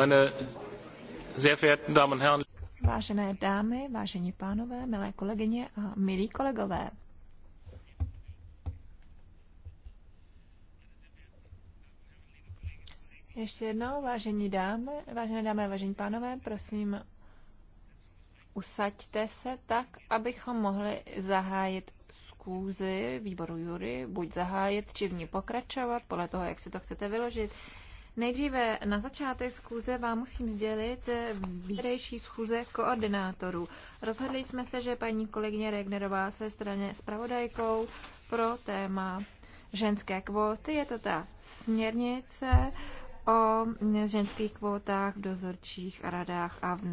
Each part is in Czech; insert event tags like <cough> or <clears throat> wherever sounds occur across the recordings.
meine sehr verehrten Damen und Herren. Vážené dámy, vážení pánové, milé kolegyně a milí kolegové. Ještě jednou, vážení dámy, vážené dámy, vážení pánové, prosím, usaďte se tak, abychom mohli zahájit schůzi výboru Jury, buď zahájit, či v ní pokračovat, podle toho, jak si to chcete vyložit. Nejdříve na začátek schůze vám musím sdělit eh, výdejší schůze koordinátorů. Rozhodli jsme se, že paní kolegyně Regnerová se straně pravodajkou pro téma ženské kvóty. Je to ta směrnice o ženských kvótách v dozorčích radách a v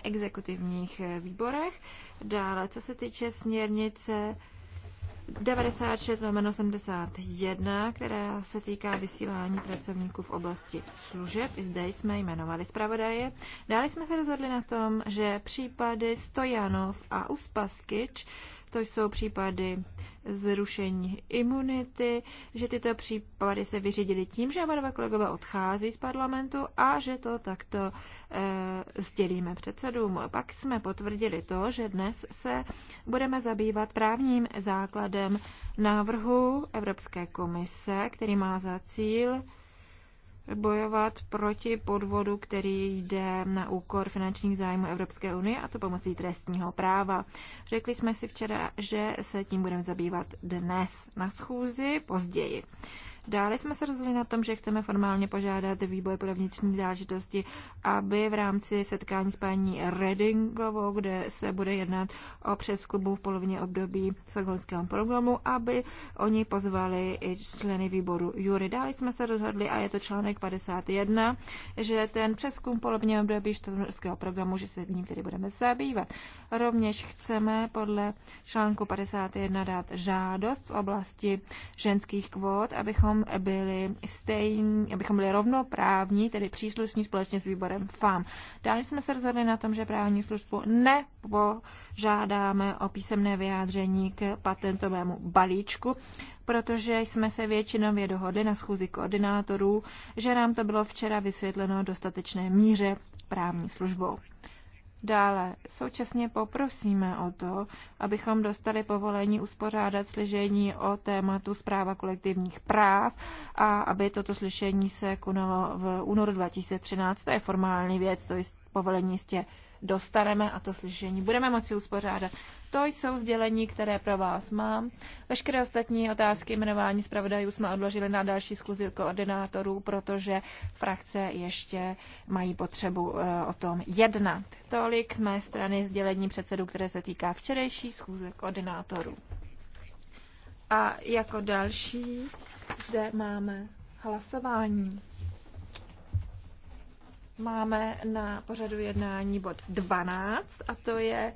neexekutivních eh, výborech. Dále, co se týče směrnice 96 lomeno která se týká vysílání pracovníků v oblasti služeb. I zde jsme jmenovali zpravodaje. Dále jsme se rozhodli na tom, že případy Stojanov a Uspaskyč, to jsou případy zrušení imunity, že tyto případy se vyřídily tím, že oba dva kolegové odchází z parlamentu a že to takto e, sdělíme předsedům. Pak jsme potvrdili to, že dnes se budeme zabývat právním základem návrhu Evropské komise, který má za cíl bojovat proti podvodu, který jde na úkor finančních zájmů Evropské unie, a to pomocí trestního práva. Řekli jsme si včera, že se tím budeme zabývat dnes na schůzi, později. Dále jsme se rozhodli na tom, že chceme formálně požádat výbor pro vnitřní záležitosti, aby v rámci setkání s paní Redingovou, kde se bude jednat o přeskubu v polovině období Stockholmského programu, aby oni pozvali i členy výboru Jury. Dále jsme se rozhodli, a je to článek 51, že ten přeskum polovině období Stockholmského programu, že se ním tedy budeme zabývat. Rovněž chceme podle článku 51 dát žádost v oblasti ženských kvót, abychom abychom byli stejní, abychom byli rovnoprávní, tedy příslušní společně s výborem FAM. Dále jsme se rozhodli na tom, že právní službu nepožádáme o písemné vyjádření k patentovému balíčku, protože jsme se většinově dohodli na schůzi koordinátorů, že nám to bylo včera vysvětleno v dostatečné míře právní službou. Dále současně poprosíme o to, abychom dostali povolení uspořádat slyšení o tématu zpráva kolektivních práv a aby toto slyšení se konalo v únoru 2013. To je formální věc, to je povolení jistě dostaneme a to slyšení budeme moci uspořádat. To jsou sdělení, které pro vás mám. Veškeré ostatní otázky jmenování zpravodajů jsme odložili na další schůzi koordinátorů, protože frakce ještě mají potřebu eh, o tom jednat. Tolik z mé strany sdělení předsedů, které se týká včerejší schůze koordinátorů. A jako další zde máme hlasování. Máme na pořadu jednání bod 12 a to je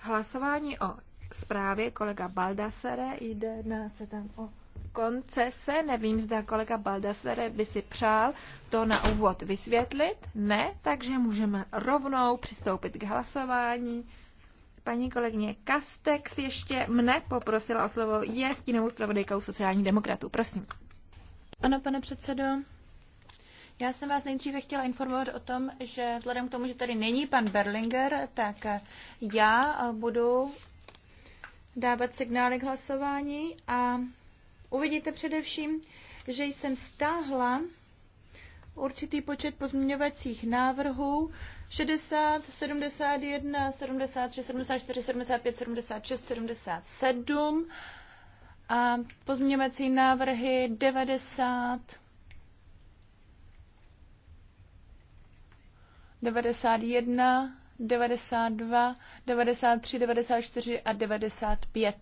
hlasování o zprávě kolega Baldasere jde, na se tam o koncese. Nevím, zda kolega Baldasere by si přál to na úvod vysvětlit. Ne, takže můžeme rovnou přistoupit k hlasování. Paní kolegyně Kastex ještě mne poprosila o slovo je stínovou zpravodajkou sociálních demokratů. Prosím. Ano, pane předsedo, já jsem vás nejdříve chtěla informovat o tom, že vzhledem k tomu, že tady není pan Berlinger, tak já budu dávat signály k hlasování a uvidíte především, že jsem stáhla určitý počet pozměňovacích návrhů 60, 71, 73, 74, 75, 76, 77 a pozměňovací návrhy 90, 91, 92, 93, 94 a 95.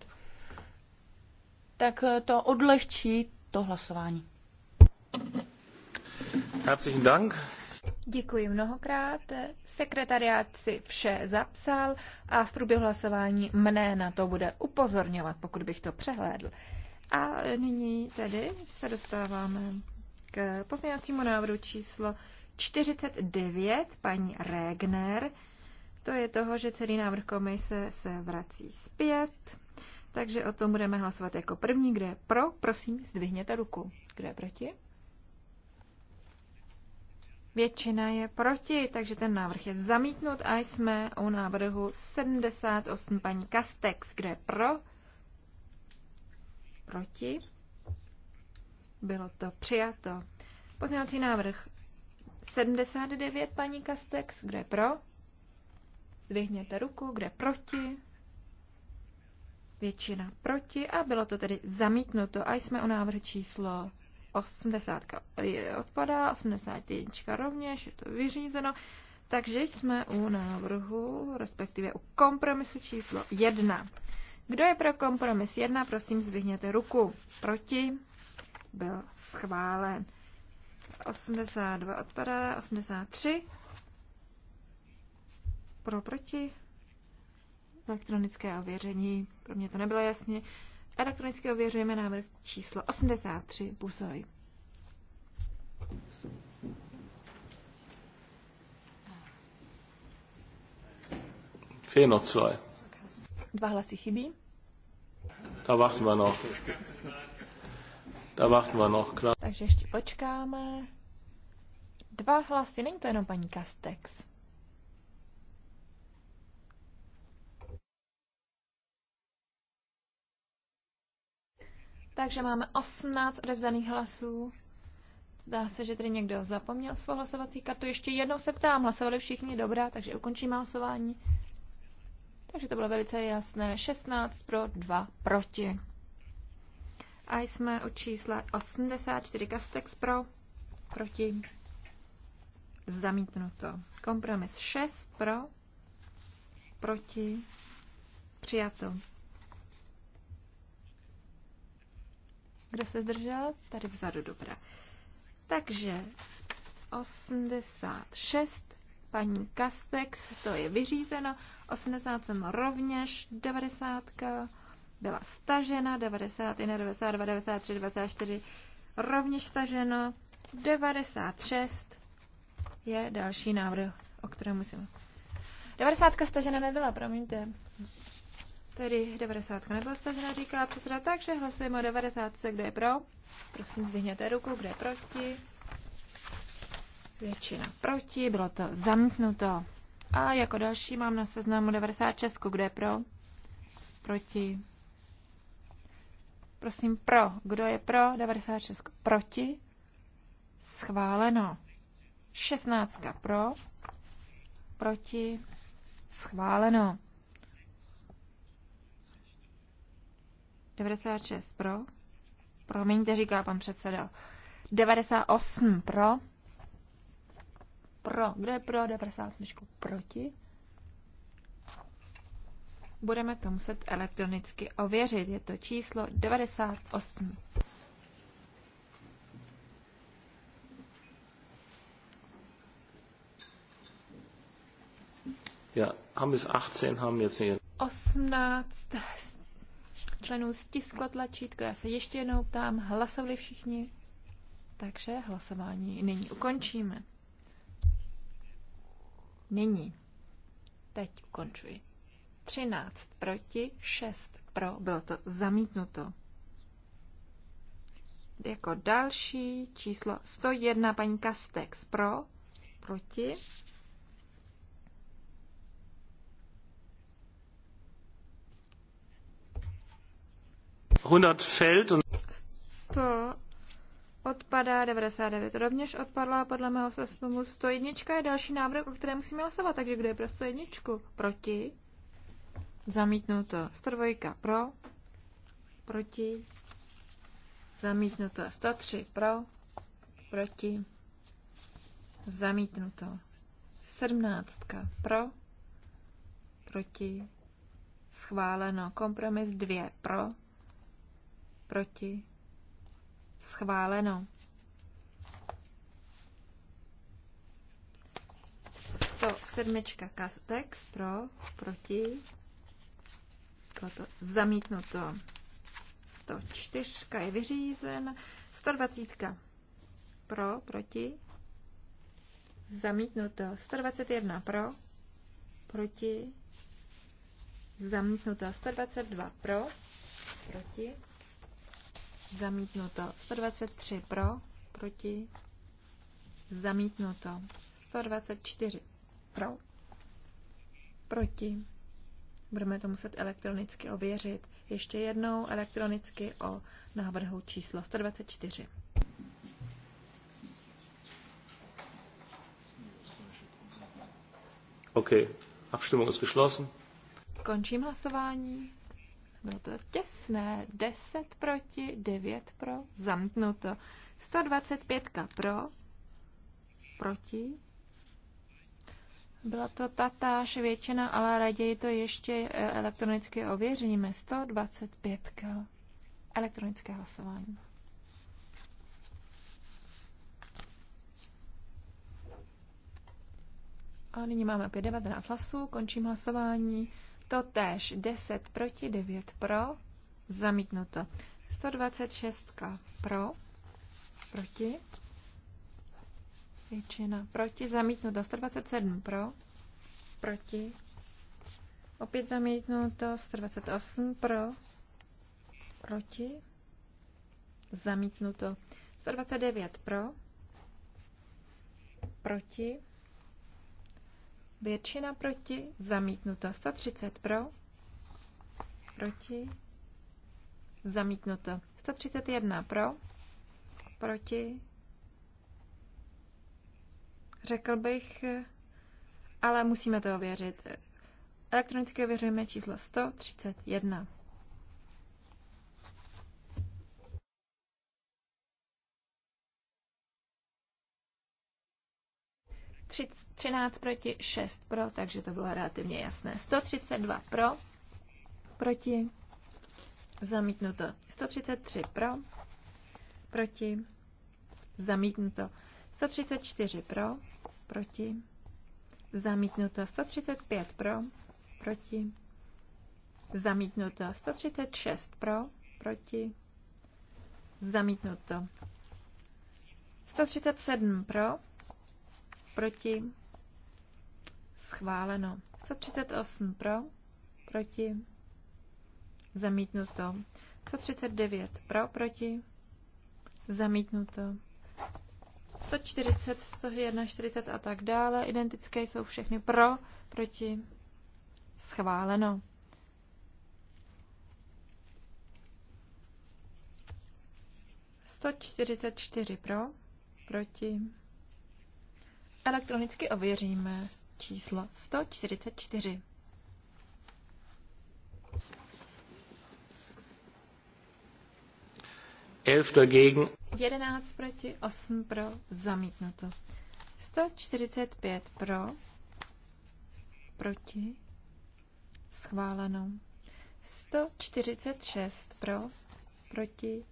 Tak eh, to odlehčí to hlasování. Herzlichen Dank. Děkuji mnohokrát. Sekretariát si vše zapsal a v průběhu hlasování mne na to bude upozorňovat, pokud bych to přehlédl. A nyní tedy se dostáváme k pozměňovacímu návrhu číslo 49, paní Regner, to je toho, že celý návrh komise se vrací zpět. Takže o tom budeme hlasovat jako první. Kdo je pro, prosím, zdvihněte ruku. Kdo je proti? Většina je proti, takže ten návrh je zamítnut a jsme u návrhu 78 paní Kastex. Kdo je pro? Proti? Bylo to přijato. Pozměňovací návrh 79 paní Kastex, je pro? Zvihněte ruku, je proti? Většina proti a bylo to tedy zamítnuto a jsme u návrhu číslo 80 odpadá, 81 rovněž, je to vyřízeno. Takže jsme u návrhu, respektive u kompromisu číslo 1. Kdo je pro kompromis 1, prosím zvihněte ruku. Proti byl schválen. 82 odpadá, 83 pro proti elektronické ověření, pro mě to nebylo jasně. Elektronicky ověřujeme návrh číslo 83 Busoj. Fino, co je? Dva hlasy chybí. Ta warten takže ještě počkáme. Dva hlasy, není to jenom paní Kastex. Takže máme 18 odevzdaných hlasů. Zdá se, že tady někdo zapomněl svou hlasovací kartu. Ještě jednou se ptám, hlasovali všichni dobrá, takže ukončím hlasování. Takže to bylo velice jasné. 16 pro, 2 proti. A jsme u čísla 84 Castex pro, proti, zamítnuto. Kompromis 6 pro, proti, přijato. Kdo se zdržel? Tady vzadu, dobrá. Takže 86 paní Castex, to je vyřízeno. 80 jsem rovněž, 90 byla stažena, 91, 92, 93, 94 rovněž staženo, 96 je další návrh, o kterém musím. 90 stažena nebyla, promiňte. Tedy 90 nebyla stažena, říká předseda, takže hlasujeme o 90, kdo je pro. Prosím, zvihněte ruku, kdo je proti. Většina proti, bylo to zamknuto. A jako další mám na seznamu 96, kdo je pro. Proti Prosím pro. Kdo je pro? 96 proti. Schváleno. 16 pro. Proti. Schváleno. 96 pro. Promiňte, říká pan předseda. 98 pro. Pro. Kdo je pro 98? Proti budeme to muset elektronicky ověřit. Je to číslo 98. Ja, haben bis 18, haben jetzt nicht. 18 členů stisklo tlačítko, já se ještě jednou ptám, hlasovali všichni? Takže hlasování nyní ukončíme. Nyní. Teď ukončuji. 13 proti, 6 pro. Bylo to zamítnuto. Jako další číslo 101 paní Kastex pro, proti. Feld und 100 odpadá, 99 rovněž odpadla, podle mého sestumu 101 je další návrh, o kterém musíme hlasovat, takže kdo je pro 101? Proti? Zamítnuto 102 pro, proti, zamítnuto 103 pro, proti, zamítnuto 17 pro, proti, schváleno kompromis 2 pro, proti, schváleno. 107 kastex pro, proti, zamítnuto, zamítnuto. 104 je vyřízen, 120 pro, proti, zamítnuto, 121 pro, proti, zamítnuto, 122 pro, proti, zamítnuto, 123 pro, proti, zamítnuto, 124 pro, proti, Budeme to muset elektronicky ověřit. Ještě jednou elektronicky o návrhu číslo 124. OK. Abstimmung ist geschlossen. Končím hlasování. Bylo to těsné. 10 proti, 9 pro, zamknuto. 125 pro, proti, byla to tatáž většina, ale raději to ještě eh, elektronicky ověříme. 125. Elektronické hlasování. A nyní máme opět 19 hlasů, končím hlasování. To též 10 proti, 9 pro, zamítnuto. 126 pro, proti, většina proti, do 127 pro, proti, opět zamítnuto 128 pro, proti, zamítnuto 129 pro, proti, většina proti, zamítnuto 130 pro, proti, zamítnuto 131 pro, proti, Řekl bych, ale musíme to ověřit. Elektronicky ověřujeme číslo 131. Tři, 13 proti 6 pro, takže to bylo relativně jasné. 132 pro, proti, zamítnuto. 133 pro, proti, zamítnuto. 134 pro, proti, zamítnuto 135 pro, proti, zamítnuto 136 pro, proti, zamítnuto 137 pro, proti, schváleno 138 pro, proti, zamítnuto 139 pro, proti, zamítnuto 140, 141, 40 a tak dále. Identické jsou všechny pro, proti, schváleno. 144 čtyřicet pro, proti. Elektronicky ověříme číslo 144. 11 dagegen. 11 proti, 8 pro, zamítnuto. 145 pro, proti, schváleno. 146 pro, proti,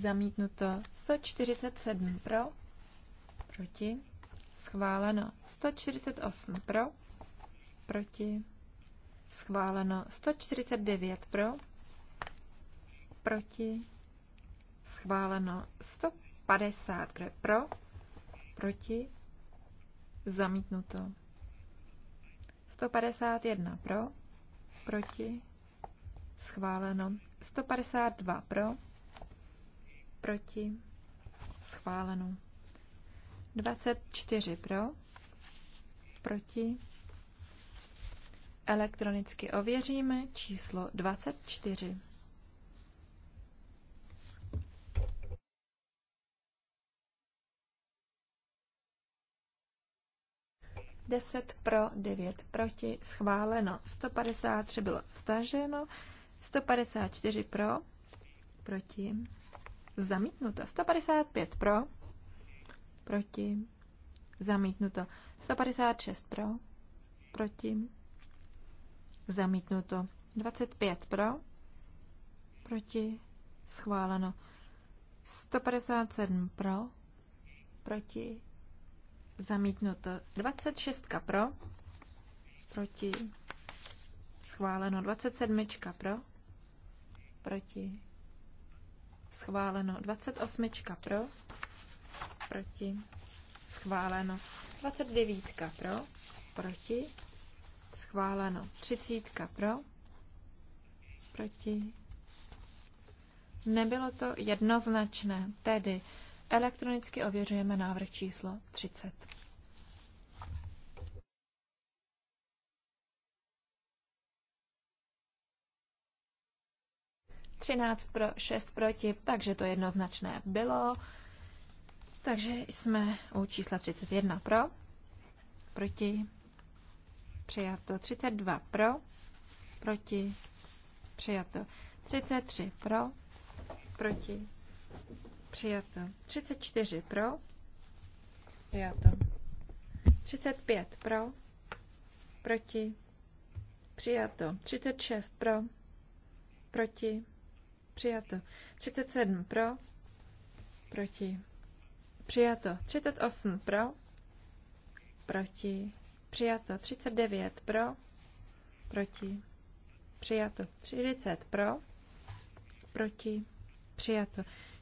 zamítnuto. 147 pro, proti, schváleno. 148 pro, proti, schváleno. 149 pro, proti, schváleno 150, kdo je pro, proti, zamítnuto. 151 pro, proti, schváleno. 152 pro, proti, schváleno. 24 pro, proti, elektronicky ověříme číslo 24. 10 pro, 9 proti, schváleno. 153 bylo staženo, 154 pro, proti, zamítnuto. 155 pro, proti, zamítnuto. 156 pro, proti, zamítnuto. 25 pro, proti, schváleno. 157 pro, proti, Zamítnuto 26 pro, proti, schváleno 27 pro, proti, schváleno 28 pro, proti, schváleno 29 pro, proti, schváleno 30 pro, proti. Nebylo to jednoznačné, tedy Elektronicky ověřujeme návrh číslo 30. Třináct pro, šest proti, takže to jednoznačné bylo. Takže jsme u čísla 31 pro, proti, přijato 32 pro, proti, přijato 33 pro, proti, Přijato. 34 pro. Přijato. 35 pro. Proti. Přijato. 36 pro. Proti. Přijato. 37 pro. Proti. Přijato. 38 pro. Proti. Přijato. 39 pro. Proti. Přijato. 40 pro. Proti. Přijato.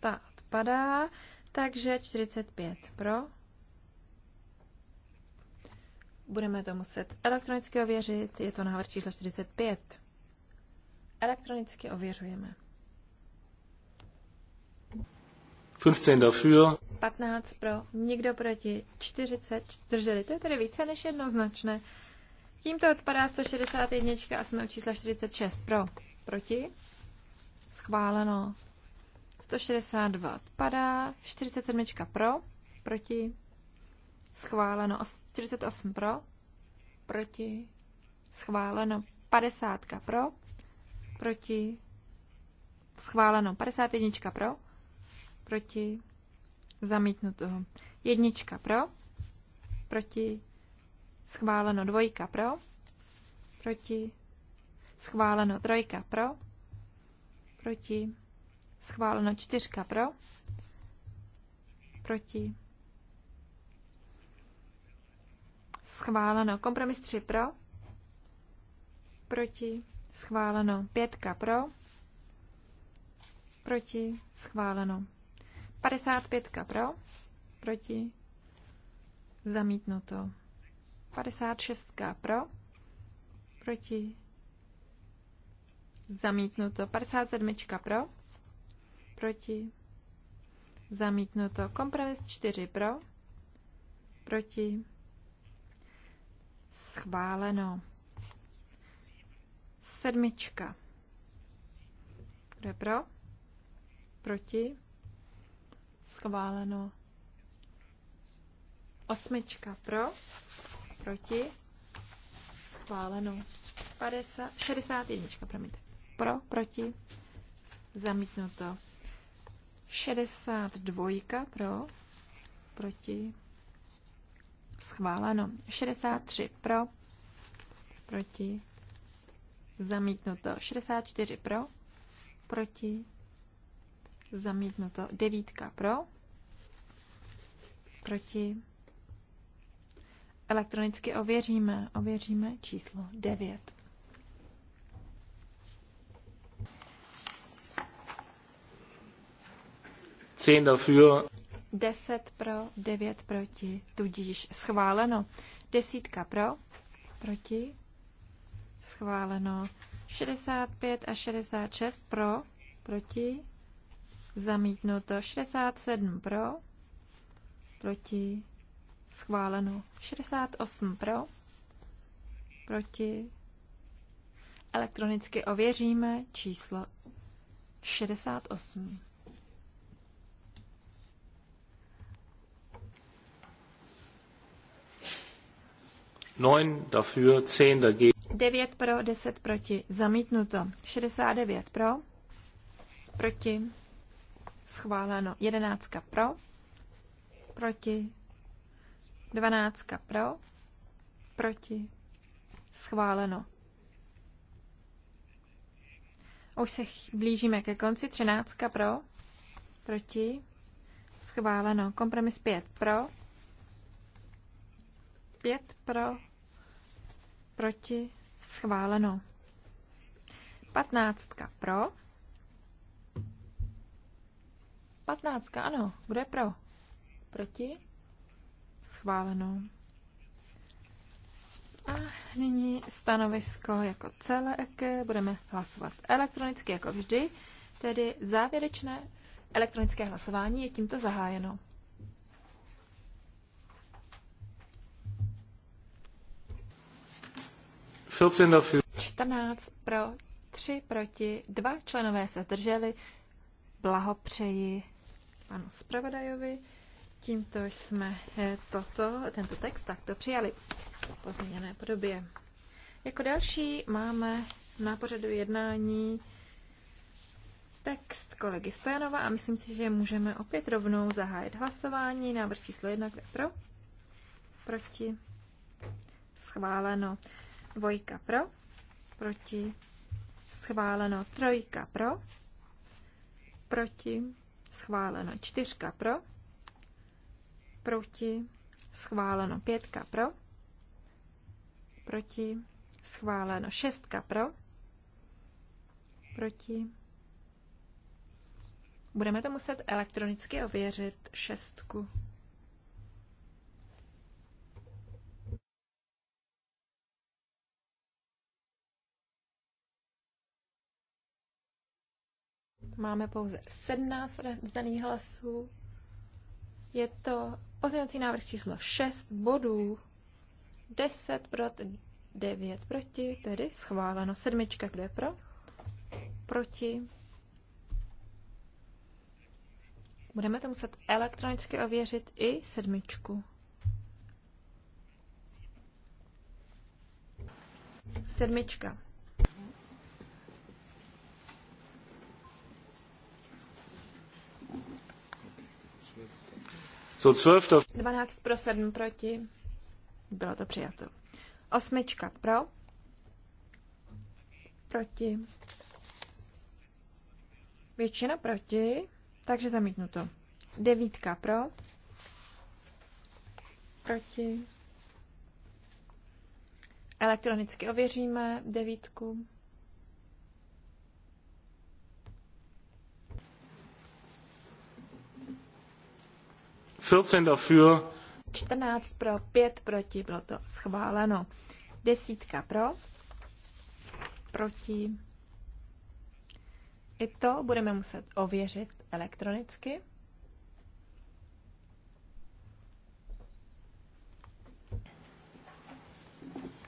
ta odpadá, takže 45 pro. Budeme to muset elektronicky ověřit, je to návrh číslo 45. Elektronicky ověřujeme. 15 dafür. 15 pro, nikdo proti, 40 drželi. To je tedy více než jednoznačné. Tímto odpadá 161 a jsme u čísla 46 pro. Proti? Schváleno. 162 odpadá, 47 pro, proti, schváleno, 48 pro, proti, schváleno, 50 pro, proti, schváleno, 51 pro, proti, zamítnuto, jednička pro, proti, schváleno, dvojka pro, proti, schváleno, trojka pro, proti, Schváleno čtyřka pro. Proti. Schváleno. Kompromis 3 pro. Proti. Schváleno. Pětka pro. Proti. Schváleno. 55 pro. Proti. Zamítnuto. 56 pro. Proti. Zamítnuto. 57 pro proti, zamítnuto. Kompromis 4 pro, proti, schváleno. Sedmička. Kdo je pro? Proti? Schváleno. Osmička pro? Proti? Schváleno. 50, 61, promiňte. Pro, proti? Zamítnuto. 62 pro, proti, schváleno. 63 pro, proti, zamítnuto. 64 pro, proti, zamítnuto. 9 pro, proti, elektronicky ověříme, ověříme číslo 9. 10 dafür. 10 pro, 9 proti, tudíž schváleno. Desítka pro, proti, schváleno. 65 a 66 pro, proti, zamítnuto. 67 pro, proti, schváleno. 68 pro, proti, elektronicky ověříme číslo 68. 9 pro, 10 proti. Zamítnuto. 69 pro. Proti. Schváleno. 11 pro. Proti. 12 pro. Proti. Schváleno. Už se blížíme ke konci. 13 pro. Proti. Schváleno. Kompromis 5 pro. 5 pro, proti, schváleno. 15 pro. 15, ano, bude pro. Proti, schváleno. A nyní stanovisko jako celé budeme hlasovat elektronicky jako vždy, tedy závěrečné elektronické hlasování je tímto zahájeno. 14 pro, 3 proti, 2 členové se zdrželi. Blahopřeji panu zpravodajovi. Tímto jsme eh, toto, tento text takto přijali v pozměněné podobě. Jako další máme na pořadu jednání text kolegy Stojanova a myslím si, že můžeme opět rovnou zahájit hlasování. Návrh číslo 1, pro? Proti? Schváleno. Dvojka pro, proti, schváleno. Trojka pro, proti, schváleno. Čtyřka pro, proti, schváleno. Pětka pro, proti, schváleno. Šestka pro, proti. Budeme to muset elektronicky ověřit šestku. Máme pouze 17 vzdaných hlasů. Je to pozměňovací návrh číslo 6 bodů. 10 pro, 9 proti, tedy schváleno. Sedmička, kdo je pro? Proti. Budeme to muset elektronicky ověřit i sedmičku. Sedmička. So 12 to... 12 pro 7 proti. Bylo to přijato. Osmička pro. Proti. Většina proti, takže zamítnuto. Devítka pro. Proti. Elektronicky ověříme devítku. 14 dafür. 14 pro, 5 proti, bylo to schváleno. Desítka pro, proti. I to budeme muset ověřit elektronicky.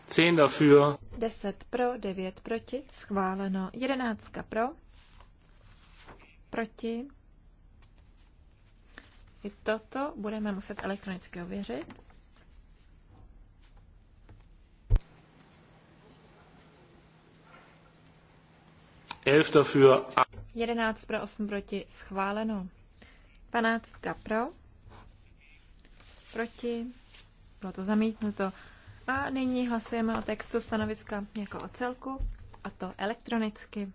Zehn dafür. 10 pro, 9 proti, schváleno. 11 pro, proti. I toto budeme muset elektronicky ověřit. Dafür. 11 pro 8 proti schváleno. 12 pro. Proti. Bylo to zamítnuto. A nyní hlasujeme o textu stanoviska jako o celku, a to elektronicky.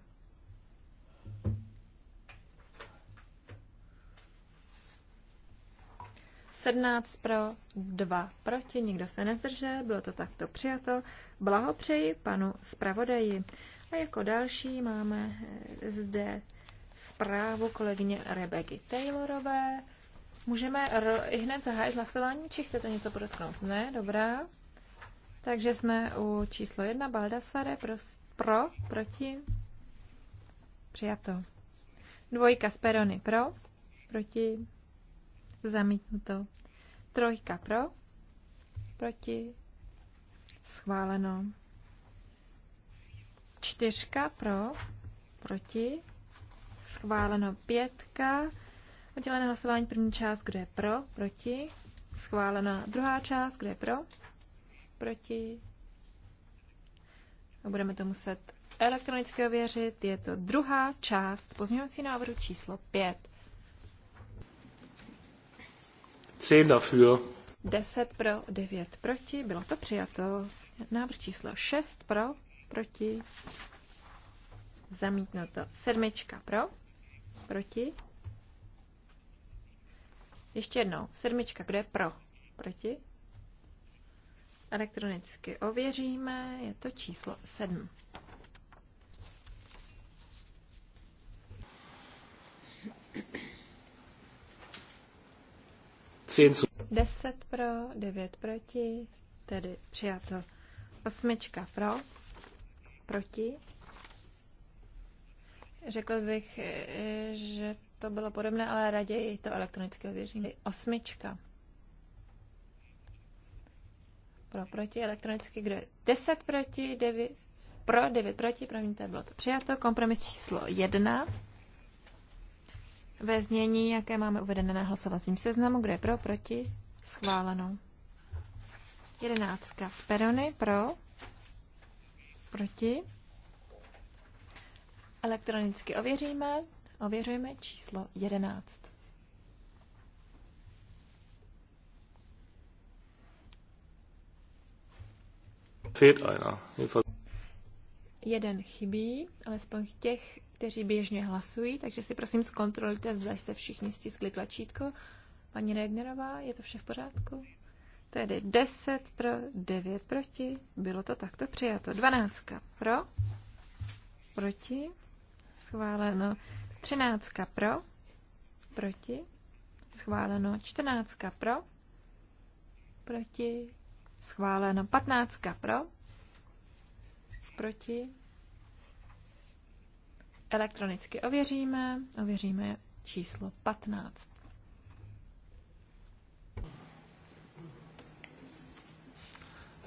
17 pro, 2 proti, nikdo se nezdržel, bylo to takto přijato. Blahopřeji panu zpravodaji. A jako další máme eh, zde zprávu kolegyně Rebeky Taylorové. Můžeme i hned zahájit hlasování, či chcete něco podotknout? Ne, dobrá. Takže jsme u číslo jedna Baldasare pro, pro proti. Přijato. Dvojka z Perony pro, proti Zamítnuto. Trojka pro. Proti. Schváleno. Čtyřka pro. Proti. Schváleno. Pětka. Oddělené hlasování první část, kdo je pro, proti. Schválena druhá část, kdo je pro, proti. A budeme to muset elektronicky ověřit. Je to druhá část pozměňovací návrhu číslo 5. 10 dafür. 10 pro, 9 proti, bylo to přijato. Návrh číslo 6 pro, proti, zamítnuto. Sedmička pro, proti. Ještě jednou, sedmička, kde? je pro, proti. Elektronicky ověříme, je to číslo 7. 10 pro, 9 proti, tedy přijato. Osmička pro, proti. Řekl bych, eh, že to bylo podobné, ale raději to elektronické ověření. Osmička. Pro, proti, elektronicky, kdo je? 10 proti, 9, pro, 9 proti, promiňte, bylo to přijato. Kompromis číslo 1 ve znění, jaké máme uvedené na hlasovacím seznamu. Kdo je pro, proti? Schváleno. Jedenáctka. Perony pro, proti. Elektronicky ověříme. Ověřujeme číslo 11. Jeden chybí, alespoň těch kteří běžně hlasují, takže si prosím zkontrolujte, zda jste všichni stiskli tlačítko. Paní Regnerová, je to vše v pořádku? Tedy 10 pro, 9 proti. Bylo to takto přijato. 12 pro, proti. Schváleno 13 pro, proti. Schváleno 14 pro, proti. Schváleno 15 pro, proti. Elektronicky ověříme. Ověříme číslo 15.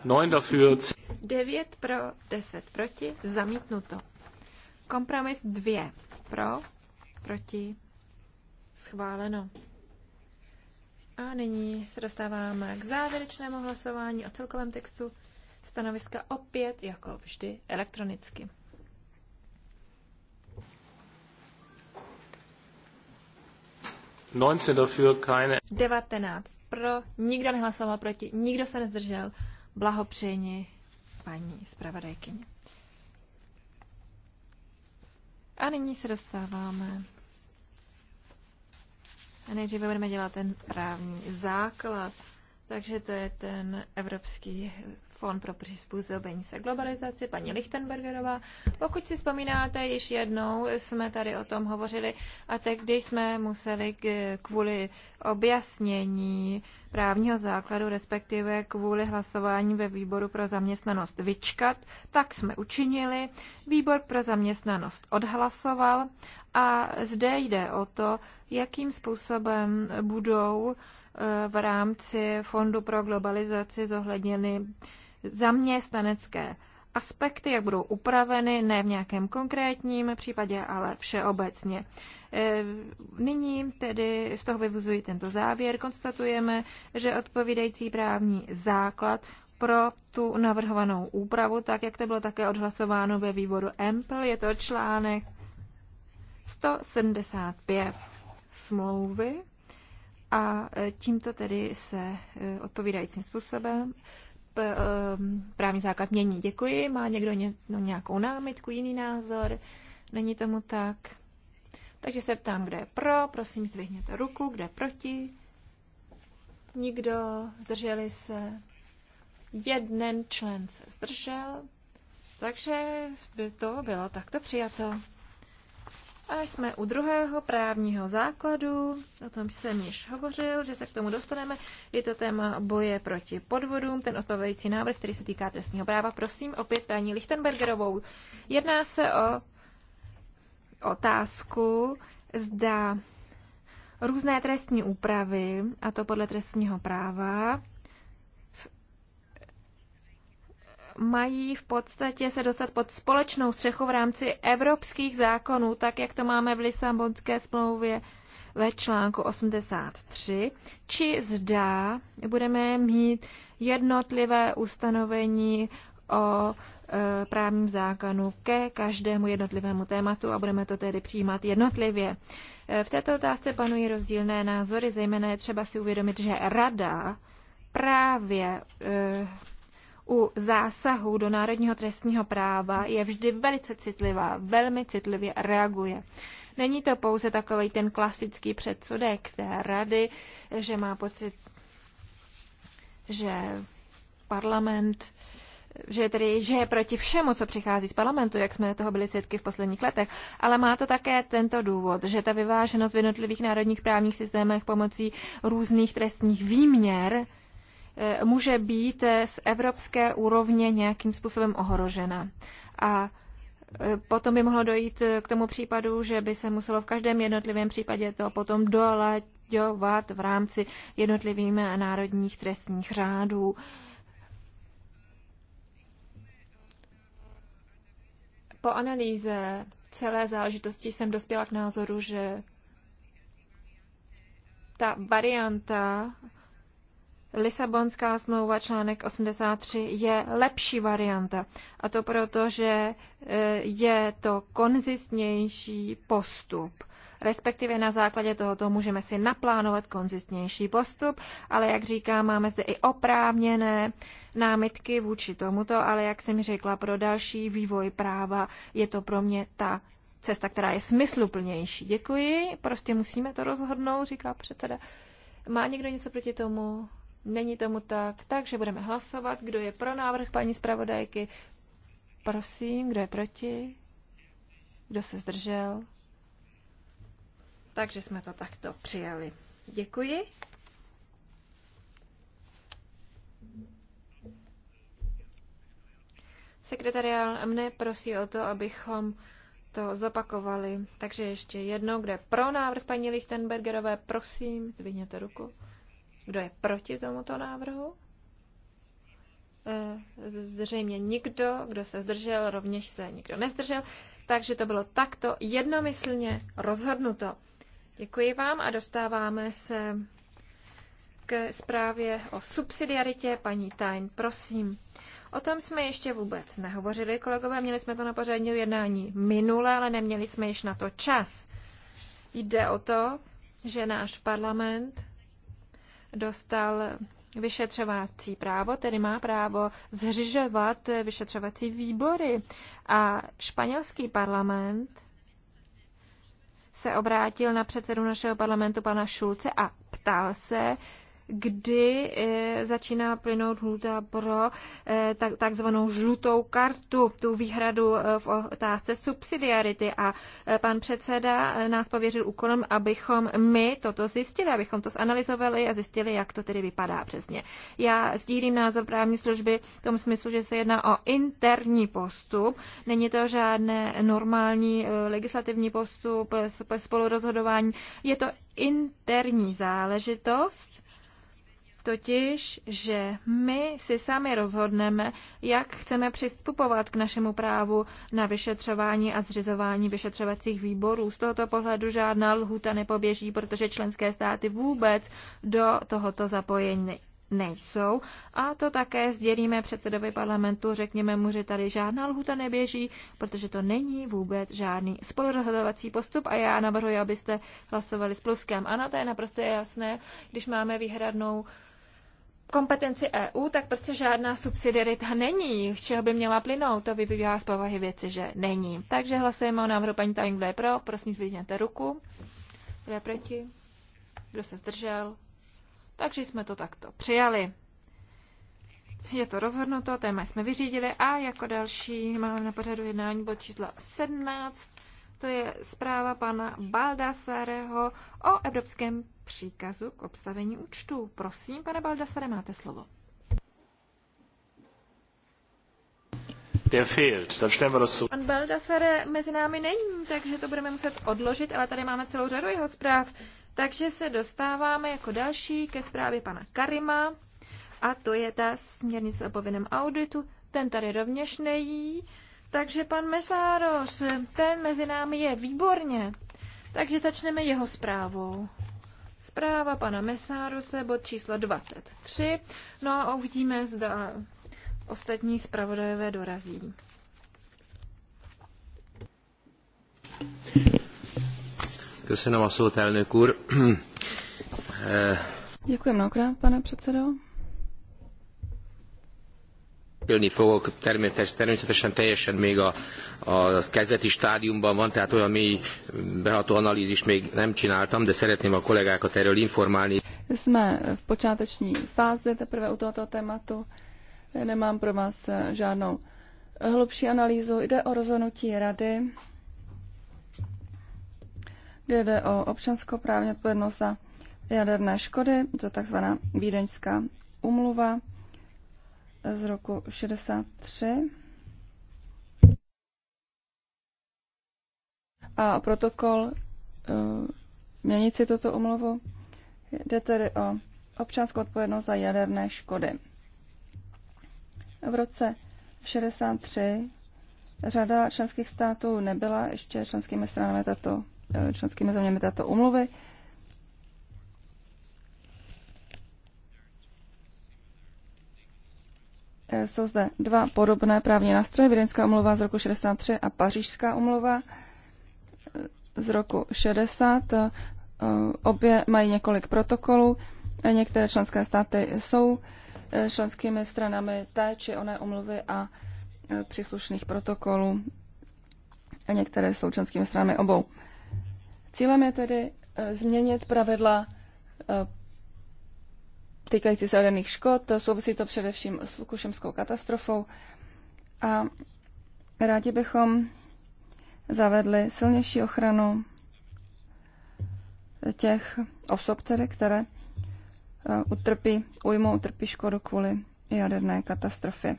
Neun dafür. 9 pro, 10 proti, zamítnuto. Kompromis 2 pro, proti, schváleno. A nyní se dostáváme k závěrečnému hlasování o celkovém textu stanoviska opět jako vždy elektronicky. 19 pro, nikdo nehlasoval proti, nikdo se nezdržel. Blahopřejně paní zpravodajkyně. A nyní se dostáváme. A nejdříve budeme dělat ten právní základ. Takže to je ten Evropský Fond pro přizpůsobení se globalizaci, paní Lichtenbergerová. Pokud si vzpomínáte, již jednou jsme tady o tom hovořili a tehdy jsme museli k, kvůli objasnění právního základu, respektive kvůli hlasování ve výboru pro zaměstnanost vyčkat. Tak jsme učinili. Výbor pro zaměstnanost odhlasoval a zde jde o to, jakým způsobem budou eh, v rámci Fondu pro globalizaci zohledněny zaměstnanecké aspekty, jak budou upraveny, ne v nějakém konkrétním případě, ale všeobecně. E, nyní tedy z toho vyvozuji tento závěr. Konstatujeme, že odpovídající právní základ pro tu navrhovanou úpravu, tak jak to bylo také odhlasováno ve výboru EMPL, je to článek 175 smlouvy a e, tímto tedy se e, odpovídajícím způsobem Eh, právní základ mění. Děkuji. Má někdo ně, no, nějakou námitku, jiný názor? Není tomu tak. Takže se ptám, kde je pro. Prosím, zdvihněte ruku. Kde je proti? Nikdo. Zdrželi se. Jeden člen se zdržel. Takže by to bylo takto přijato. A jsme u druhého právního základu, o tom jsem již hovořil, že se k tomu dostaneme. Je to téma boje proti podvodům, ten odpovědící návrh, který se týká trestního práva. Prosím opět paní Lichtenbergerovou. Jedná se o otázku, zda různé trestní úpravy, a to podle trestního práva, mají v podstatě se dostat pod společnou střechu v rámci evropských zákonů, tak jak to máme v Lisabonské smlouvě ve článku 83, či zda budeme mít jednotlivé ustanovení o e, právním zákonu ke každému jednotlivému tématu a budeme to tedy přijímat jednotlivě. E, v této otázce panují rozdílné názory, zejména je třeba si uvědomit, že rada právě e, u zásahů do národního trestního práva je vždy velice citlivá, velmi citlivě reaguje. Není to pouze takový ten klasický předsudek té rady, že má pocit, že parlament že tedy že je proti všemu, co přichází z parlamentu, jak jsme toho byli svědky v posledních letech, ale má to také tento důvod, že ta vyváženost v jednotlivých národních právních systémech pomocí různých trestních výměr Eh, může být eh, z evropské úrovně nějakým způsobem ohrožena. A eh, potom by mohlo dojít k tomu případu, že by se muselo v každém jednotlivém případě to potom dolaďovat v rámci jednotlivých národních trestních řádů. Po analýze celé záležitosti jsem dospěla k názoru, že ta varianta Lisabonská smlouva článek 83 je lepší varianta. A to proto, že e, je to konzistnější postup. Respektive na základě tohoto můžeme si naplánovat konzistnější postup, ale jak říkám, máme zde i oprávněné námitky vůči tomuto, ale jak jsem řekla, pro další vývoj práva je to pro mě ta cesta, která je smysluplnější. Děkuji, prostě musíme to rozhodnout, říká předseda. Má někdo něco proti tomu? Není tomu tak, takže budeme hlasovat. Kdo je pro návrh paní zpravodajky? Prosím, kdo je proti? Kdo se zdržel? Takže jsme to takto přijali. Děkuji. Sekretariál mne prosí o to, abychom to zopakovali. Takže ještě jedno, kde pro návrh paní Lichtenbergerové, prosím, zvedněte ruku. Kdo je proti tomuto návrhu? E, zřejmě nikdo, kdo se zdržel, rovněž se nikdo nezdržel. Takže to bylo takto jednomyslně rozhodnuto. Děkuji vám a dostáváme se k zprávě o subsidiaritě. Paní Tajn, prosím. O tom jsme ještě vůbec nehovořili, kolegové, měli jsme to na pořádní jednání minule, ale neměli jsme již na to čas. Jde o to, že náš parlament dostal vyšetřovací právo, tedy má právo zřižovat vyšetřovací výbory. A španělský parlament se obrátil na předsedu našeho parlamentu pana Šulce a ptal se, kdy eh, začíná plynout hluta pro eh, takzvanou žlutou kartu, tu výhradu eh, v otázce subsidiarity. A pan předseda nás pověřil úkolem, abychom my toto zjistili, abychom to zanalizovali a zjistili, jak to tedy vypadá přesně. Já sdílím názor právní služby v tom smyslu, že se jedná o interní postup. Není to žádné normální legislativní postup, spolurozhodování. Je to interní záležitost, totiž, že my si sami rozhodneme, jak chceme přistupovat k našemu právu na vyšetřování a zřizování vyšetřovacích výborů. Z tohoto pohledu žádná lhuta nepoběží, protože členské státy vůbec do tohoto zapojení nejsou. A to také sdělíme předsedovi parlamentu, řekněme mu, že tady žádná lhuta neběží, protože to není vůbec žádný spolurozhodovací postup a já navrhuji, abyste hlasovali s pluskem. Ano, to je naprosto jasné, když máme výhradnou kompetenci EU, tak prostě žádná subsidiarita není, z čeho by měla plynout. To vyvíjá z povahy věci, že není. Takže hlasujeme o návrhu paní Tajn, kdo je pro, prosím zvedněte ruku. Kdo je proti? Kdo se zdržel? Takže jsme to takto přijali. Je to rozhodnuto, téma jsme vyřídili a jako další máme na pořadu jednání bod číslo 17. To je zpráva pana Baldasareho o evropském příkazu k obstavení účtu. Prosím, pane Baldasare, máte slovo. Der Pan Baldasare mezi námi není, takže to budeme muset odložit, ale tady máme celou řadu jeho zpráv. Takže se dostáváme jako další ke zprávě pana Karima. A to je ta směrnice o povinném auditu. Ten tady rovněž nejí. Takže pan Mesároš, ten mezi námi je výborně. Takže začneme jeho zprávou. Zpráva pana Mesárose, bod číslo 23. No a uvidíme, zda ostatní zpravodajové dorazí. <clears throat> Eh. Děkuji mnohokrát, pane předsedo. Élni fogok, természetesen teljesen még a, a kezdeti stádiumban van, tehát olyan mély beható analízis még nem csináltam, de szeretném a kollégákat erről informálni. Jsme v počáteční fázi teprve u tohoto tématu. Nemám pro vás eh, žádnou hlubší analýzu. Jde o rozhodnutí rady, kde jde o občanskou právní odpovědnost za jaderné škody, to je takzvaná vídeňská umluva z roku 63. A protokol uh, eh, měnící tuto umluvu jde tedy o občanskou odpovědnost za jaderné škody. V roce 63 řada členských států nebyla ještě členskými stranami této eh, členskými zeměmi této umluvy. Eh, jsou zde dva podobné právní nástroje, Vídeňská umluva z roku 63 a Pařížská umluva eh, z roku 60. Eh, obě mají několik protokolů. Některé členské státy jsou členskými stranami té či oné umluvy a příslušných protokolů. A některé jsou členskými stranami obou. Cílem je tedy změnit pravidla týkající se odených škod. Souvisí to především s fukušemskou katastrofou. A rádi bychom zavedli silnější ochranu těch osob, tedy, které eh, utrpí újmu, utrpí škodu kvůli jaderné katastrofě.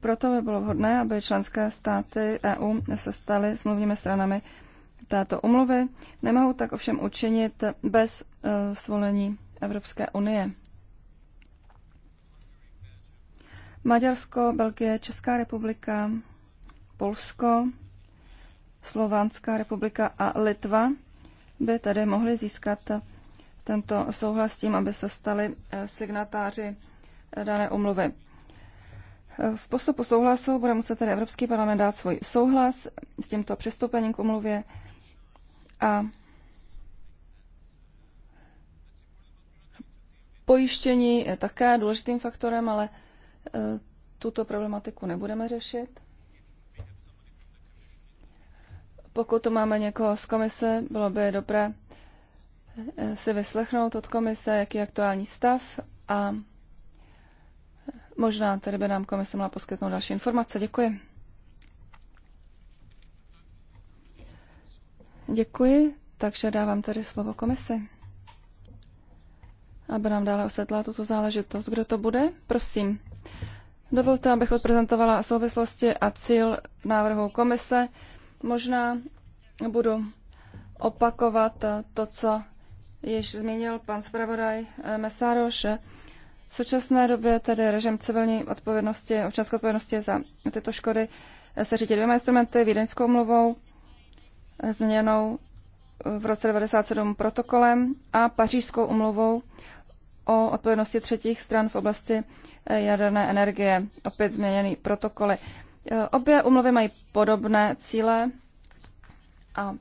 Proto by bylo vhodné, aby členské státy EU se staly smluvními stranami této umluvy. Nemohou tak ovšem učinit bez eh, svolení Evropské unie. Maďarsko, Belgie, Česká republika, Polsko, Slovánská republika a Litva by tady mohly získat tento souhlas s tím, aby se stali eh, signatáři eh, dané umluvy. V postupu souhlasu bude muset tedy Evropský parlament dát svůj souhlas s tímto přistoupením k umluvě a Pojištění je také důležitým faktorem, ale e, tuto problematiku nebudeme řešit. Pokud tu máme někoho z komise, bylo by dobré e, si vyslechnout od komise, jaký je aktuální stav a možná tedy by nám komise mohla poskytnout další informace. Děkuji. Děkuji, takže dávám tedy slovo komisi aby nám dále osvětlila tuto záležitost. Kdo to bude? Prosím. Dovolte, abych odprezentovala souvislosti a cíl návrhu komise. Možná budu opakovat to, co již zmínil pan zpravodaj eh, Mesároš. V současné době tedy režim civilní odpovědnosti, občanské odpovědnosti za tyto škody eh, se řídí dvěma instrumenty, Vídeňskou mluvou, eh, změněnou v roce 1997 protokolem a Pařížskou umluvou o odpovědnosti třetích stran v oblasti eh, jaderné energie, opět změněný protokoly. Eh, obě umluvy mají podobné cíle a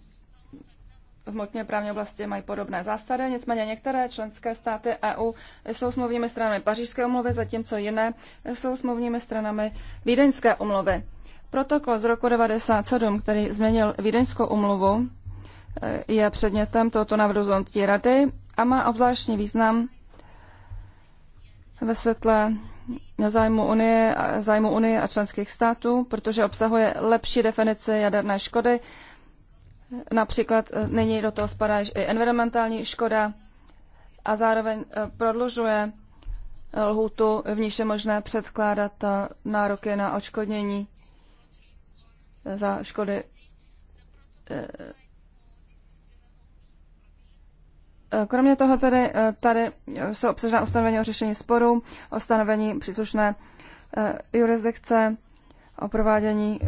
v hmotně právní oblasti mají podobné zásady, nicméně některé členské státy EU jsou smluvními stranami Pařížské umluvy, zatímco jiné jsou smluvními stranami Vídeňské umluvy. Protokol z roku 1997, který změnil Vídeňskou umluvu, eh, je předmětem tohoto návrhu rozhodnutí rady a má obzvláštní význam ve světle zájmu Unie, zájmu Unie a členských států, protože obsahuje lepší definici jaderné škody. Například e, nyní do toho spadá i environmentální škoda a zároveň e, prodlužuje e, lhůtu, v níž je možné předkládat nároky na odškodnění za škody Eh, kromě toho eh, tady, tady eh, jsou obsažena ustanovení o řešení sporů, o stanovení příslušné jurisdikce, o provádění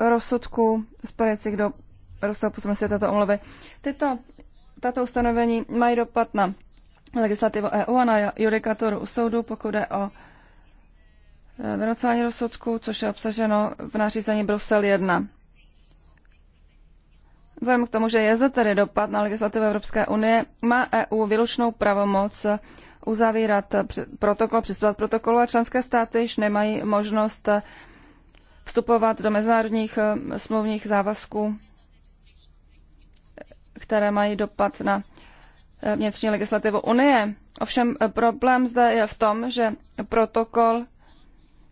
rozsudků spadajících do rozsahu působnosti této omluvy. Tyto, tato ustanovení mají dopad na legislativu EU a na judikaturu u soudu, pokud je o vynocování rozsudku, což je obsaženo v nařízení Brusel 1. Vzhledem k tomu, že je zde tedy dopad na legislativu Evropské unie, má EU výlučnou pravomoc uzavírat protokol, přistupovat protokolu a členské státy již nemají možnost vstupovat do mezinárodních eh, smluvních závazků, které mají dopad na eh, vnitřní legislativu Unie. Ovšem eh, problém zde je v tom, že protokol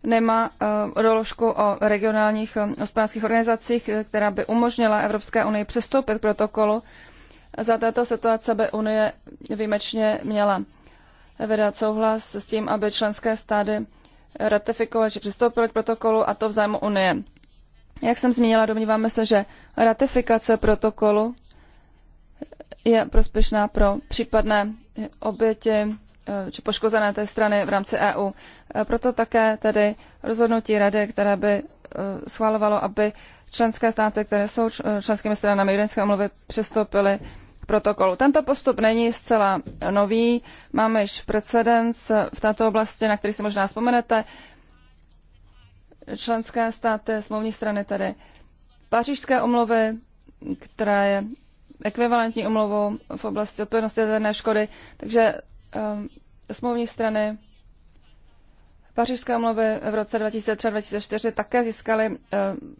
nemá eh, doložku o regionálních eh, hospodářských organizacích, eh, která by umožnila Evropské unii přestoupit k protokolu. Za této situace by Unie výjimečně měla vydat souhlas s tím, aby členské stády ratifikovaly či přistoupily k protokolu a to v zájmu Unie. Jak jsem zmínila, domníváme se, že ratifikace protokolu je prospěšná pro případné oběti Eh, či poškozené té strany v rámci EU. Eh, proto také tedy rozhodnutí rady, které by eh, schvalovalo, aby členské státy, které jsou členskými stranami Judenské omluvy, přistoupily k protokolu. Tento postup není zcela nový, máme již precedens v této oblasti, na který si možná vzpomenete. Členské státy, smluvní strany tedy Pařížské omluvy, která je ekvivalentní omluvou v oblasti odpovědnosti jaderné škody, takže um, smluvní strany Pařížské omluvy v roce 2003-2004 také získaly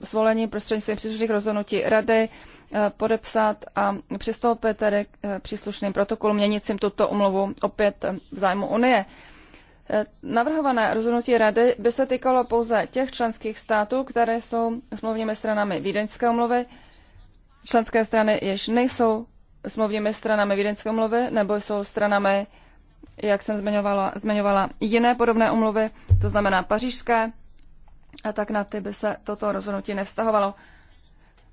svolení ehm, prostřednictvím příslušných rozhodnutí rady eh, podepsat a přistoupit tedy k eh, příslušným protokolům měnícím tuto umluvu opět ehm, v zájmu Unie. Eh, navrhované rozhodnutí Rady by se týkalo pouze těch členských států, které jsou smluvními stranami Vídeňské umluvy. Členské strany jež nejsou smluvními stranami Vídeňské umluvy nebo jsou stranami jak jsem zmiňovala, zmiňovala jiné podobné umluvy, to znamená pařížské, a tak na ty by se toto rozhodnutí nestahovalo.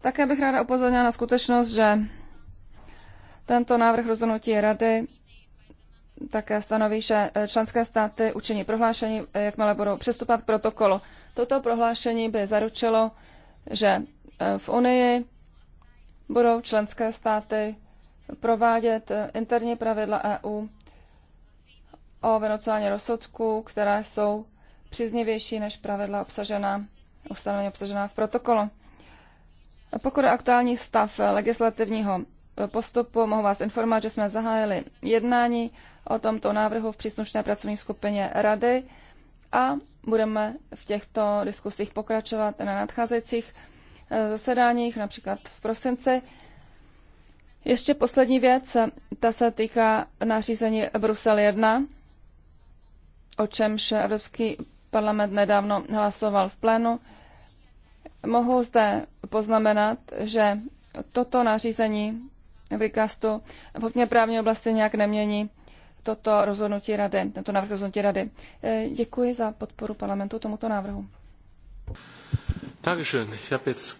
Také bych ráda upozornila na skutečnost, že tento návrh rozhodnutí Rady také stanoví, že členské státy učení prohlášení, jakmile budou přistupovat k protokolu. Toto prohlášení by zaručilo, že e, v Unii budou členské státy provádět e, interní pravidla EU o venocování rozsudků, které jsou příznivější než pravidla obsažená, ustanovení obsažená v protokolu. Pokud je aktuální stav legislativního postupu, mohu vás informovat, že jsme zahájili jednání o tomto návrhu v příslušné pracovní skupině Rady a budeme v těchto diskusích pokračovat na nadcházejících eh, zasedáních, například v prosinci. Ještě poslední věc, ta se týká nařízení Brusel 1 o čemž Evropský parlament nedávno hlasoval v plénu. Mohu zde poznamenat, že toto nařízení v Rikastu v hodně právní oblasti nějak nemění toto rozhodnutí rady, tento návrh rozhodnutí rady. E, děkuji za podporu parlamentu tomuto návrhu. Takže,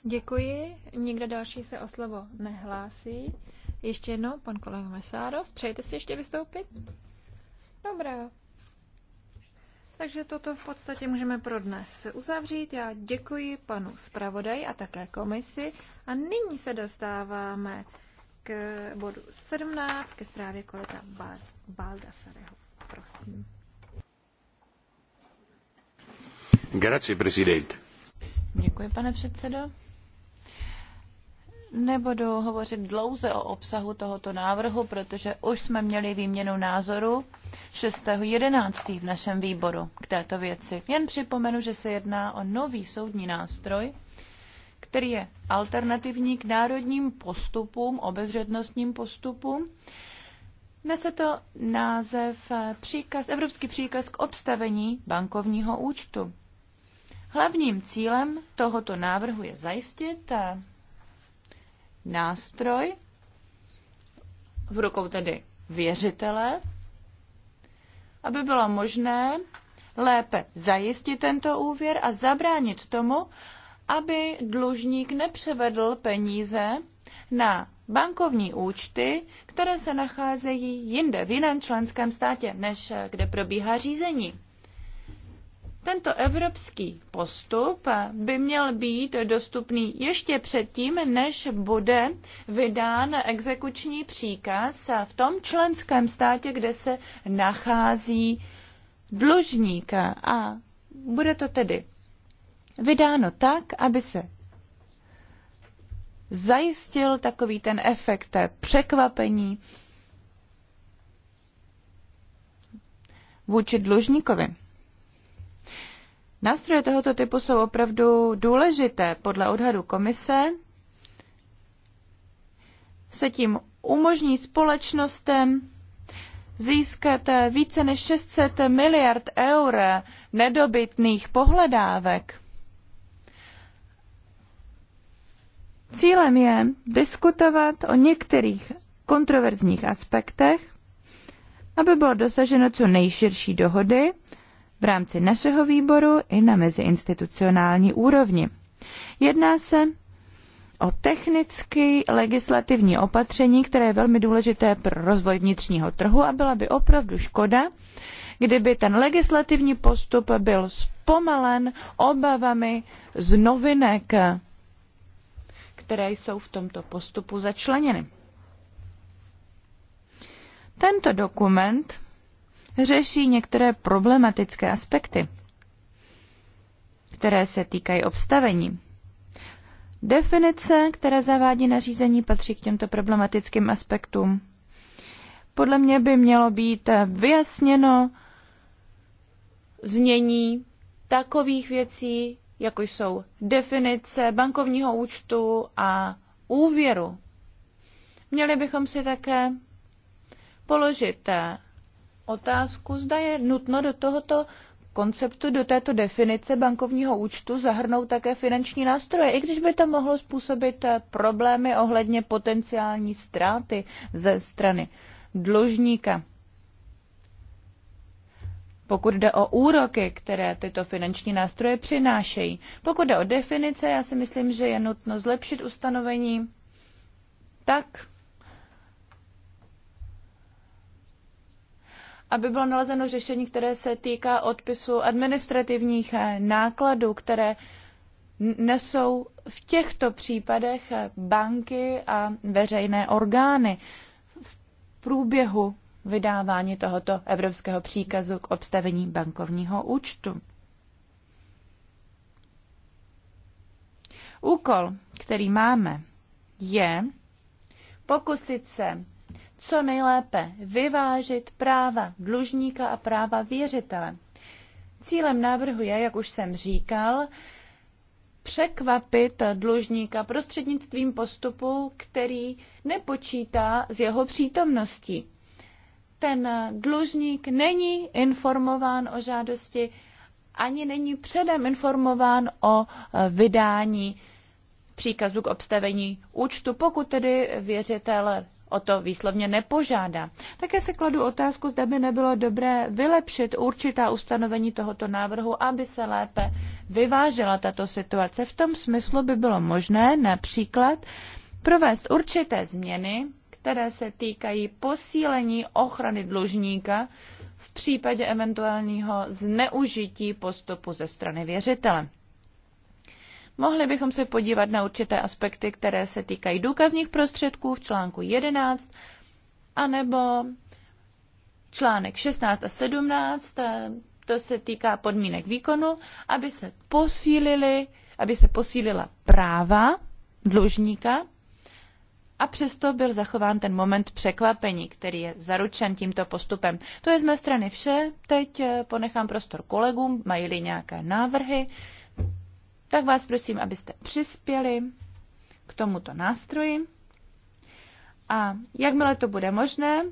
Děkuji. Nikdo další se o slovo nehlásí. Ještě jednou, pan kolega Mesáros, přejete si ještě vystoupit? Dobrá, takže toto v podstatě můžeme pro dnes uzavřít. Já děkuji panu zpravodaji a také komisi. A nyní se dostáváme k bodu 17, ke zprávě kolega Baldasareho. Prosím. Grazie, Děkuji, pane předsedo. Nebudu hovořit dlouze o obsahu tohoto návrhu, protože už jsme měli výměnu názoru 6.11. v našem výboru k této věci. Jen připomenu, že se jedná o nový soudní nástroj, který je alternativní k národním postupům, obezřetnostním postupům. Nese to název eh, příkaz, Evropský příkaz k obstavení bankovního účtu. Hlavním cílem tohoto návrhu je zajistit eh, nástroj v rukou tedy věřitele, aby bylo možné lépe zajistit tento úvěr a zabránit tomu, aby dlužník nepřevedl peníze na bankovní účty, které se nacházejí jinde, v jiném členském státě, než kde probíhá řízení. Tento evropský postup by měl být dostupný ještě předtím, než bude vydán exekuční příkaz v tom členském státě, kde se nachází dlužníka. A bude to tedy vydáno tak, aby se zajistil takový ten efekt té překvapení vůči dlužníkovi. Nástroje tohoto typu jsou opravdu důležité. Podle odhadu komise se tím umožní společnostem získat více než 600 miliard eur nedobytných pohledávek. Cílem je diskutovat o některých kontroverzních aspektech, aby bylo dosaženo co nejširší dohody v rámci našeho výboru i na meziinstitucionální úrovni. Jedná se o technicky legislativní opatření, které je velmi důležité pro rozvoj vnitřního trhu a byla by opravdu škoda, kdyby ten legislativní postup byl zpomalen obavami z novinek, které jsou v tomto postupu začleněny. Tento dokument řeší některé problematické aspekty, které se týkají obstavení. Definice, které zavádí nařízení, patří k těmto problematickým aspektům. Podle mě by mělo být vyjasněno znění takových věcí, jako jsou definice bankovního účtu a úvěru. Měli bychom si také položit otázku, zda je nutno do tohoto konceptu, do této definice bankovního účtu zahrnout také finanční nástroje, i když by to mohlo způsobit eh, problémy ohledně potenciální ztráty ze strany dlužníka. Pokud jde o úroky, které tyto finanční nástroje přinášejí. Pokud jde o definice, já si myslím, že je nutno zlepšit ustanovení tak, aby bylo nalezeno řešení, které se týká odpisu administrativních eh, nákladů, které nesou v těchto případech eh, banky a veřejné orgány v průběhu vydávání tohoto evropského příkazu k obstavení bankovního účtu. Úkol, který máme, je pokusit se co nejlépe vyvážit práva dlužníka a práva věřitele. Cílem návrhu je, jak už jsem říkal, překvapit dlužníka prostřednictvím postupu, který nepočítá s jeho přítomností. Ten dlužník není informován o žádosti ani není předem informován o e, vydání příkazu k obstavení účtu, pokud tedy věřitel o to výslovně nepožádá. Také se kladu otázku, zda by nebylo dobré vylepšit určitá ustanovení tohoto návrhu, aby se lépe vyvážela tato situace. V tom smyslu by bylo možné například provést určité změny, které se týkají posílení ochrany dlužníka v případě eventuálního zneužití postupu ze strany věřitele. Mohli bychom se podívat na určité aspekty, které se týkají důkazních prostředků v článku 11, anebo článek 16 a 17, eh, to se týká podmínek výkonu, aby se posílili, aby se posílila práva dlužníka a přesto byl zachován ten moment překvapení, který je zaručen tímto postupem. To je z mé strany vše. Teď eh, ponechám prostor kolegům, mají-li nějaké návrhy tak vás prosím, abyste přispěli k tomuto nástroji. A jakmile to bude možné,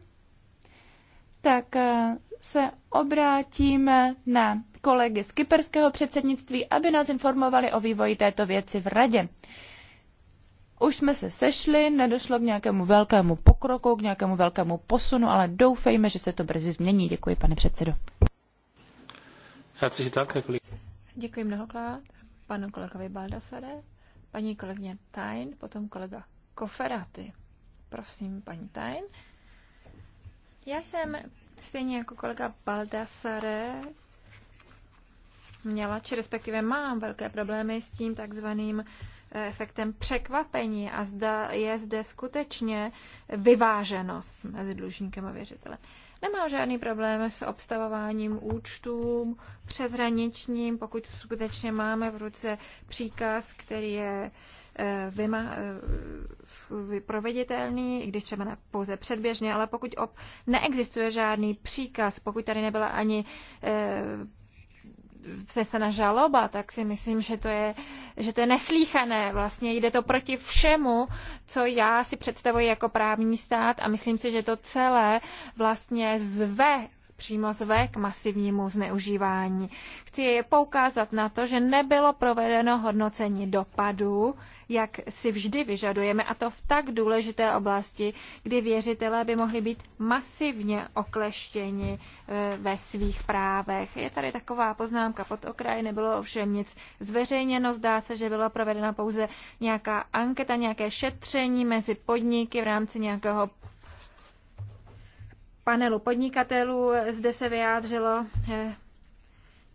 tak eh, se obrátíme na kolegy z kyperského předsednictví, aby nás informovali o vývoji této věci v radě. Už jsme se sešli, nedošlo k nějakému velkému pokroku, k nějakému velkému posunu, ale doufejme, že se to brzy změní. Děkuji, pane předsedo. Děkuji mnohokrát panu kolegovi Baldasare, paní kolegyně Tain, potom kolega Koferaty. Prosím, paní Tain. Já jsem stejně jako kolega Baldassare měla, či respektive mám velké problémy s tím takzvaným eh, efektem překvapení a zda je zde skutečně vyváženost mezi dlužníkem a věřitelem nemá žádný problém s obstavováním účtů přeshraničním, pokud skutečně máme v ruce příkaz, který je eh, vyma, eh, vyproveditelný, i když třeba ne, pouze předběžně, ale pokud ob, neexistuje žádný příkaz, pokud tady nebyla ani eh, vznesena žaloba, tak si myslím, že to je, že to je neslíchané. Vlastně jde to proti všemu, co já si představuji jako právní stát a myslím si, že to celé vlastně zve přímo zve k masivnímu zneužívání. Chci je poukázat na to, že nebylo provedeno hodnocení dopadu, jak si vždy vyžadujeme, a to v tak důležité oblasti, kdy věřitelé by mohli být masivně okleštěni e, ve svých právech. Je tady taková poznámka pod okraj, nebylo ovšem nic zveřejněno, zdá se, že byla provedena pouze nějaká anketa, nějaké šetření mezi podniky v rámci nějakého panelu podnikatelů. Zde se vyjádřilo e,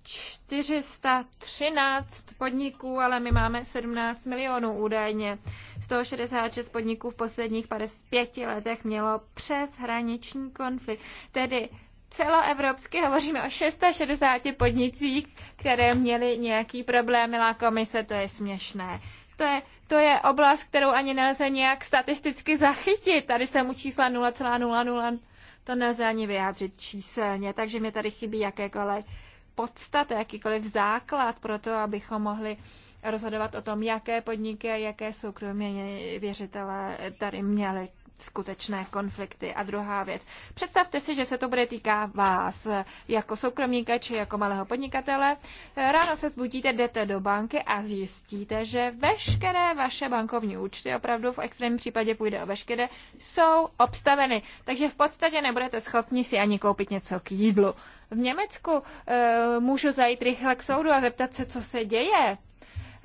413 podniků, ale my máme 17 milionů údajně. 166 podniků v posledních 55 letech mělo přeshraniční konflikt. Tedy celoevropsky hovoříme o 660 podnicích, které měly nějaký problém. Milá komise, to je směšné. To je, to je oblast, kterou ani nelze nějak statisticky zachytit. Tady se mu čísla 0,00 to nelze ani vyjádřit číselně, takže mi tady chybí jakékoliv podstata, jakýkoliv základ pro to, abychom mohli rozhodovat o tom, jaké podniky a jaké soukromě věřitele tady měli skutečné konflikty. A druhá věc, představte si, že se to bude týká vás, jako soukromníka či jako malého podnikatele. Ráno se zbudíte, jdete do banky a zjistíte, že veškeré vaše bankovní účty, opravdu v extrémním případě půjde o veškeré, jsou obstaveny. Takže v podstatě nebudete schopni si ani koupit něco k jídlu. V Německu e, můžu zajít rychle k soudu a zeptat se, co se děje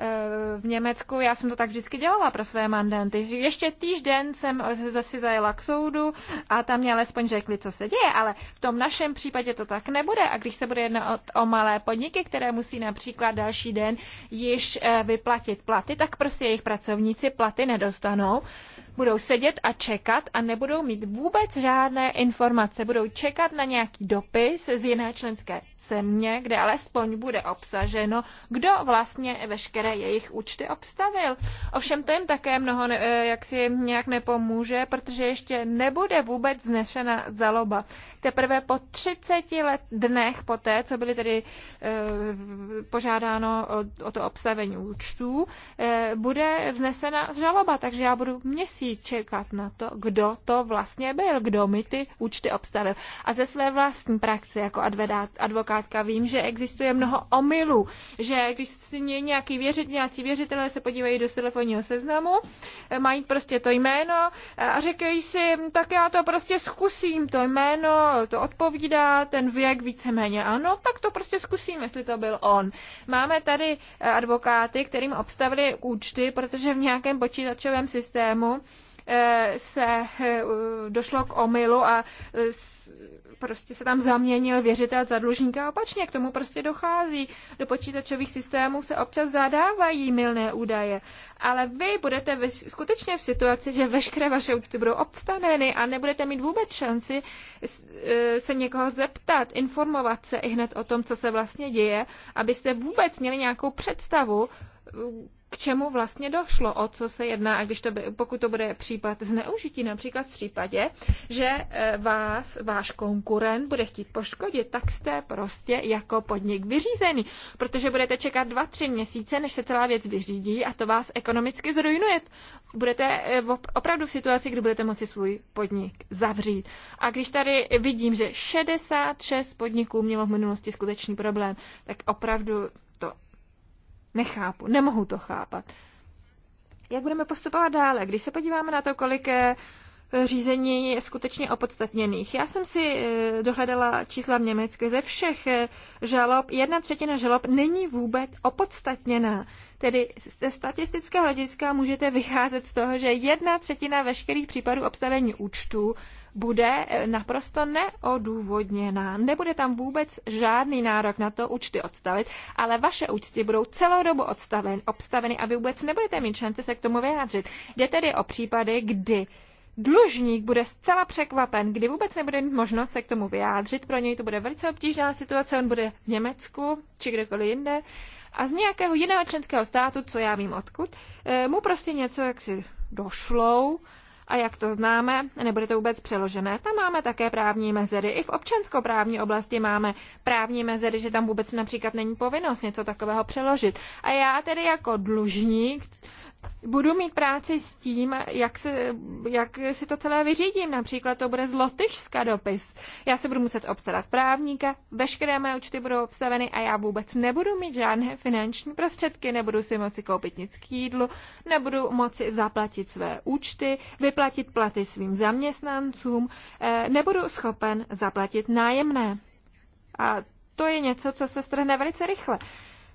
Eh, v Německu, já jsem to tak vždycky dělala pro své mandanty. Ještě týžden jsem zase zajela k soudu a tam mě alespoň řekli, co se děje, ale v tom našem případě to tak nebude. A když se bude jednat o malé podniky, které musí například další den již eh, vyplatit platy, tak prostě jejich pracovníci platy nedostanou budou sedět a čekat a nebudou mít vůbec žádné informace. Budou čekat na nějaký dopis z jiné členské země, kde alespoň bude obsaženo, kdo vlastně veškeré jejich účty obstavil. Ovšem to jim také mnoho eh, jak si jim nějak nepomůže, protože ještě nebude vůbec znešena zaloba. Teprve po 30 let dnech poté, co byly tedy e, požádáno o, o to obstavení účtů, e, bude vznesena žaloba, takže já budu měsíc čekat na to, kdo to vlastně byl, kdo mi ty účty obstavil. A ze své vlastní praxe jako advokát zkrátka vím, že existuje mnoho omylů, že když si nějaký věřit, nějací věřitelé se podívají do telefonního seznamu, mají prostě to jméno a říkají si, tak já to prostě zkusím, to jméno, to odpovídá, ten věk víceméně ano, tak to prostě zkusím, jestli to byl on. Máme tady eh, advokáty, kterým obstavili účty, protože v nějakém počítačovém systému Eh, se eh, došlo k omylu a eh, prostě se tam zaměnil věřitel za dlužníka opačně, k tomu prostě dochází. Do počítačových systémů se občas zadávají milné údaje, ale vy budete ve, skutečně v situaci, že veškeré vaše účty budou obstaneny a nebudete mít vůbec šanci se někoho zeptat, informovat se i hned o tom, co se vlastně děje, abyste vůbec měli nějakou představu, k čemu vlastně došlo, o co se jedná, a když to by, pokud to bude případ zneužití, například v případě, že eh, vás váš konkurent bude chtít poškodit, tak jste prostě jako podnik vyřízený, protože budete čekat dva, tři měsíce, než se celá věc vyřídí a to vás ekonomicky zrujnuje. Budete eh, opravdu v situaci, kdy budete moci svůj podnik zavřít. A když tady vidím, že 66 podniků mělo v minulosti skutečný problém, tak opravdu nechápu, nemohu to chápat. Jak budeme postupovat dále? Když se podíváme na to, kolik eh, řízení je skutečně opodstatněných. Já jsem si eh, dohledala čísla v Německu. Ze všech eh, žalob, jedna třetina žalob není vůbec opodstatněná. Tedy ze statistického hlediska můžete vycházet z toho, že jedna třetina veškerých případů obstavení účtu bude eh, naprosto neodůvodněná. Nebude tam vůbec žádný nárok na to účty odstavit, ale vaše účty budou celou dobu odstaveny, obstaveny a vy vůbec nebudete mít šanci se k tomu vyjádřit. Jde tedy o případy, kdy Dlužník bude zcela překvapen, kdy vůbec nebude mít možnost se k tomu vyjádřit. Pro něj to bude velice obtížná situace, on bude v Německu či kdekoliv jinde a z nějakého jiného členského státu, co já vím odkud, eh, mu prostě něco jaksi došlou a jak to známe, nebude to vůbec přeložené. Tam máme také právní mezery. I v občanskoprávní oblasti máme právní mezery, že tam vůbec například není povinnost něco takového přeložit. A já tedy jako dlužník budu mít práci s tím, jak, se, jak si to celé vyřídím. Například to bude z Lotyšska dopis. Já se budu muset obstarat právníka, veškeré mé účty budou obstaveny a já vůbec nebudu mít žádné finanční prostředky, nebudu si moci koupit nic k jídlu, nebudu moci zaplatit své účty, vyplatit platy svým zaměstnancům, eh, nebudu schopen zaplatit nájemné. A to je něco, co se strhne velice rychle.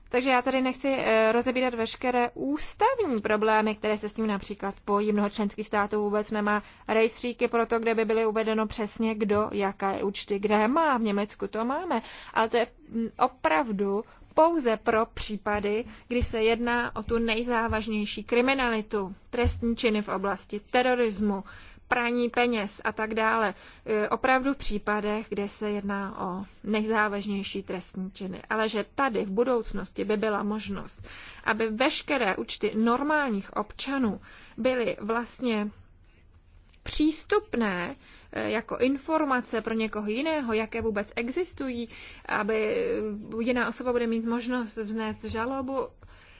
Takže já tady nechci eh, rozebírat veškeré ústavní problémy, které se s tím například pojí. Mnoho členských států vůbec nemá rejstříky pro to, kde by byly uvedeno přesně, kdo jaké účty kde má. V Německu to máme. Ale to je mm, opravdu pouze pro případy, kdy se jedná o tu nejzávažnější kriminalitu, trestní činy v oblasti terorismu, praní peněz a tak dále. E, opravdu v případech, kde se jedná o nejzávažnější trestní činy. Ale že tady v budoucnosti by byla možnost, aby veškeré účty normálních občanů byly vlastně přístupné e, jako informace pro někoho jiného, jaké vůbec existují, aby jiná osoba bude mít možnost vznést žalobu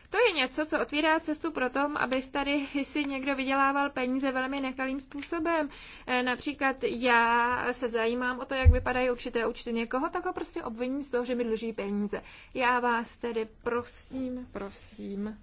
to je něco, co otvírá cestu pro tom, aby tady si někdo vydělával peníze velmi nekalým způsobem. E, například já se zajímám o to, jak vypadají určité účty někoho, tak ho prostě obviní z toho, že mi dluží peníze. Já vás tedy prosím, prosím,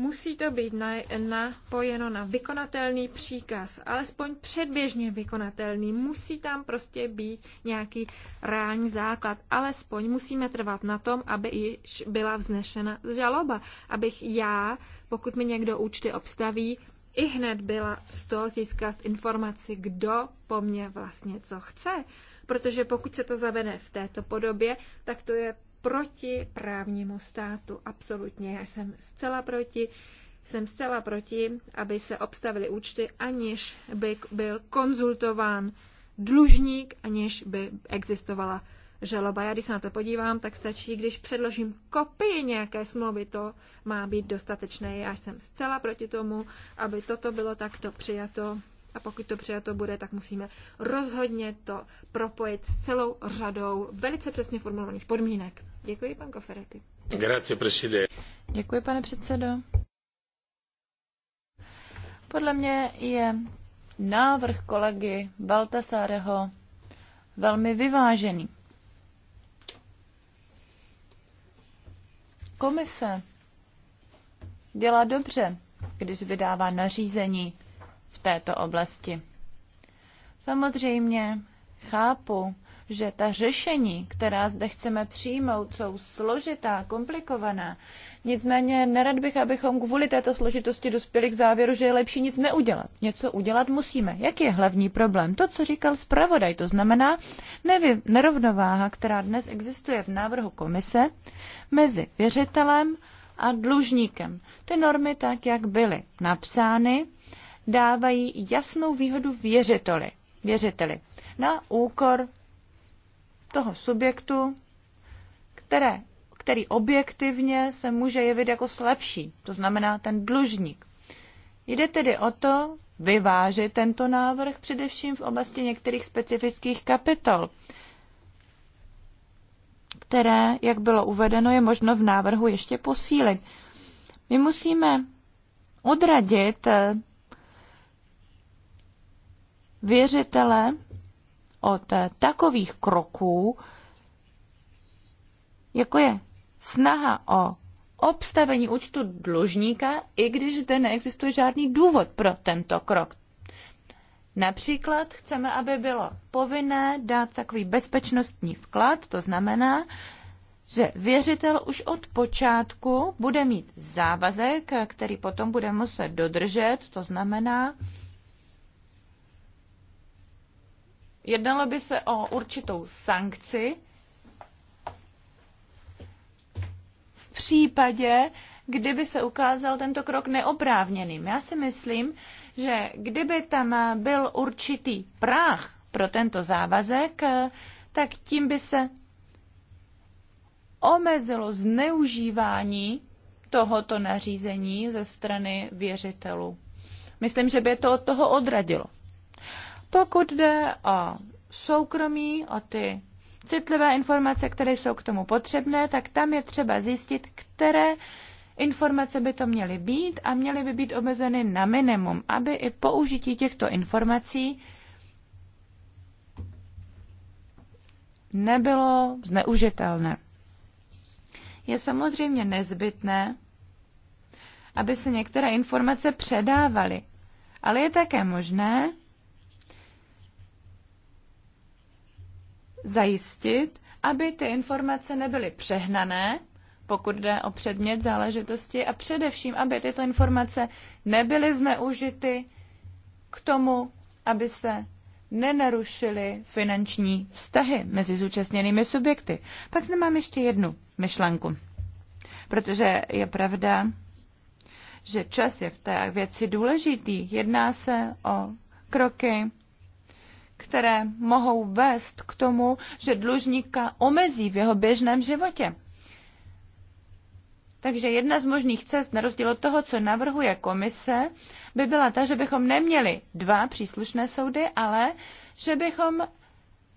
Musí to být napojeno na vykonatelný příkaz, alespoň předběžně vykonatelný. Musí tam prostě být nějaký reální základ. Alespoň musíme trvat na tom, aby již byla vznešena žaloba. Abych já, pokud mi někdo účty obstaví, i hned byla z toho získat informaci, kdo po mně vlastně co chce. Protože pokud se to zavede v této podobě, tak to je proti právnímu státu. Absolutně. Já jsem zcela proti. Jsem zcela proti, aby se obstavily účty, aniž by byl konzultován dlužník, aniž by existovala žaloba. Já když se na to podívám, tak stačí, když předložím kopii nějaké smlouvy, to má být dostatečné. Já jsem zcela proti tomu, aby toto bylo takto přijato a pokud to přijato bude, tak musíme rozhodně to propojit s celou řadou velice přesně formulovaných podmínek. Děkuji, pan Koferety. Grazie, presidente. Děkuji, pane předsedo. Podle mě je návrh kolegy Baltasáreho velmi vyvážený. Komise dělá dobře, když vydává nařízení této oblasti. Samozřejmě chápu, že ta řešení, která zde chceme přijmout, jsou složitá, komplikovaná. Nicméně nerad bych, abychom kvůli této složitosti dospěli k závěru, že je lepší nic neudělat. Něco udělat musíme. Jaký je hlavní problém? To, co říkal zpravodaj, to znamená nevy, nerovnováha, která dnes existuje v návrhu komise mezi věřitelem a dlužníkem. Ty normy tak, jak byly napsány, dávají jasnou výhodu věřiteli, věřiteli na úkor toho subjektu, které, který objektivně se může jevit jako slabší, to znamená ten dlužník. Jde tedy o to vyvážit tento návrh především v oblasti některých specifických kapitol, které, jak bylo uvedeno, je možno v návrhu ještě posílit. My musíme odradit eh, věřitele od takových kroků, jako je snaha o obstavení účtu dlužníka, i když zde neexistuje žádný důvod pro tento krok. Například chceme, aby bylo povinné dát takový bezpečnostní vklad, to znamená, že věřitel už od počátku bude mít závazek, který potom bude muset dodržet, to znamená, Jednalo by se o určitou sankci v případě, kdyby se ukázal tento krok neoprávněným. Já si myslím, že kdyby tam byl určitý práh pro tento závazek, tak tím by se omezilo zneužívání tohoto nařízení ze strany věřitelů. Myslím, že by to od toho odradilo. Pokud jde o soukromí, o ty citlivé informace, které jsou k tomu potřebné, tak tam je třeba zjistit, které informace by to měly být a měly by být omezeny na minimum, aby i použití těchto informací nebylo zneužitelné. Je samozřejmě nezbytné, aby se některé informace předávaly, ale je také možné, zajistit, aby ty informace nebyly přehnané, pokud jde o předmět záležitosti, a především, aby tyto informace nebyly zneužity k tomu, aby se nenarušily finanční vztahy mezi zúčastněnými subjekty. Pak zde mám ještě jednu myšlenku, protože je pravda, že čas je v té věci důležitý. Jedná se o kroky, které mohou vést k tomu, že dlužníka omezí v jeho běžném životě. Takže jedna z možných cest, na rozdíl od toho, co navrhuje komise, by byla ta, že bychom neměli dva příslušné soudy, ale že bychom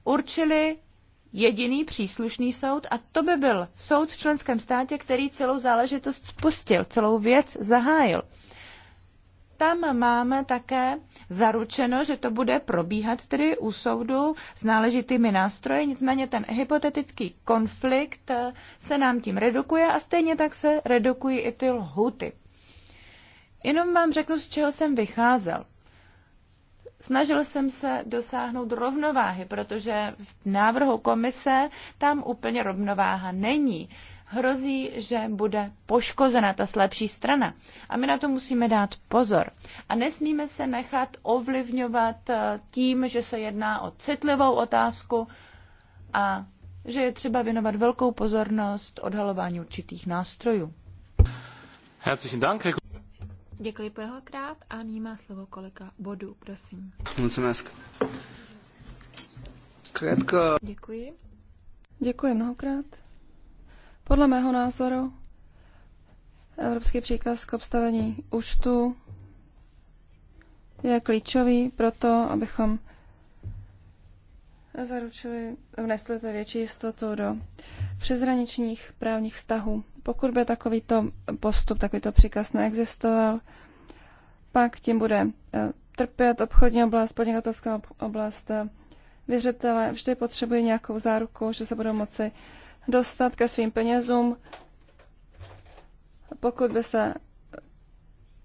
určili jediný příslušný soud a to by byl soud v členském státě, který celou záležitost spustil, celou věc zahájil tam máme také zaručeno, že to bude probíhat tedy u soudu s náležitými nástroji, nicméně ten hypotetický konflikt eh, se nám tím redukuje a stejně tak se redukují i ty lhuty. Jenom vám řeknu, z čeho jsem vycházel. Snažil jsem se dosáhnout rovnováhy, protože v návrhu komise tam úplně rovnováha není hrozí, že bude poškozena ta slabší strana. A my na to musíme dát pozor. A nesmíme se nechat ovlivňovat eh, tím, že se jedná o citlivou otázku a že je třeba věnovat velkou pozornost odhalování určitých nástrojů. Herzlichen Dank. Děkuji mnohokrát a nyní má slovo kolega Bodu, prosím. Mulțumesc. Děkuji. Děkuji mnohokrát. Podle mého názoru evropský příkaz k obstavení účtu je klíčový pro to, abychom zaručili, vnesli to větší jistotu do přezraničních právních vztahů. Pokud by takovýto postup, takovýto příkaz neexistoval, pak tím bude eh, trpět obchodní oblast, podnikatelská oblast, eh, věřitele vždy potřebují nějakou záruku, že se budou moci dostat ke svým penězům, pokud by se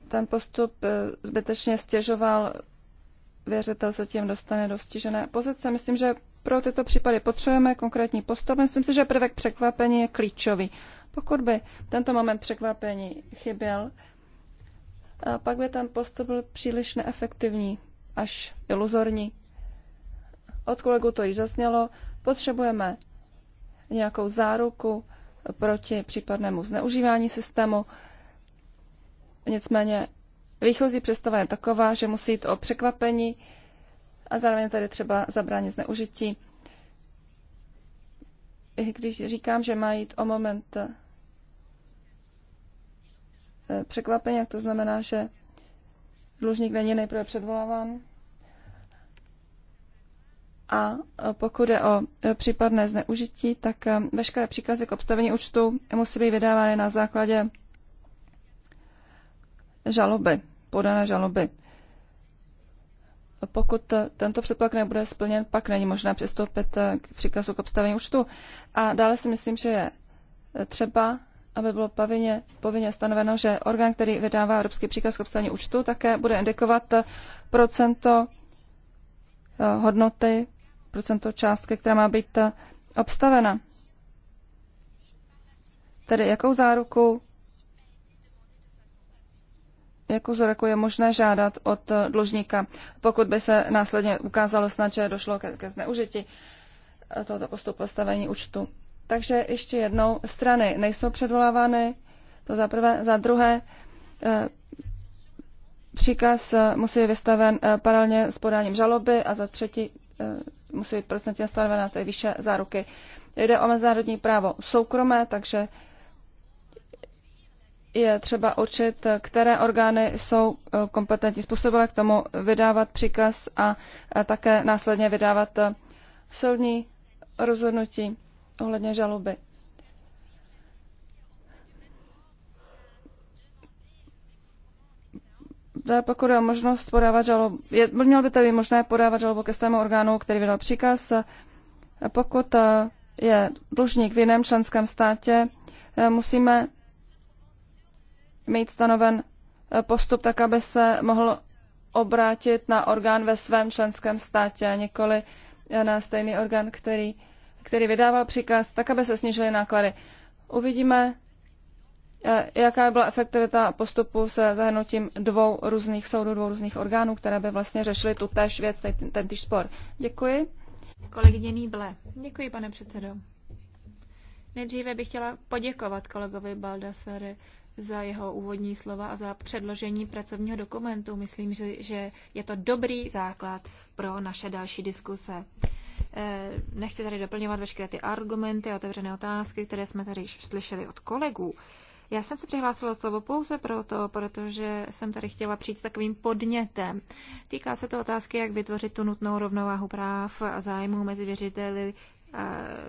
ten postup eh, zbytečně stěžoval, věřitel se tím dostane do stížené pozice. Myslím, že pro tyto případy potřebujeme konkrétní postup. Myslím si, že prvek překvapení je klíčový. Pokud by tento moment překvapení chyběl, pak by ten postup byl příliš neefektivní, až iluzorní. Od kolegu to již zasnělo. Potřebujeme nějakou záruku proti případnému zneužívání systému. Nicméně výchozí představa je taková, že musí jít o překvapení a zároveň tady třeba zabránit zneužití. I když říkám, že má jít o moment eh, překvapení, jak to znamená, že dlužník není nejprve předvoláván, a pokud je o e, případné zneužití, tak e, veškeré příkazy k obstavení účtu musí být vydávány na základě žaloby, podané žaloby. Pokud e, tento předpoklad nebude splněn, pak není možné přistoupit k příkazu k obstavení účtu. A dále si myslím, že je třeba, aby bylo povinně, povinně stanoveno, že orgán, který vydává evropský příkaz k obstavení účtu, také bude indikovat procento hodnoty procento částky, která má být eh, obstavena. Tedy jakou záruku jakou záruku je možné žádat od eh, dlužníka, pokud by se následně ukázalo snad, že došlo ke, ke zneužití eh, tohoto postupu postavení účtu. Takže ještě jednou, strany nejsou předvolávány, to za prvé. Za druhé, příkaz musí být vystaven paralelně s podáním žaloby a za třetí musí být procentně stanovena té vyšší záruky. Jde o mezinárodní právo soukromé, takže je třeba určit, které orgány jsou eh, kompetentní způsobile k tomu vydávat příkaz a také následně vydávat eh, soudní rozhodnutí ohledně žaloby. Dále pokud je možnost podávat žalobu, je, mělo by tedy možné podávat žalobu ke svému orgánu, který vydal příkaz, pokud eh, je dlužník v jiném členském státě, eh, musíme mít stanoven eh, postup tak, aby se mohl obrátit na orgán ve svém členském státě, a nikoli na stejný orgán, který, který vydával příkaz, tak, aby se snížily náklady. Uvidíme, Eh, jaká byla efektivita postupu se zahrnutím dvou různých soudů, dvou různých orgánů, které by vlastně řešily tu též věc, ten týž spor. Děkuji. Kolegyně Nýble. Děkuji, pane předsedo. Nejdříve bych chtěla poděkovat kolegovi Baldassare za jeho úvodní slova a za předložení pracovního dokumentu. Myslím, že, že je to dobrý základ pro naše další diskuse. Eh, nechci tady doplňovat veškeré ty argumenty a otevřené otázky, které jsme tady slyšeli od kolegů. Já jsem se přihlásila slovo pouze proto, protože jsem tady chtěla přijít s takovým podnětem. Týká se to otázky, jak vytvořit tu nutnou rovnováhu práv a zájmů mezi věřiteli,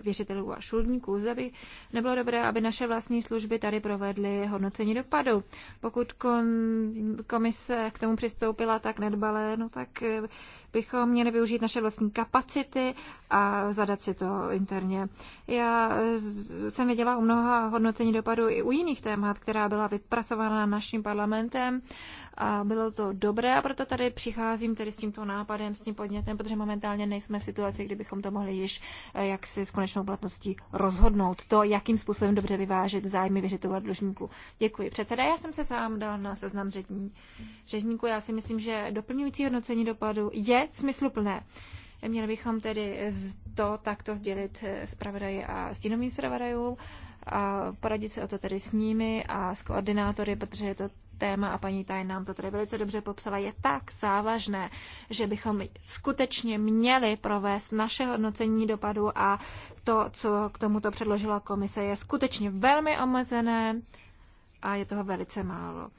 věřitelů a šuldníků. Zda by nebylo dobré, aby naše vlastní služby tady provedly hodnocení dopadu. Pokud komise k tomu přistoupila tak nedbalé, no tak eh, bychom měli využít naše vlastní kapacity a zadat si to interně. Já eh, jsem viděla u mnoha hodnocení dopadu i u jiných témat, která byla vypracována naším parlamentem a bylo to dobré a proto tady přicházím tedy s tímto nápadem, s tím podnětem, protože momentálně nejsme v situaci, kdy bychom to mohli již eh, jak si s konečnou platností rozhodnout. To, jakým způsobem dobře vyvážet zájmy věřitelů a dlužníků. Děkuji. Předseda, já jsem se sám dal na seznam řečníků. já si myslím, že doplňující hodnocení dopadu je smysluplné. Měli bychom tedy to takto sdělit eh, zpravodaji a stínovým zpravodajům a poradit se o to tedy s nimi a s koordinátory, protože je to téma, a paní Taj nám to tady velice dobře popsala, je tak závažné, že bychom skutečně měli provést naše hodnocení dopadu a to, co k tomuto předložila komise, je skutečně velmi omezené a je toho velice málo.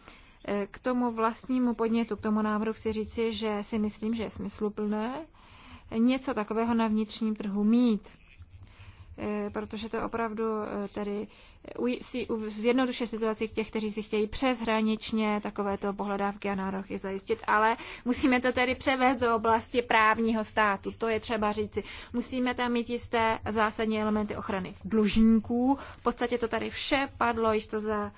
E, k tomu vlastnímu podnětu, k tomu návrhu chci říci, že si myslím, že je smysluplné něco takového na vnitřním trhu mít Eh, protože to opravdu eh, tedy eh, si zjednoduše situaci k těch, kteří si chtějí přeshraničně takovéto pohledávky a nároky zajistit, ale musíme to tedy převést do oblasti právního státu, to je třeba říci. Musíme tam mít jisté zásadní elementy ochrany dlužníků, v podstatě to tady vše padlo, již to za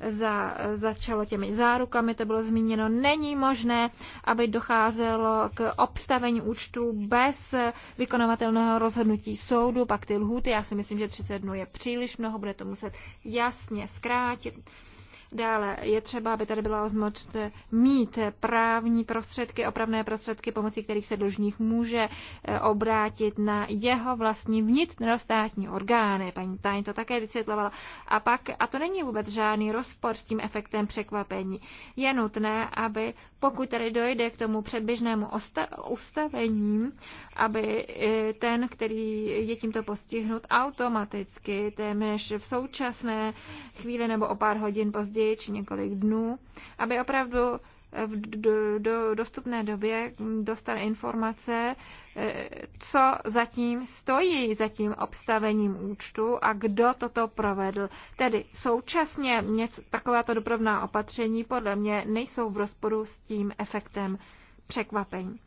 za, začalo těmi zárukami, to bylo zmíněno, není možné, aby docházelo k obstavení účtu bez vykonovatelného rozhodnutí soudu, pak ty lhuty, já si myslím, že 30 dnů je příliš mnoho, bude to muset jasně zkrátit Dále je třeba, aby tady byla možnost mít právní prostředky, opravné prostředky, pomocí kterých se dlužník může eh, obrátit na jeho vlastní vnitrostátní orgány. Paní Tajn to také vysvětlovala. A pak, a to není vůbec žádný rozpor s tím efektem překvapení, je nutné, aby pokud tady dojde k tomu předběžnému ustavení, aby eh, ten, který je tímto postihnut, automaticky téměř v současné chvíli nebo o pár hodin později později či několik dnů, aby opravdu v do, do, dostupné době dostal informace, eh, co zatím stojí za tím obstavením účtu a kdo toto provedl. Tedy současně něco, takováto dopravná opatření podle mě nejsou v rozporu s tím efektem překvapení.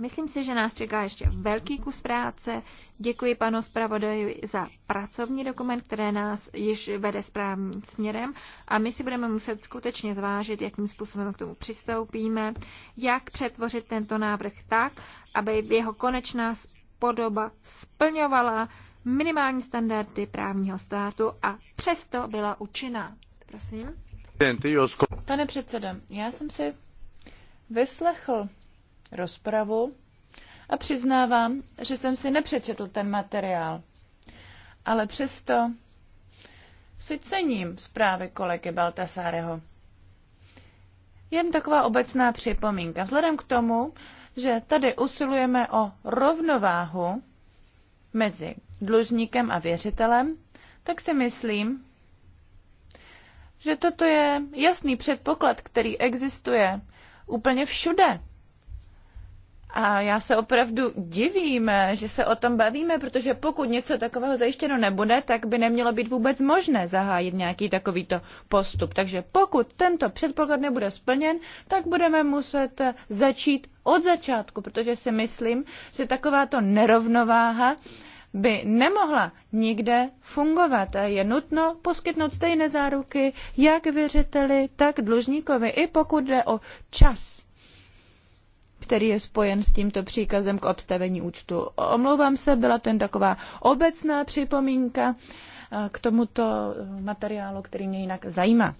Myslím si, že nás čeká ještě velký kus práce. Děkuji panu zpravodaji za pracovní dokument, které nás již vede správným směrem a my si budeme muset skutečně zvážit, jakým způsobem k tomu přistoupíme, jak přetvořit tento návrh tak, aby jeho konečná podoba splňovala minimální standardy právního státu a přesto byla účinná. Prosím. Pane předsedo, já jsem si vyslechl rozpravu a přiznávám, že jsem si nepřečetl ten materiál. Ale přesto si cením zprávy kolegy Baltasáreho. Jen taková obecná připomínka. Vzhledem k tomu, že tady usilujeme o rovnováhu mezi dlužníkem a věřitelem, tak si myslím, že toto je jasný předpoklad, který existuje úplně všude a já se opravdu divím, eh, že se o tom bavíme, protože pokud něco takového zajištěno nebude, tak by nemělo být vůbec možné zahájit nějaký takovýto postup. Takže pokud tento předpoklad nebude splněn, tak budeme muset eh, začít od začátku, protože si myslím, že takováto nerovnováha by nemohla nikde fungovat. Eh, je nutno poskytnout stejné záruky jak věřiteli, tak dlužníkovi, i pokud jde o čas který je spojen s tímto příkazem k obstavení účtu. Omlouvám se, byla to jen taková obecná připomínka eh, k tomuto eh, materiálu, který mě jinak zajímá.